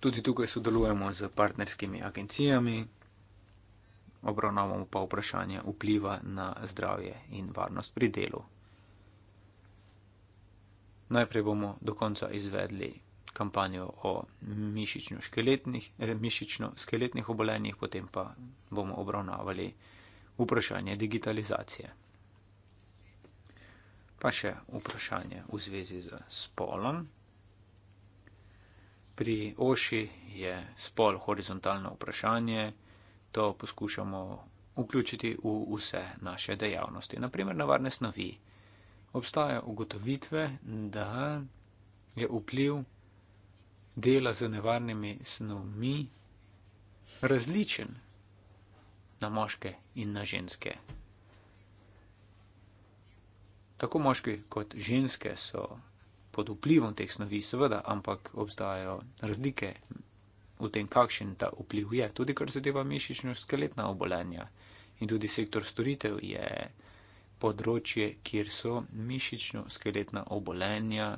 Tudi tukaj sodelujemo z partnerskimi agencijami, obravnavamo pa vprašanje vpliva na zdravje in varnost pri delu. Najprej bomo do konca izvedli kampanjo o mišično-skeletnih eh, mišično obolenjih, potem pa bomo obravnavali vprašanje digitalizacije. Pa še vprašanje v zvezi z spolom. Pri oši je spol horizontalno vprašanje, to poskušamo vključiti v vse naše dejavnosti, naprimer na varne snovi. Obstajajo ugotovitve, da je vpliv dela z nevarnimi snovmi različen na moške in na ženske. Tako moški kot ženske so pod vplivom teh snovi, seveda, ampak obstajajo razlike v tem, kakšen ta vpliv je, tudi kar zadeva mišično-skeletna obolenja. In tudi sektor storitev je področje, kjer so mišično-skeletna obolenja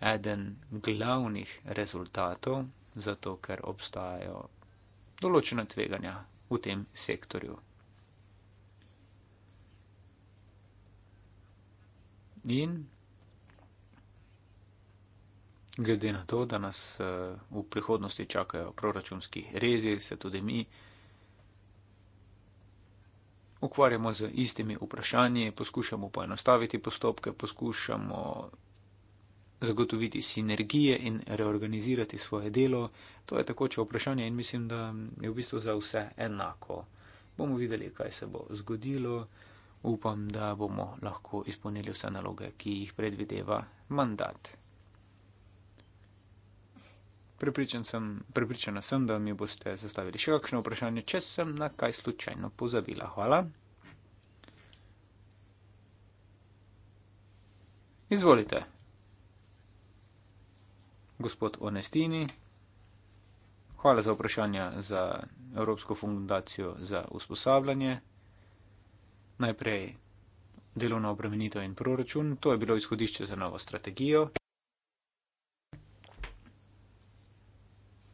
eden glavnih rezultatov, zato ker obstajajo določena tveganja v tem sektorju. In glede na to, da nas eh, v prihodnosti čakajo proračunski rezi, se tudi mi ukvarjamo z istimi vprašanji, poskušamo poenostaviti postopke, poskušamo zagotoviti sinergije in reorganizirati svoje delo, to je takoče vprašanje in mislim, da je v bistvu za vse enako. Bomo videli, kaj se bo zgodilo. Upam, da bomo lahko izpolnili vse naloge, ki jih predvideva mandat. Pripričan sem, pripričana sem, da mi boste zastavili še kakšno vprašanje, če sem na kaj slučajno pozabila. Hvala. Izvolite. Gospod Onestini, hvala za vprašanja za Evropsko fundacijo za usposabljanje. Najprej delovno obremenitev in proračun, to je bilo izhodišče za novo strategijo.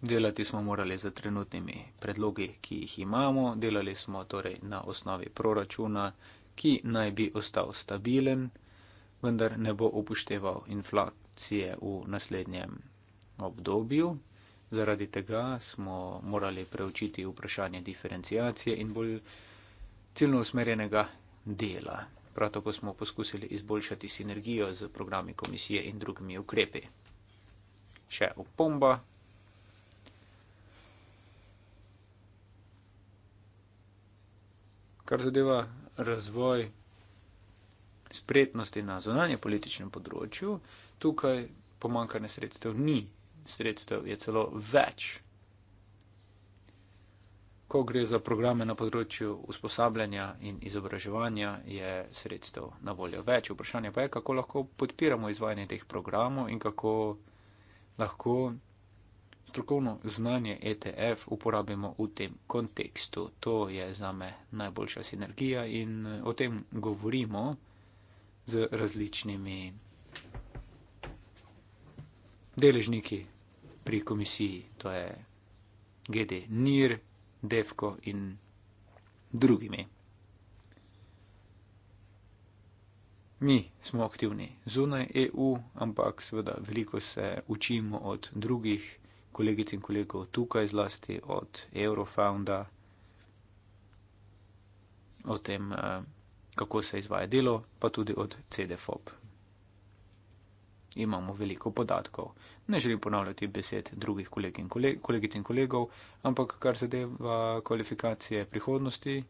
Delati smo morali za trenutnimi predlogi, ki jih imamo, delali smo torej na osnovi proračuna, ki naj bi ostal stabilen, vendar ne bo upošteval inflacije v naslednjem obdobju. Zaradi tega smo morali preučiti vprašanje diferencijacije in bolj ciljno usmerjenega dela. Prav tako smo poskusili izboljšati sinergijo z programi komisije in drugimi ukrepi. Še opomba. Kar zadeva razvoj spretnosti na zonanje političnem področju, tukaj pomankanje sredstev ni sredstev je celo več. Ko gre za programe na področju usposabljanja in izobraževanja, je sredstev na voljo več. Vprašanje pa je, kako lahko podpiramo izvajanje teh programov in kako lahko strokovno znanje ETF uporabimo v tem kontekstu. To je za me najboljša sinergija in o tem govorimo z različnimi deležniki pri komisiji, to je GD Nir, Defko in drugimi. Mi smo aktivni zunaj EU, ampak seveda veliko se učimo od drugih kolegic in kolegov tukaj, zlasti od Eurofounda, o tem, eh, kako se izvaja delo, pa tudi od CDFOP imamo veliko podatkov. Ne želim ponavljati besed drugih kolegic in, koleg in kolegov, ampak kar zadeva kvalifikacije prihodnosti,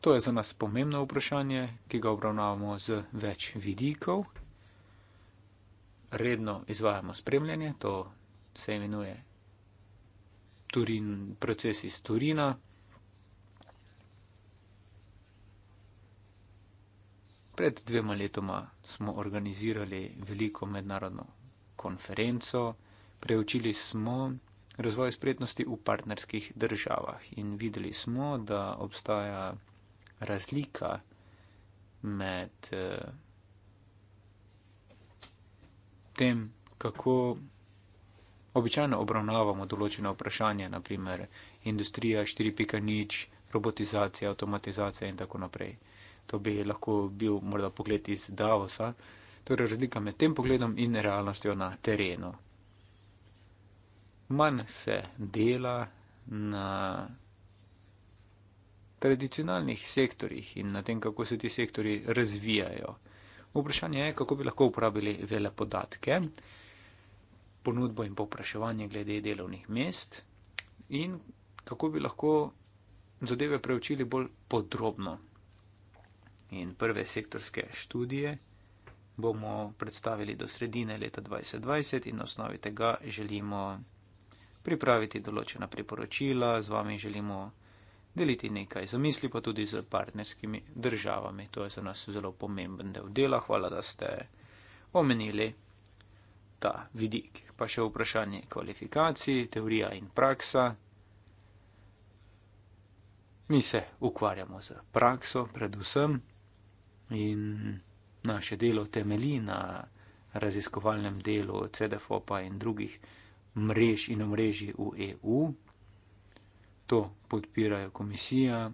to je za nas pomembno vprašanje, ki ga obravnavamo z več vidikov. Redno izvajamo spremljanje, to se imenuje Turin, proces iz Turina. Pred dvema letoma smo organizirali veliko mednarodno konferenco, preučili smo razvoj spretnosti v partnerskih državah in videli smo, da obstaja razlika med eh, tem, kako običajno obravnavamo določene vprašanja, naprimer industrija 4.0, robotizacija, avtomatizacija in tako naprej to bi lahko bil morda pogled iz Davosa. Torej, razlika med tem pogledom in realnostjo na terenu. Manj se dela na tradicionalnih sektorjih in na tem, kako se ti sektori razvijajo. Vprašanje je, kako bi lahko uporabili vele podatke, ponudbo in popraševanje glede delovnih mest in kako bi lahko zadeve preučili bolj podrobno in prve sektorske študije bomo predstavili do sredine leta 2020 in na osnovi tega želimo pripraviti določena priporočila, z vami želimo deliti nekaj zamisli, pa tudi z partnerskimi državami. To je za nas zelo pomemben del dela. Hvala, da ste omenili ta vidik. Pa še vprašanje kvalifikacij, teorija in praksa. Mi se ukvarjamo z prakso, predvsem in naše delo temelji na raziskovalnem delu CDFOPA in drugih mrež in omrežij v EU. To podpirajo komisija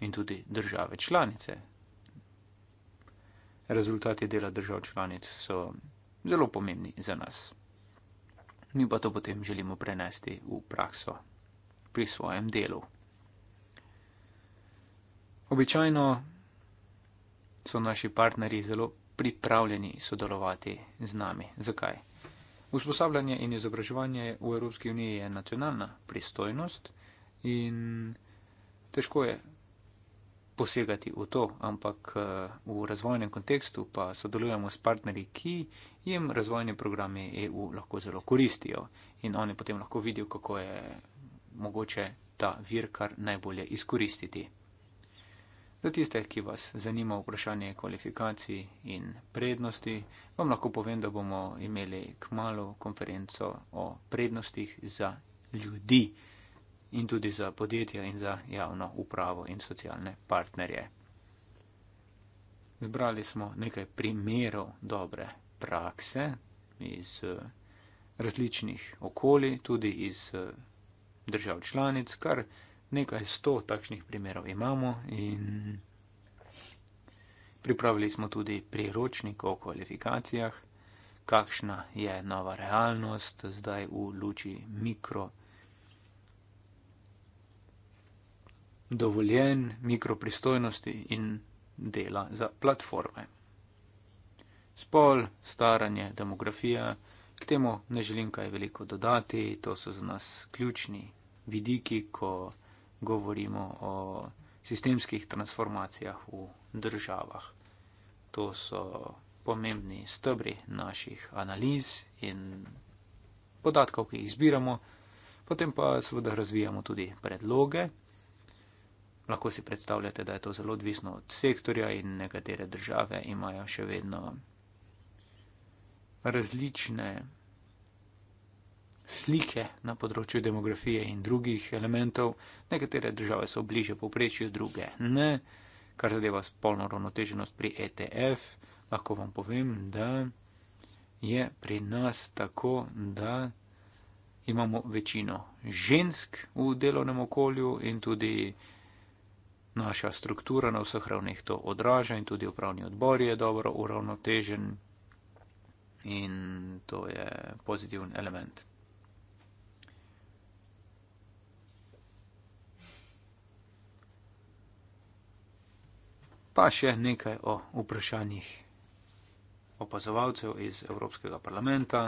in tudi države članice. Rezultati dela držav članic so zelo pomembni za nas. Mi pa to potem želimo prenesti v prakso pri svojem delu. Običajno so naši partnerji zelo pripravljeni sodelovati z nami. Zakaj? Usposabljanje in izobraževanje v Evropski uniji je nacionalna pristojnost in težko je posegati v to, ampak eh, v razvojnem kontekstu pa sodelujemo s partnerji, ki jim razvojni programi EU lahko zelo koristijo in oni potem lahko vidijo, kako je mogoče ta vir kar najbolje izkoristiti. Za tiste, ki vas zanima vprašanje kvalifikacij in prednosti, vam lahko povem, da bomo imeli k malu konferenco o prednostih za ljudi in tudi za podjetja in za javno upravo in socialne partnerje. Zbrali smo nekaj primerov dobre prakse iz eh, različnih okoli, tudi iz eh, držav članic, kar nekaj sto takšnih primerov imamo in pripravili smo tudi priročnik o kvalifikacijah, kakšna je nova realnost zdaj v luči mikro dovoljen, mikropristojnosti in dela za platforme. Spol, staranje, demografija, k temu ne želim kaj veliko dodati, to so za nas ključni vidiki, ko govorimo o sistemskih transformacijah v državah. To so pomembni stebri naših analiz in podatkov, ki jih zbiramo, potem pa seveda razvijamo tudi predloge. Lahko si predstavljate, da je to zelo odvisno od sektorja in nekatere države imajo še vedno različne slike na področju demografije in drugih elementov. Nekatere države so bliže povprečju, druge ne. Kar zadeva spolno ravnoteženost pri ETF, lahko vam povem, da je pri nas tako, da imamo večino žensk v delovnem okolju in tudi naša struktura na vseh ravneh to odraža in tudi upravni odbor je dobro uravnotežen in to je pozitiven element. Pa še nekaj o vprašanjih opazovalcev iz Evropskega parlamenta.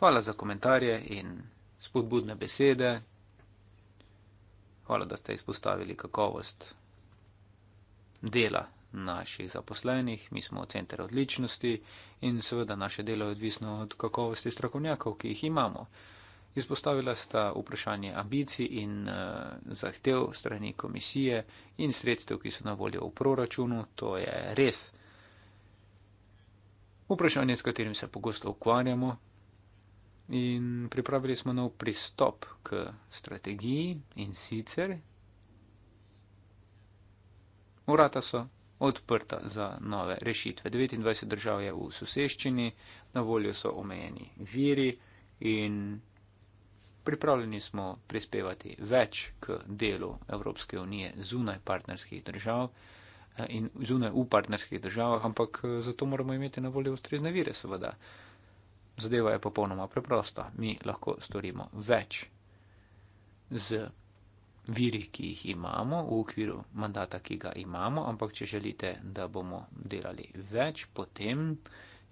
Hvala za komentarje in spodbudne besede. Hvala, da ste izpostavili kakovost dela naših zaposlenih. Mi smo center odličnosti in seveda naše delo je odvisno od kakovosti strokovnjakov, ki jih imamo. Izpostavila sta vprašanje ambicij in uh, zahtev strani komisije in sredstev, ki so na voljo v proračunu. To je res vprašanje, s katerim se pogosto ukvarjamo. In pripravili smo nov pristop k strategiji in sicer urata so odprta za nove rešitve. 29 držav je v soseščini, na voljo so omejeni viri in pripravljeni smo prispevati več k delu Evropske unije zunaj partnerskih držav eh, in zunaj v partnerskih državah, ampak eh, zato moramo imeti na voljo ustrezne vire, seveda. Zadeva je popolnoma preprosta. Mi lahko storimo več z viri, ki jih imamo, v okviru mandata, ki ga imamo, ampak če želite, da bomo delali več, potem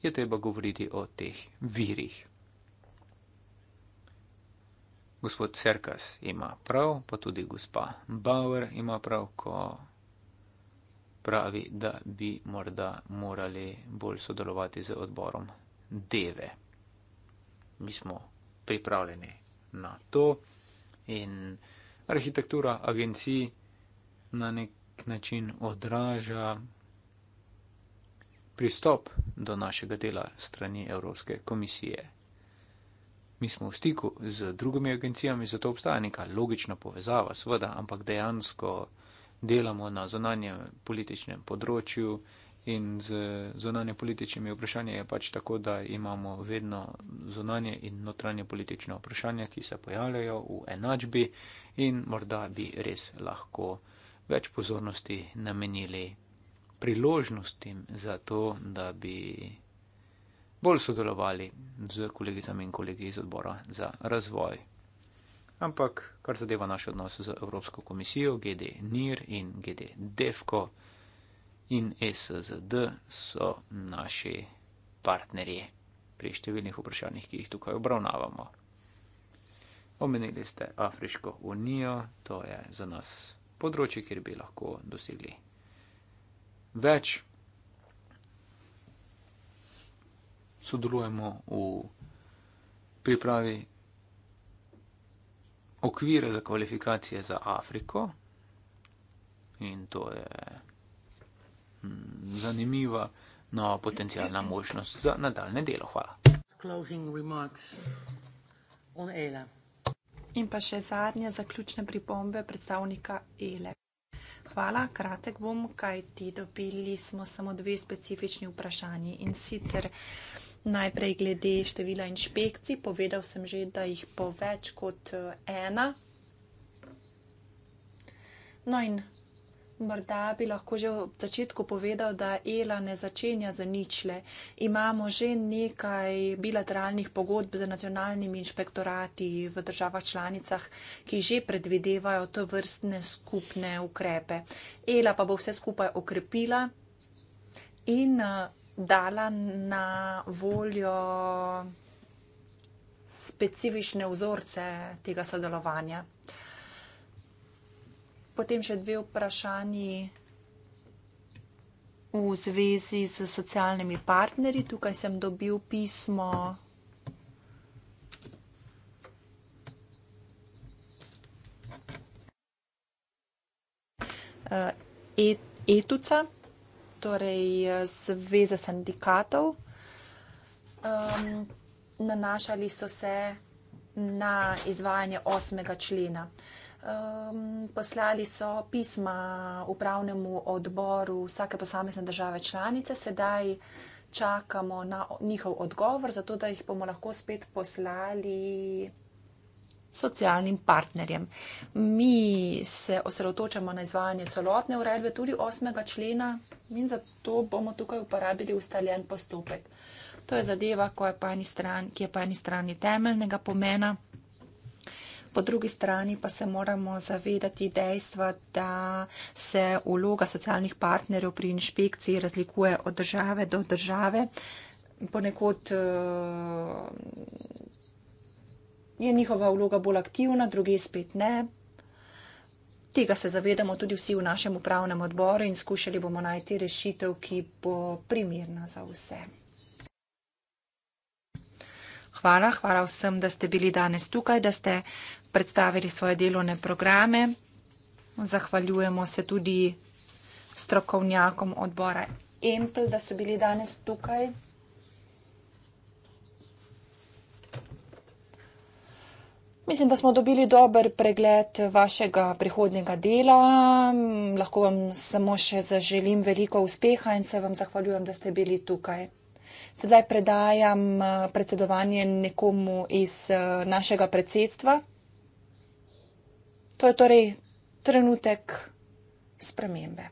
je treba govoriti o teh virih gospod Cerkas ima prav, pa tudi gospa Bauer ima prav, ko pravi, da bi morda morali bolj sodelovati z odborom Deve. Mi smo pripravljeni na to in arhitektura agencij na nek način odraža pristop do našega dela strani Evropske komisije mi smo v stiku z drugimi agencijami, zato obstaja neka logična povezava, seveda, ampak dejansko delamo na zonanjem političnem področju in z zonanje političnimi vprašanji je pač tako, da imamo vedno zonanje in notranje politične vprašanja, ki se pojavljajo v enačbi in morda bi res lahko več pozornosti namenili priložnostim za to, da bi bolj sodelovali z kolegicami in kolegi iz odbora za razvoj. Ampak, kar zadeva naš odnos z Evropsko komisijo, GD NIR in GD DEFCO in e SZD so naši partnerje pri številnih vprašanjih, ki jih tukaj obravnavamo. Omenili ste Afriško unijo, to je za nas področje, kjer bi lahko dosegli več sodelujemo v pripravi okvira za kvalifikacije za Afriko. In to je hm, zanimiva nova potencijalna možnost za nadaljne delo. Hvala. In pa še zadnje zaključne pripombe predstavnika ELE. Hvala, kratek bom, kaj ti dobili smo samo dve specifični vprašanji in sicer. Najprej glede števila inšpekcij, povedal sem že, da jih bo več kot eh, ena. No in morda bi lahko že v začetku povedal, da ELA ne začenja za ničle. Imamo že nekaj bilateralnih pogodb z nacionalnimi inšpektorati v državah članicah, ki že predvidevajo to vrstne skupne ukrepe. ELA pa bo vse skupaj okrepila in eh, dala na voljo specifične vzorce tega sodelovanja. Potem še dve vprašanji v zvezi s socialnimi partnerji. Tukaj sem dobil pismo. E- Etuca. Uh, torej eh, Zveze sindikatov. Um, nanašali so se na izvajanje 8. člena. Um, poslali so pisma upravnemu odboru vsake posamezne države članice, sedaj čakamo na njihov odgovor, zato da jih bomo lahko spet poslali socialnim partnerjem. Mi se osredotočamo na izvajanje celotne uredbe, tudi 8. člena in zato bomo tukaj uporabili ustaljen postopek. To je zadeva, je stran, ki je po eni strani temeljnega pomena, po drugi strani pa se moramo zavedati dejstva, da se vloga socialnih partnerjev pri inšpekciji razlikuje od države do države. Ponekod eh, je njihova vloga bolj aktivna, druge spet ne. Tega se zavedamo tudi vsi v našem upravnem odboru in skušali bomo najti rešitev, ki bo primirna za vse. Hvala, hvala vsem, da ste bili danes tukaj, da ste predstavili svoje delovne programe. Zahvaljujemo se tudi strokovnjakom odbora Empl, da so bili danes tukaj. Mislim, da smo dobili dober pregled vašega prihodnjega dela. Lahko vam samo še zaželim veliko uspeha in se vam zahvaljujem, da ste bili tukaj. Sedaj predajam eh, predsedovanje nekomu iz eh, našega predsedstva. To je torej trenutek spremembe.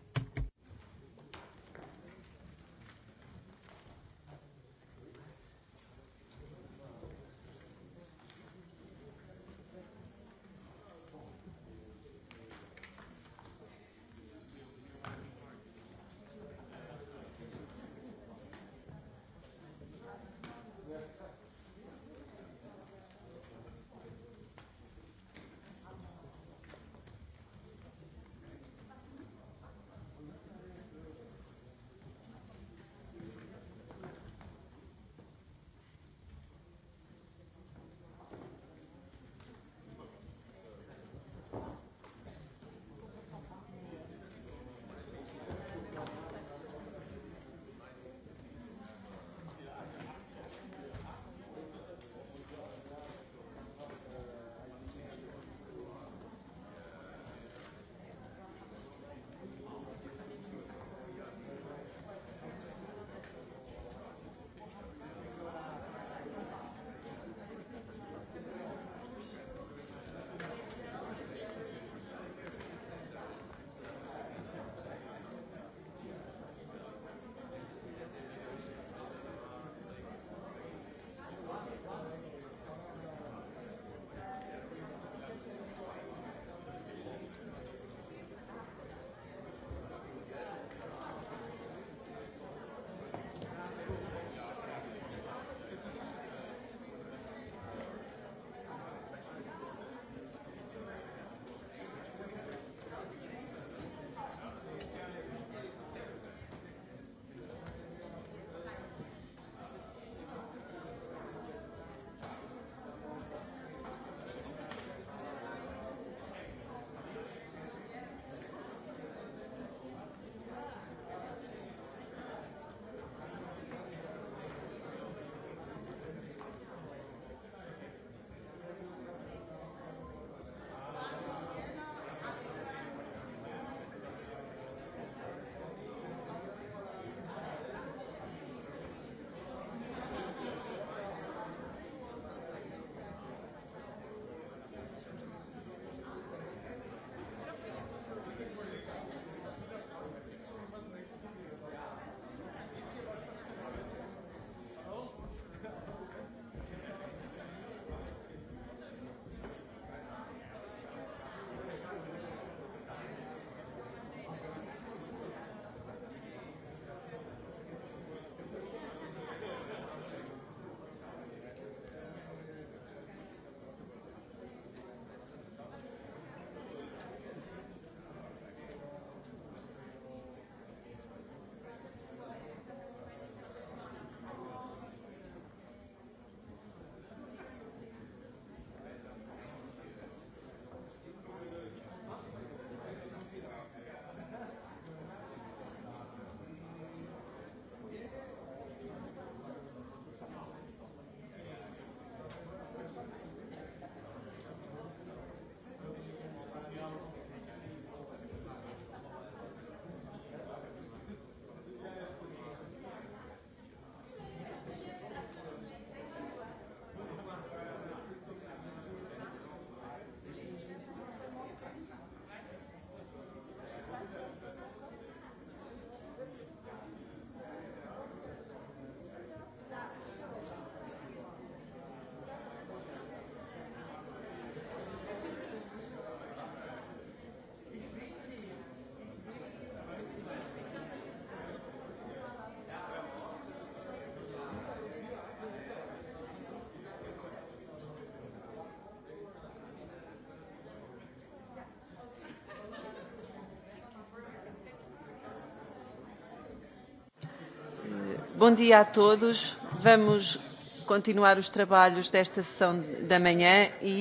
Bom dia a todos. Vamos continuar os trabalhos desta sessão da manhã e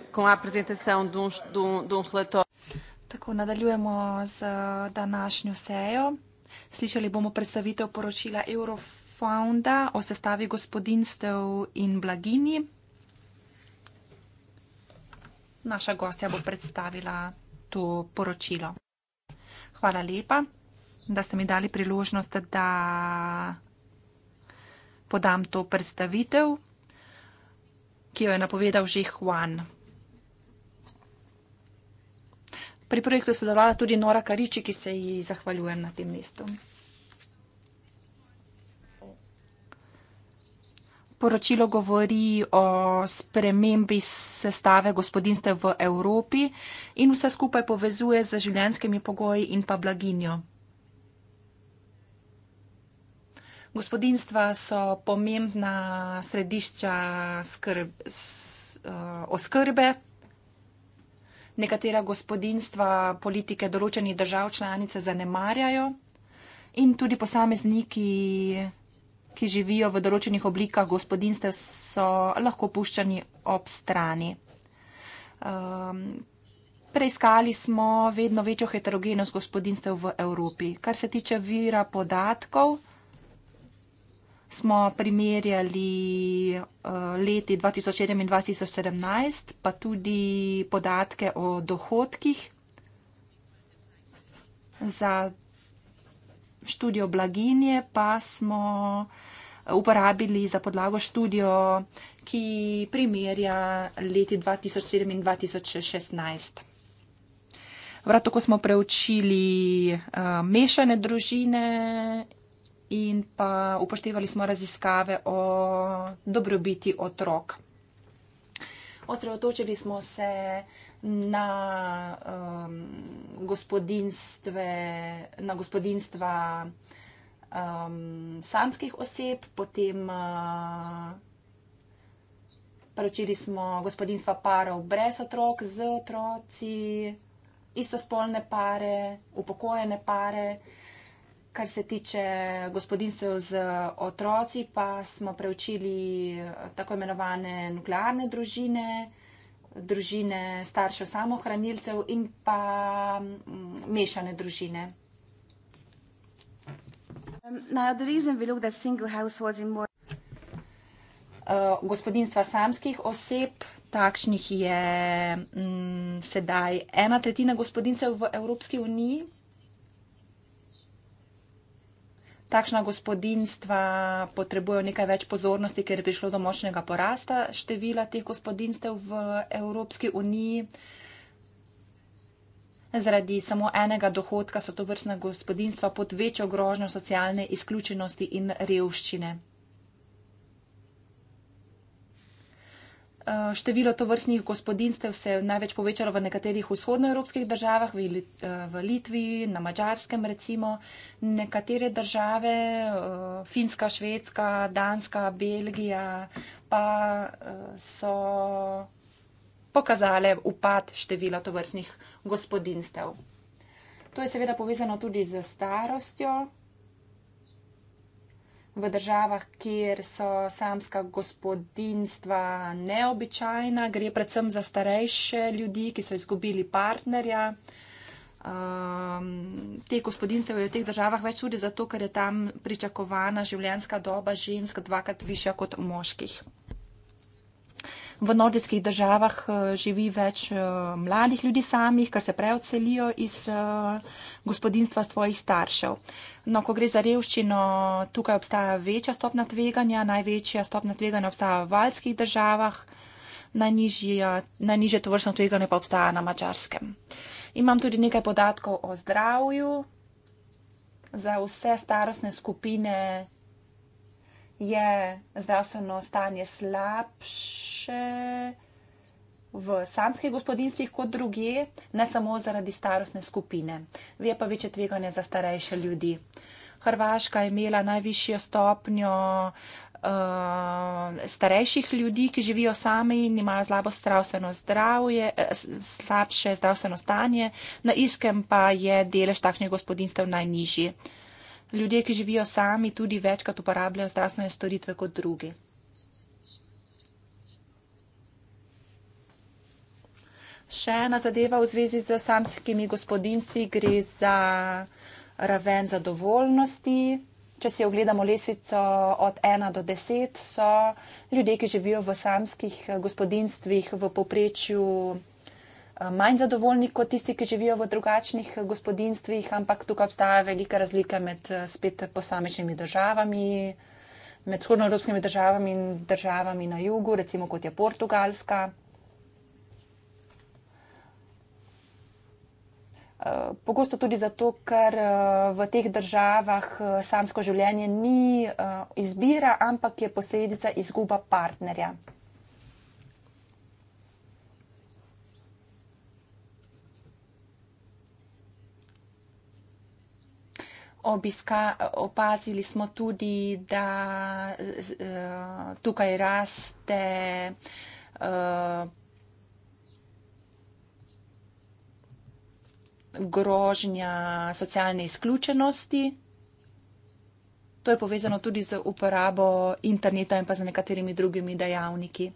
uh, com a apresentação de um, de um, de um relatório. Tako, nadaljujemo z eh, današnjo sejo. Slišali bomo predstavitev poročila Eurofonda o sestavi gospodinstev in blagini. Naša gostja bo predstavila to poročilo. Hvala lepa, da ste mi dali priložnost, da podam to predstavitev, ki jo je napovedal že Juan. Pri projektu je sodelovala tudi Nora Kariči, ki se ji zahvaljujem na tem mestu. Poročilo govori o spremembi sestave gospodinstev v Evropi in vse skupaj povezuje z življenskimi pogoji in pa blaginjo. Gospodinstva so pomembna središča skrb, s, eh, oskrbe. Nekatera gospodinstva politike določenih držav članice zanemarjajo in tudi posamezniki, ki živijo v določenih oblikah gospodinstev, so lahko puščani ob strani. Um, preiskali smo vedno večjo heterogenost gospodinstev v Evropi. Kar se tiče vira podatkov, smo primerjali eh, leti 2007 in 2017, pa tudi podatke o dohodkih za študijo blaginje, pa smo eh, uporabili za podlago študijo, ki primerja leti 2007 in 2016. Vratko smo preučili uh, mešane družine in pa upoštevali smo raziskave o dobrobiti otrok. Osredotočili smo se na, um, na gospodinstva um, samskih oseb, potem uh, poročili smo gospodinstva parov brez otrok, z otroci, istospolne pare, upokojene pare. Uh, Kar se tiče gospodinstv z otroci, pa smo preučili eh, tako imenovane nuklearne družine, družine staršev samohranilcev in pa mm, mešane družine. Um, eh, Gospodinstva samskih oseb, takšnih je mm, sedaj ena tretjina gospodinstv v Evropski uniji. takšna gospodinstva potrebujejo nekaj več pozornosti, ker je prišlo do močnega porasta števila teh gospodinstev v Evropski uniji. Zaradi samo enega dohodka so to vrstna gospodinstva pod večjo grožnjo socialne izključenosti in revščine. Eh, število tovrstnih gospodinstev se je največ povečalo v nekaterih vzhodnoevropskih državah, v eh, Litvi, na Mačarskem recimo. Nekatere države, eh, Finska, Švedska, Danska, Belgija, pa so pokazale upad števila tovrstnih gospodinstev. To je seveda povezano tudi z starostjo v državah, kjer so samska gospodinstva neobičajna, gre predvsem za starejše ljudi, ki so izgubili partnerja. Um, te gospodinstva je v teh državah več tudi zato, ker je tam pričakovana življenjska doba žensk dvakrat višja kot moških. V nordijskih državah uh, živi več uh, mladih ljudi samih, ker se preocelijo iz uh, gospodinstva svojih staršev. No, ko gre za revščino, tukaj obstaja večja stopna tveganja, največja stopna tveganja obstaja v valskih državah, najnižje tovršno tveganje pa obstaja na mačarskem. Imam tudi nekaj podatkov o zdravju. Za vse starostne skupine je zdravstveno stanje slabše v samskih gospodinstvih kot druge, ne samo zaradi starostne skupine. Ve pa večje tveganje za starejše ljudi. Hrvaška je imela najvišjo stopnjo uh, starejših ljudi, ki živijo sami in imajo slabo zdravstveno zdravje, eh, slabše zdravstveno stanje, na Iskem pa je delež takšnih gospodinstv najnižji. Ljudje, ki živijo sami, tudi večkrat uporabljajo zdravstvene storitve kot drugi. Še ena zadeva v zvezi z samskimi gospodinstvi gre za raven zadovoljnosti. Če si ogledamo lesvico od 1 do 10, so ljudje, ki živijo v samskih gospodinstvih, v poprečju eh, manj zadovoljni kot tisti, ki živijo v drugačnih eh, gospodinstvih, ampak tukaj obstaja velika razlika med eh, spet posamečnimi državami, med vzhodnoevropskimi državami in državami na jugu, recimo kot je Portugalska. Eh, pogosto tudi zato, ker eh, v teh državah eh, samsko življenje ni izbira, ampak je posledica izguba partnerja. Obiska, opazili smo tudi, da tukaj raste. grožnja socialne izključenosti. To je povezano tudi z uporabo interneta in pa z nekaterimi drugimi dejavniki.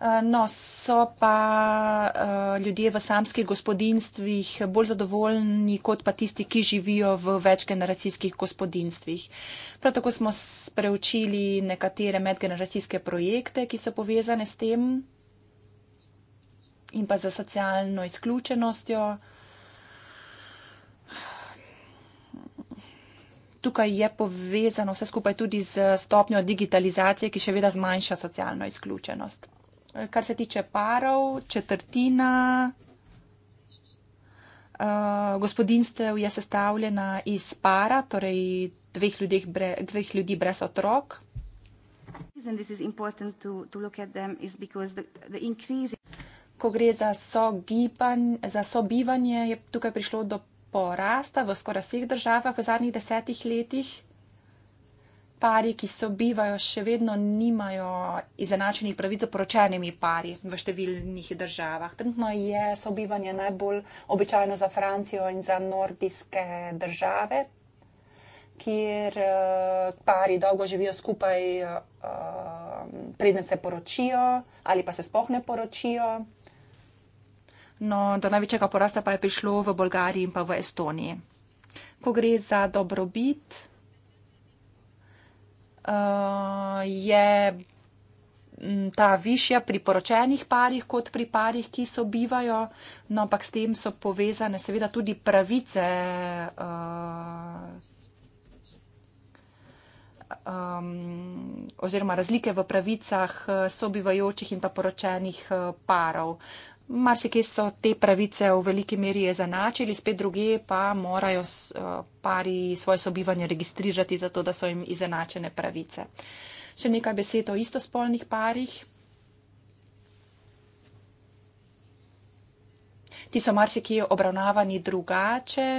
Eh, no, so pa eh, ljudje v samskih gospodinstvih bolj zadovoljni kot pa tisti, ki živijo v večgeneracijskih gospodinstvih. Prav tako smo preučili nekatere medgeneracijske projekte, ki so povezane s tem in pa za socialno izključenostjo. Tukaj je povezano vse skupaj tudi z stopnjo digitalizacije, ki še vedno zmanjša socialno izključenost. Kar se tiče parov, četrtina uh, eh, gospodinstev je sestavljena iz para, torej dveh, ljudih bre, dveh ljudi brez otrok. To, to the, the increase ko gre za, sogiban, za sobivanje, je tukaj prišlo do porasta v skoraj vseh državah v zadnjih desetih letih. Pari, ki sobivajo, še vedno nimajo izenačenih pravic z poročenimi pari v številnih državah. Trenutno je sobivanje najbolj običajno za Francijo in za nordijske države, kjer uh, pari dolgo živijo skupaj, uh, eh, predne se poročijo ali pa se spohne poročijo no, do največjega porasta pa je prišlo v Bolgariji in pa v Estoniji. Ko gre za dobrobit, eh, je mm, ta višja pri poročenih parih kot pri parih, ki sobivajo, no, ampak s tem so povezane seveda tudi pravice. Um, oziroma razlike v pravicah eh, sobivajočih in pa poročenih parov. Uh, marsikje so te pravice v veliki meri zanačili, spet druge pa morajo eh, pari svoje sobivanje registrirati, zato da so jim izenačene pravice. Še nekaj besed o istospolnih parih. Ti so marsikje obravnavani drugače.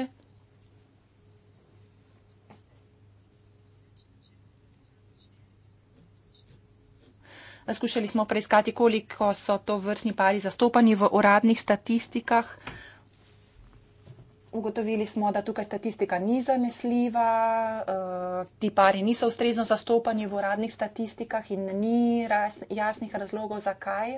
Skušali smo preiskati, koliko so to vrstni pari zastopani v uradnih statistikah. Ugotovili smo, da tukaj statistika ni zanesljiva, eh, ti pari niso ustrezno zastopani v uradnih statistikah in ni jasnih razlogov, zakaj.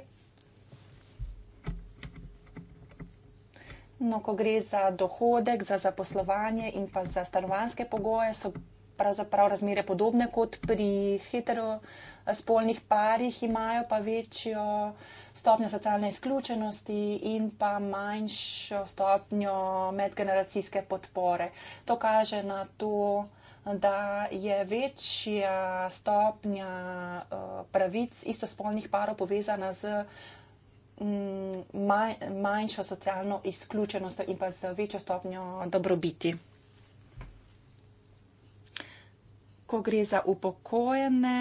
No, ko gre za dohodek, za zaposlovanje in pa za stanovanske pogoje, so pravzaprav razmere podobne kot pri heterosexualnih spolnih parih imajo pa večjo stopnjo socialne izključenosti in pa manjšo stopnjo medgeneracijske podpore. To kaže na to, da je večja stopnja eh, pravic istospolnih parov povezana z mm, manjšo socialno izključenost in pa z večjo stopnjo dobrobiti. ko gre za upokojene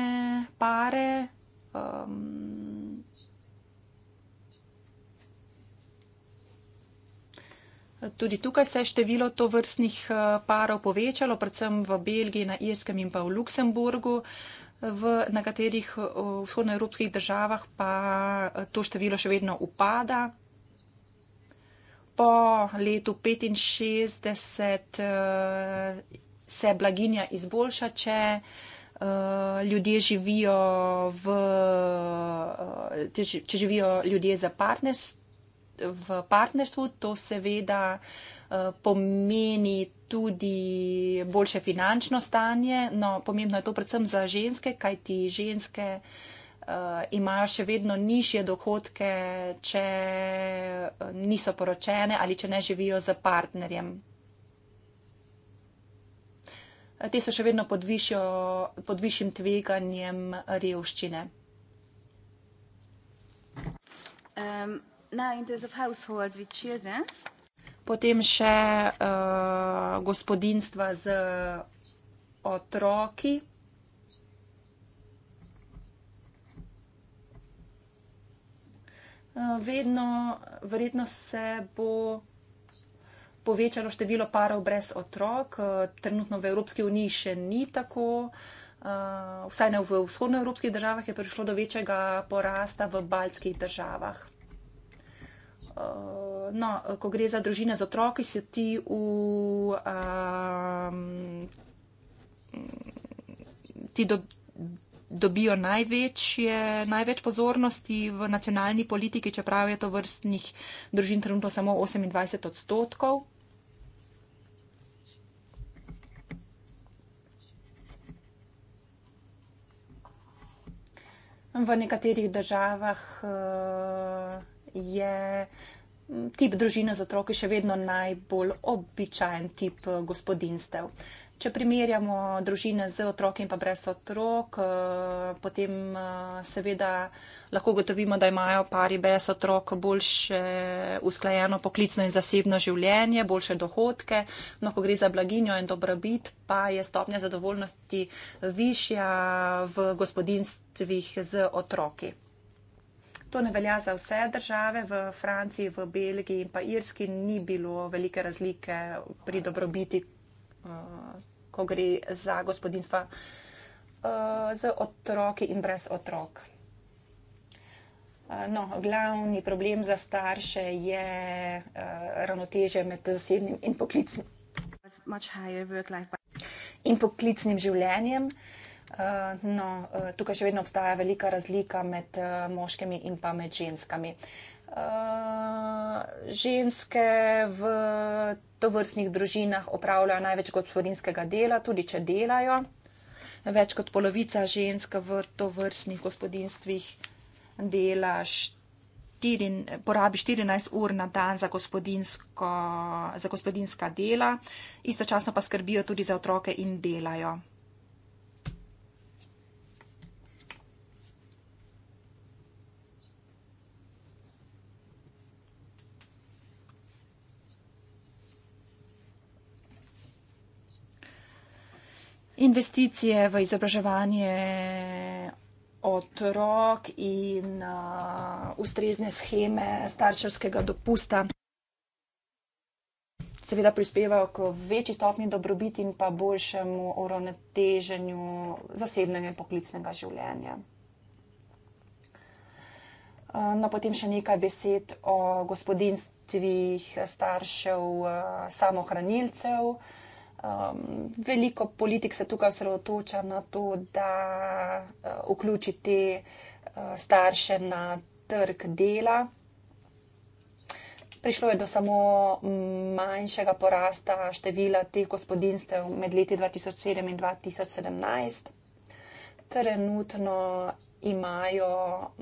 pare. Um, Tudi tukaj se je število to vrstnih uh, parov povečalo, predvsem v Belgiji, na Irskem in pa v Luksemburgu. V nekaterih uh, vzhodnoevropskih državah pa uh, to število še vedno upada. Po letu 1965 se blaginja izboljša, če uh, ljudje živijo v, uh, če živijo ljudje za partnerstvo. V partnerstvu to seveda uh, pomeni tudi boljše finančno stanje, no pomembno je to predvsem za ženske, kajti ženske uh, imajo še vedno nižje dohodke, če niso poročene ali če ne živijo za partnerjem te so še vedno pod, višjo, pod višjim tveganjem revščine. Um, Potem še uh, eh, gospodinstva z otroki. Uh, vedno, verjetno se bo povečano število parov brez otrok. Eh, trenutno v Evropski uniji še ni tako. Eh, vsaj ne v vzhodnoevropskih državah je prišlo do večjega porasta v baltskih državah. Eh, no, ko gre za družine z otroki, se ti v. Um, ti do, dobijo največje, največ pozornosti v nacionalni politiki, čeprav je to vrstnih družin trenutno samo 28 odstotkov. V nekaterih državah eh, je mm, tip družine z otroki še vedno najbolj običajen tip eh, gospodinstev. Če primerjamo družine z otroki in pa brez otrok, eh, potem eh, seveda lahko gotovimo, da imajo pari brez otrok boljše usklajeno poklicno in zasebno življenje, boljše dohodke. No, ko gre za blaginjo in dobrobit, pa je stopnja zadovoljnosti višja v gospodinstvih z otroki. To ne velja za vse države, v Franciji, v Belgiji in pa Irski ni bilo velike razlike pri dobrobiti. Eh, ko gre za gospodinstva uh, eh, z otroki in brez otrok. Eh, no, glavni problem za starše je uh, eh, ravnoteže med zasebnim in poklicnim. In poklicnim življenjem. Uh, no, uh, tukaj še vedno obstaja velika razlika med uh, moškimi in pa med ženskami. Uh, Eh, ženske v tovrstnih družinah opravljajo največ gospodinskega dela, tudi če delajo. Več kot polovica žensk v tovrstnih gospodinstvih dela, štiri, porabi 14 ur na dan za, gospodinsko, za gospodinska dela, istočasno pa skrbijo tudi za otroke in delajo. investicije v izobraževanje otrok in uh, ustrezne scheme starševskega dopusta seveda prispevajo k večji stopni dobrobiti in pa boljšemu uravnoteženju zasebnega in poklicnega življenja. No, potem še nekaj besed o gospodinstvih staršev samohranilcev. Uh, Um, veliko politik se tukaj osredotoča na to, da uh, vključi te uh, starše na trg dela. Prišlo je do samo manjšega porasta števila teh gospodinstev med leti 2007 in 2017. Trenutno imajo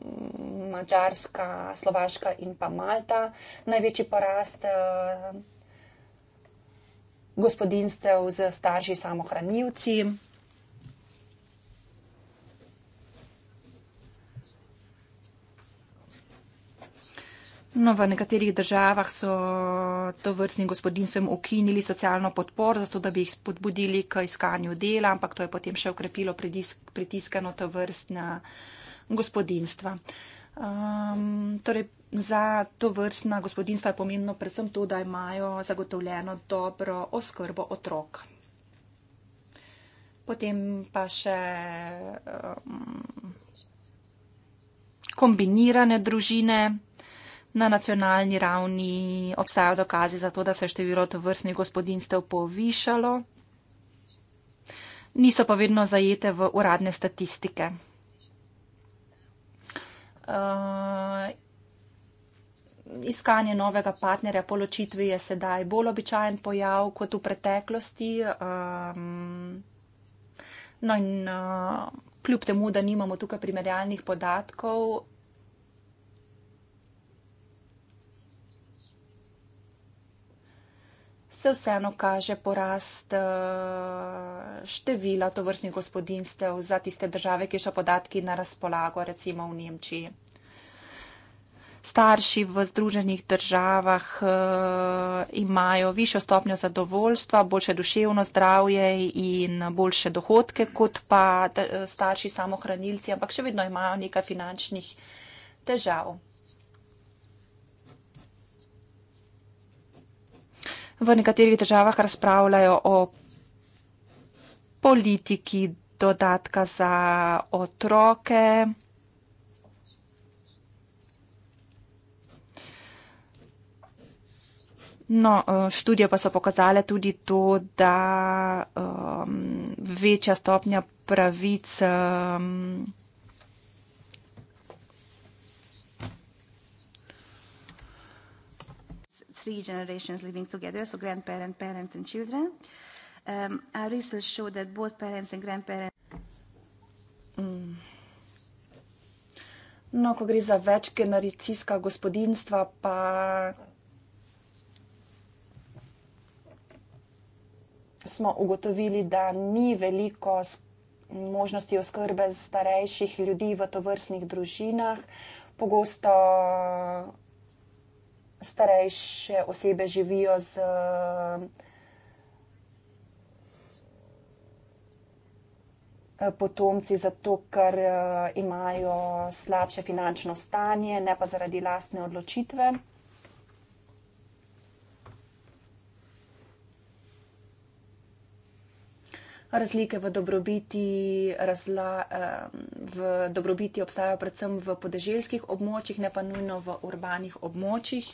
mm, Mačarska, Slovaška in pa Malta največji porast. Uh, gospodinstev z starši samohranilci. No, v nekaterih državah so to vrstnim gospodinstvom ukinili socialno podpor, zato da bi jih spodbudili k iskanju dela, ampak to je potem še ukrepilo pritiskano to vrstna gospodinstva. Um, torej, za to vrstna gospodinstva je pomembno predvsem to, da imajo zagotovljeno dobro oskrbo otrok. Potem pa še um, kombinirane družine. Na nacionalni ravni obstajajo dokazi za to, da se je število tovrstnih gospodinstev povišalo. Niso pa vedno zajete v uradne statistike. Uh, iskanje novega partnerja po ločitvi je sedaj bolj običajen pojav kot v preteklosti. Um, no in uh, kljub temu, da nimamo tukaj primerjalnih podatkov. Se vseeno kaže porast uh, števila tovrstnih gospodinstev za tiste države, ki so podatki na razpolago, recimo v Nemčiji starši v Združenih državah eh, imajo višjo stopnjo zadovoljstva, boljše duševno zdravje in boljše dohodke kot pa eh, starši samohranilci, ampak še vedno imajo nekaj finančnih težav. V nekaterih državah razpravljajo o politiki dodatka za otroke. No, eh, študije pa so pokazale tudi to, da um, večja stopnja pravic. Um, three generations living together, so grandparent, parent and children. Um, our research showed that both parents and grandparents. Mm. No, ko gre za večgeneracijska gospodinstva, pa. smo ugotovili, da ni veliko možnosti oskrbe starejših ljudi v tovrstnih družinah. Pogosto starejše osebe živijo z. Potomci zato, ker imajo slabše finančno stanje, ne pa zaradi lastne odločitve. Razlike v dobrobiti, razla, v dobrobiti obstajajo predvsem v podeželskih območjih, ne pa nujno v urbanih območjih.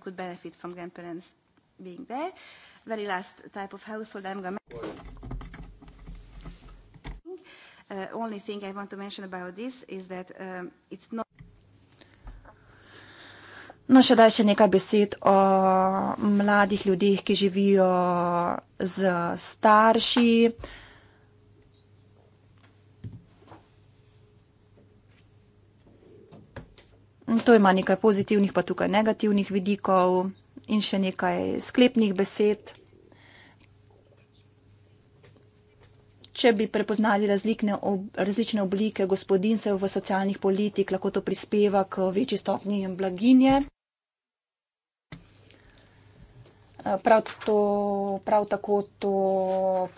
could benefit from grandparents being there. Very last type of household I'm going to mention. Uh, only thing I want to mention about this is that um, it's not. No, še daj še nekaj besed o mladih ljudeh, ki živijo z starši. To ima nekaj pozitivnih, pa tukaj negativnih vidikov in še nekaj sklepnih besed. Če bi prepoznali ob, različne oblike gospodinstev v socialnih politik, lahko to prispeva k večji stopnji blaginje. Eh, prav, to, prav tako to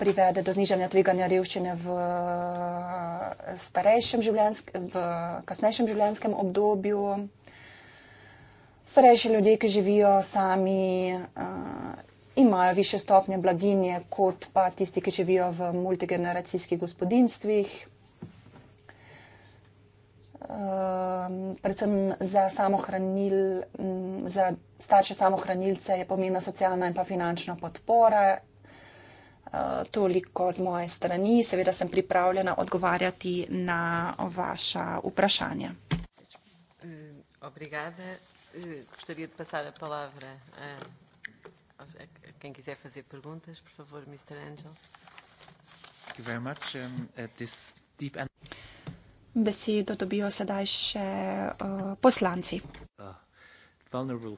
privede do znižanja tveganja revščine v, eh, življensk, v kasnejšem življenjskem obdobju. Starejši ljudje, ki živijo sami. Uh, imajo više stopnje blaginje kot pa tisti, ki živijo v multigeneracijskih gospodinstvih. Um, predvsem za, samohranil, um, za starše samohranilce je pomembna socialna in pa finančna podpora. Uh, toliko z moje strani. Seveda sem pripravljena odgovarjati na vaša vprašanja. Obrigada. Eh, gostaria de passar a palavra a Quem quiser fazer perguntas, por favor, Mr. Angel. Thank you very much. Um, at this deep end. Besedo dobijo sedaj še uh, poslanci. Uh, uh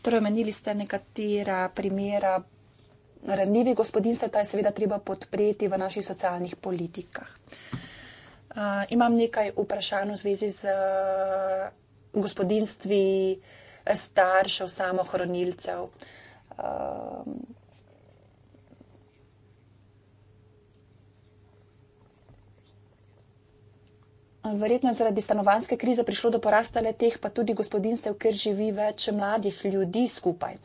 torej, omenili ste nekatera primera ranljivih gospodinstv, ta je seveda treba podpreti v naših socialnih politikah. Uh, imam nekaj vprašanj v zvezi z. Uh, gospodinstvi, eh, staršev, samohranilcev. Um, ehm, Verjetno je zaradi stanovanske krize prišlo do porasta le teh, pa tudi gospodinstev, ker živi več mladih ljudi skupaj.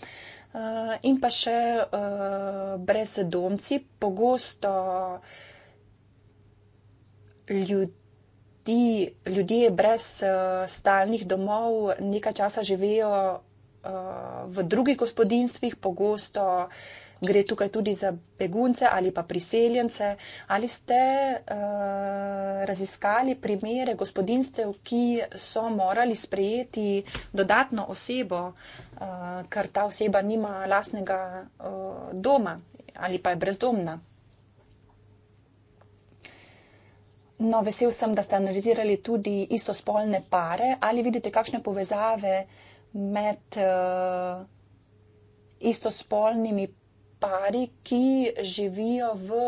Eh, in pa še eh, brezdomci, pogosto ljudi ti ljudje brez uh, stalnih domov nekaj časa živejo uh, eh, v drugih gospodinstvih, pogosto gre tukaj tudi za begunce ali pa priseljence. Ali ste uh, raziskali primere gospodinstev, ki so morali sprejeti dodatno osebo, uh, ker ta oseba nima lastnega uh, doma ali pa je brezdomna? No, vesel sem, da ste analizirali tudi istospolne pare. Ali vidite kakšne povezave med uh, istospolnimi pari, ki živijo v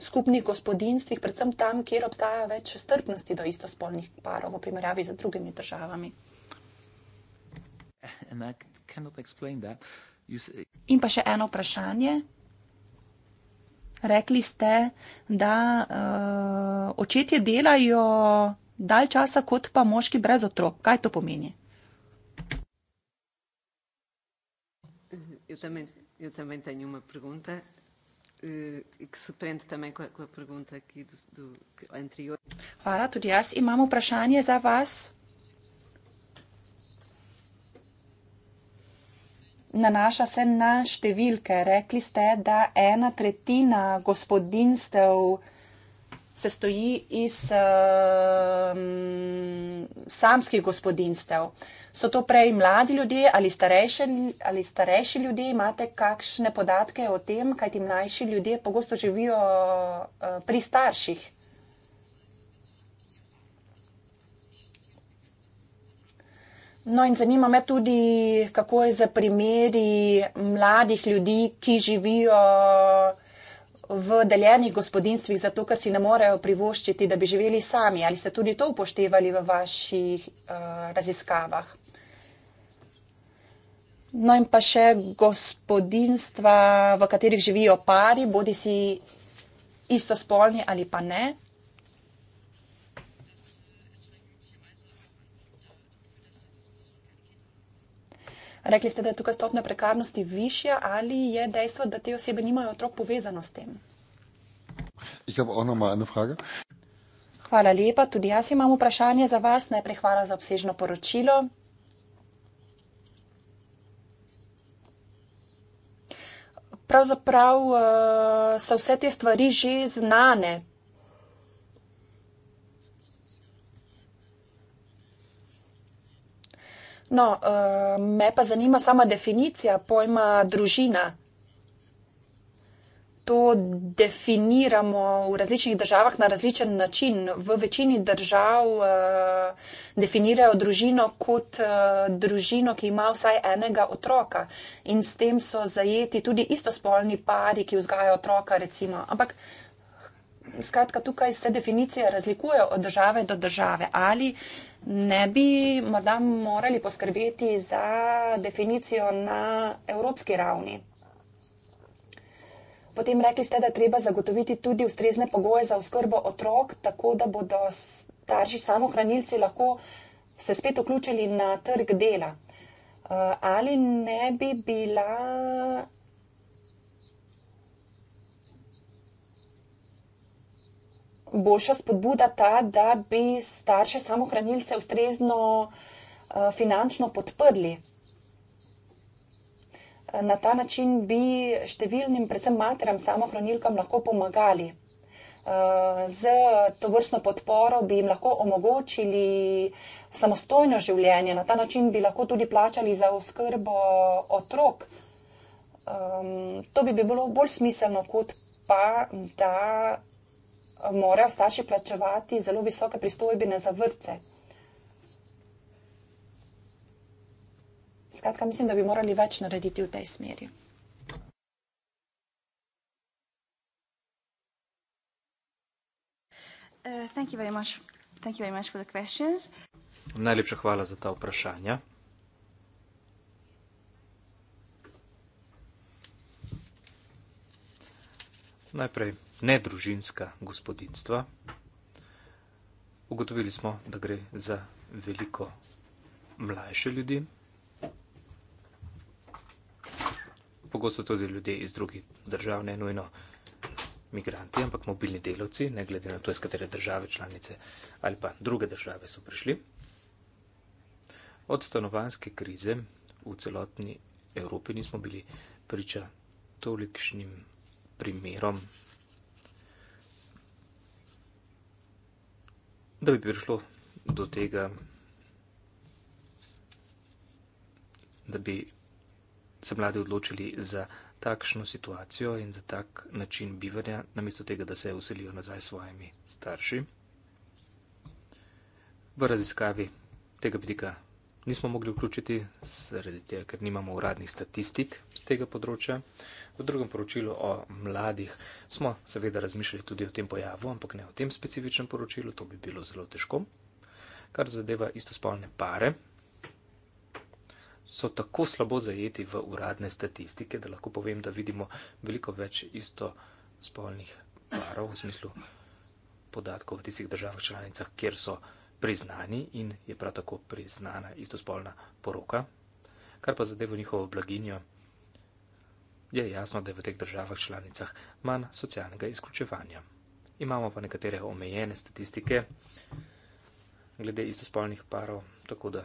skupnih gospodinstvih, predvsem tam, kjer obstaja več strpnosti do istospolnih parov v primerjavi z drugimi državami? In pa še eno vprašanje. Rekli ste, da uh, očetje delajo dalj časa kot pa moški brez otrok. Kaj to pomeni? Eu também tenho uma pergunta uh, que se prende também com a, com a pergunta aqui do, do anterior. Ora, tu dias, imamo prašanje za vas. nanaša se na številke. Rekli ste, da ena tretjina gospodinstev se stoji iz um, samskih gospodinstev. So to prej mladi ljudje ali starejši, ali starejši ljudje? Imate kakšne podatke o tem, kaj ti mlajši ljudje pogosto živijo uh, pri starših? No, in zanima me tudi, kako je za primeri mladih ljudi, ki živijo v deljenih gospodinstvih, zato ker si ne morejo privoščiti, da bi živeli sami. Ali ste tudi to upoštevali v vaših uh, raziskavah? No, in pa še gospodinstva, v katerih živijo pari, bodi si istospolni ali pa ne. Rekli ste, da je tukaj stopnja prekarnosti višja, ali je dejstvo, da te osebe nimajo otrok povezano s tem? Hvala lepa. Tudi jaz imam vprašanje za vas. Najprej hvala za obsežno poročilo. Pravzaprav eh, so vse te stvari že znane, No, uh, me pa zanima sama definicija pojma družina. To definiramo v različnih državah na različen način. V večini držav uh, definirajo družino kot uh, družino, ki ima vsaj enega otroka in s tem so zajeti tudi istospolni pari, ki vzgajajo otroka. Recimo. Ampak skratka, tukaj se definicije razlikujejo od države do države ali uh, ne bi morda morali poskrbeti za definicijo na evropski ravni. Potem rekli ste, da treba zagotoviti tudi ustrezne pogoje za oskrbo otrok, tako da bodo starši samohranilci lahko se spet vključili na trg dela. Eh, ali ne bi bila boljša spodbuda ta, da bi starše samohranilce ustrezno eh, finančno podprli. Eh, na ta način bi številnim, predvsem materam, samohranilkam lahko pomagali. Z eh, to vrstno podporo bi jim lahko omogočili samostojno življenje, na ta način bi lahko tudi plačali za oskrbo otrok. Ehm, to bi bilo bolj smiselno, kot pa da morajo starši plačevati zelo visoke pristojbine za vrtce. Skratka, mislim, da bi morali več narediti v tej smeri. Uh, Najlepša hvala za ta vprašanja. Najprej nedružinska gospodinstva. Ugotovili smo, da gre za veliko mlajše ljudi, pogosto tudi ljudje iz drugih držav, ne nujno migranti, ampak mobilni delavci, ne glede na to, iz katere države članice ali pa druge države so prišli. Od stanovanske krize v celotni Evropi nismo bili priča tolikšnim primerom da bi prišlo do tega, da bi se mladi odločili za takšno situacijo in za tak način bivanja, namesto tega, da se uselijo nazaj s svojimi starši. V raziskavi tega vidika nismo mogli vključiti, tega, ker nimamo uradnih statistik z tega področja. V drugem poročilu o mladih smo seveda razmišljali tudi o tem pojavu, ampak ne o tem specifičnem poročilu, to bi bilo zelo težko. Kar zadeva istospolne pare, so tako slabo zajeti v uradne statistike, da lahko povem, da vidimo veliko več istospolnih parov v smislu podatkov v tistih državah članicah, kjer so priznani in je prav tako priznana istospolna poroka. Kar pa zadeva njihovo blaginjo, je jasno, da je v teh državah članicah manj socialnega izključevanja. Imamo pa nekatere omejene statistike glede istospolnih parov, tako da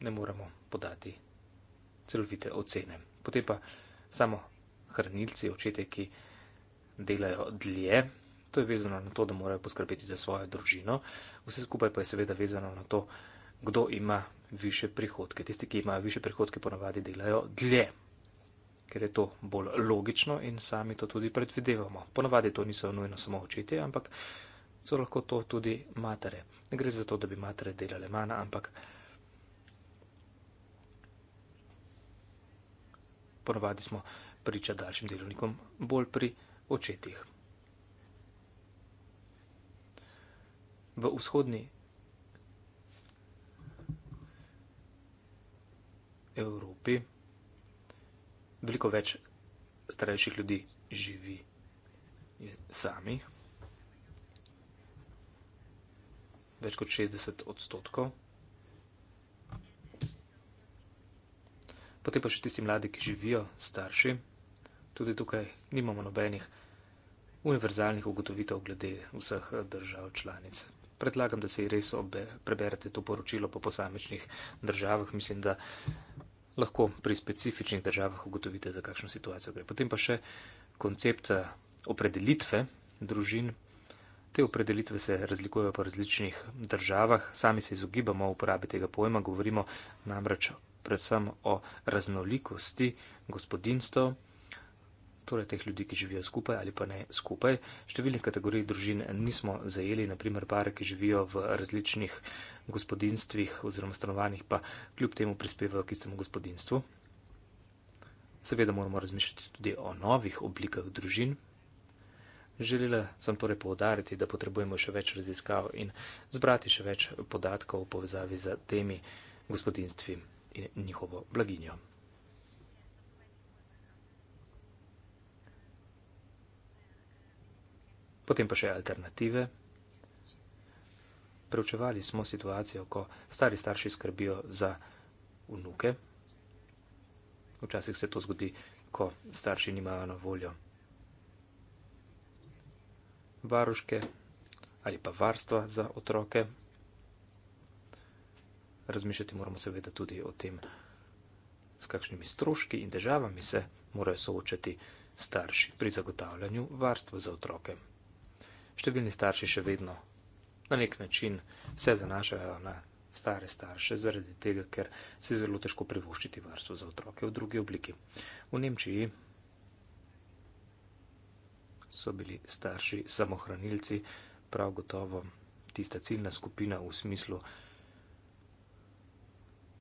ne moremo podati celovite ocene. Potem pa samo hranilci, očete, ki delajo dlje, To je vezano na to, da morajo poskrbeti za svojo družino, vse skupaj pa je seveda vezano na to, kdo ima više prihodke. Tisti, ki imajo više prihodke, ponavadi delajo dlje, ker je to bolj logično in sami to tudi predvidevamo. Ponavadi to niso nujno samo očetje, ampak so lahko to tudi matere. Ne gre za to, da bi matere delale manj, ampak ponavadi smo priča daljšim delovnikom bolj pri očetih. v vzhodni Evropi veliko več starejših ljudi živi sami, več kot 60 odstotkov. Potem pa še tisti mladi, ki živijo starši. Tudi tukaj nimamo nobenih univerzalnih ugotovitev glede vseh držav članic predlagam, da si res obe, preberete to poročilo po posamečnih državah. Mislim, da lahko pri specifičnih državah ugotovite, za kakšno situacijo gre. Potem pa še koncept eh, opredelitve družin. Te opredelitve se razlikujejo po različnih državah. Sami se izogibamo uporabi tega pojma, govorimo namreč predvsem o raznolikosti gospodinstva torej teh ljudi, ki živijo skupaj ali pa ne skupaj. Številnih kategorij družin nismo zajeli, naprimer pare, ki živijo v različnih gospodinstvih oziroma stanovanjih, pa kljub temu prispevajo k istemu gospodinstvu. Seveda moramo razmišljati tudi o novih oblikah družin. Želela sem torej povdariti, da potrebujemo še več raziskav in zbrati še več podatkov v povezavi z temi gospodinstvi in njihovo blaginjo. potem pa še alternative. Preučevali smo situacijo, ko stari starši skrbijo za vnuke. Včasih se to zgodi, ko starši nimajo na voljo varuške ali pa varstva za otroke. Razmišljati moramo seveda tudi o tem, s kakšnimi stroški in težavami se morajo soočati starši pri zagotavljanju varstva za otroke številni starši še vedno na nek način se zanašajo na stare starše, zaradi tega, ker se je zelo težko privoščiti varstvo za otroke v drugi obliki. V Nemčiji so bili starši samohranilci, prav gotovo tista ciljna skupina v smislu,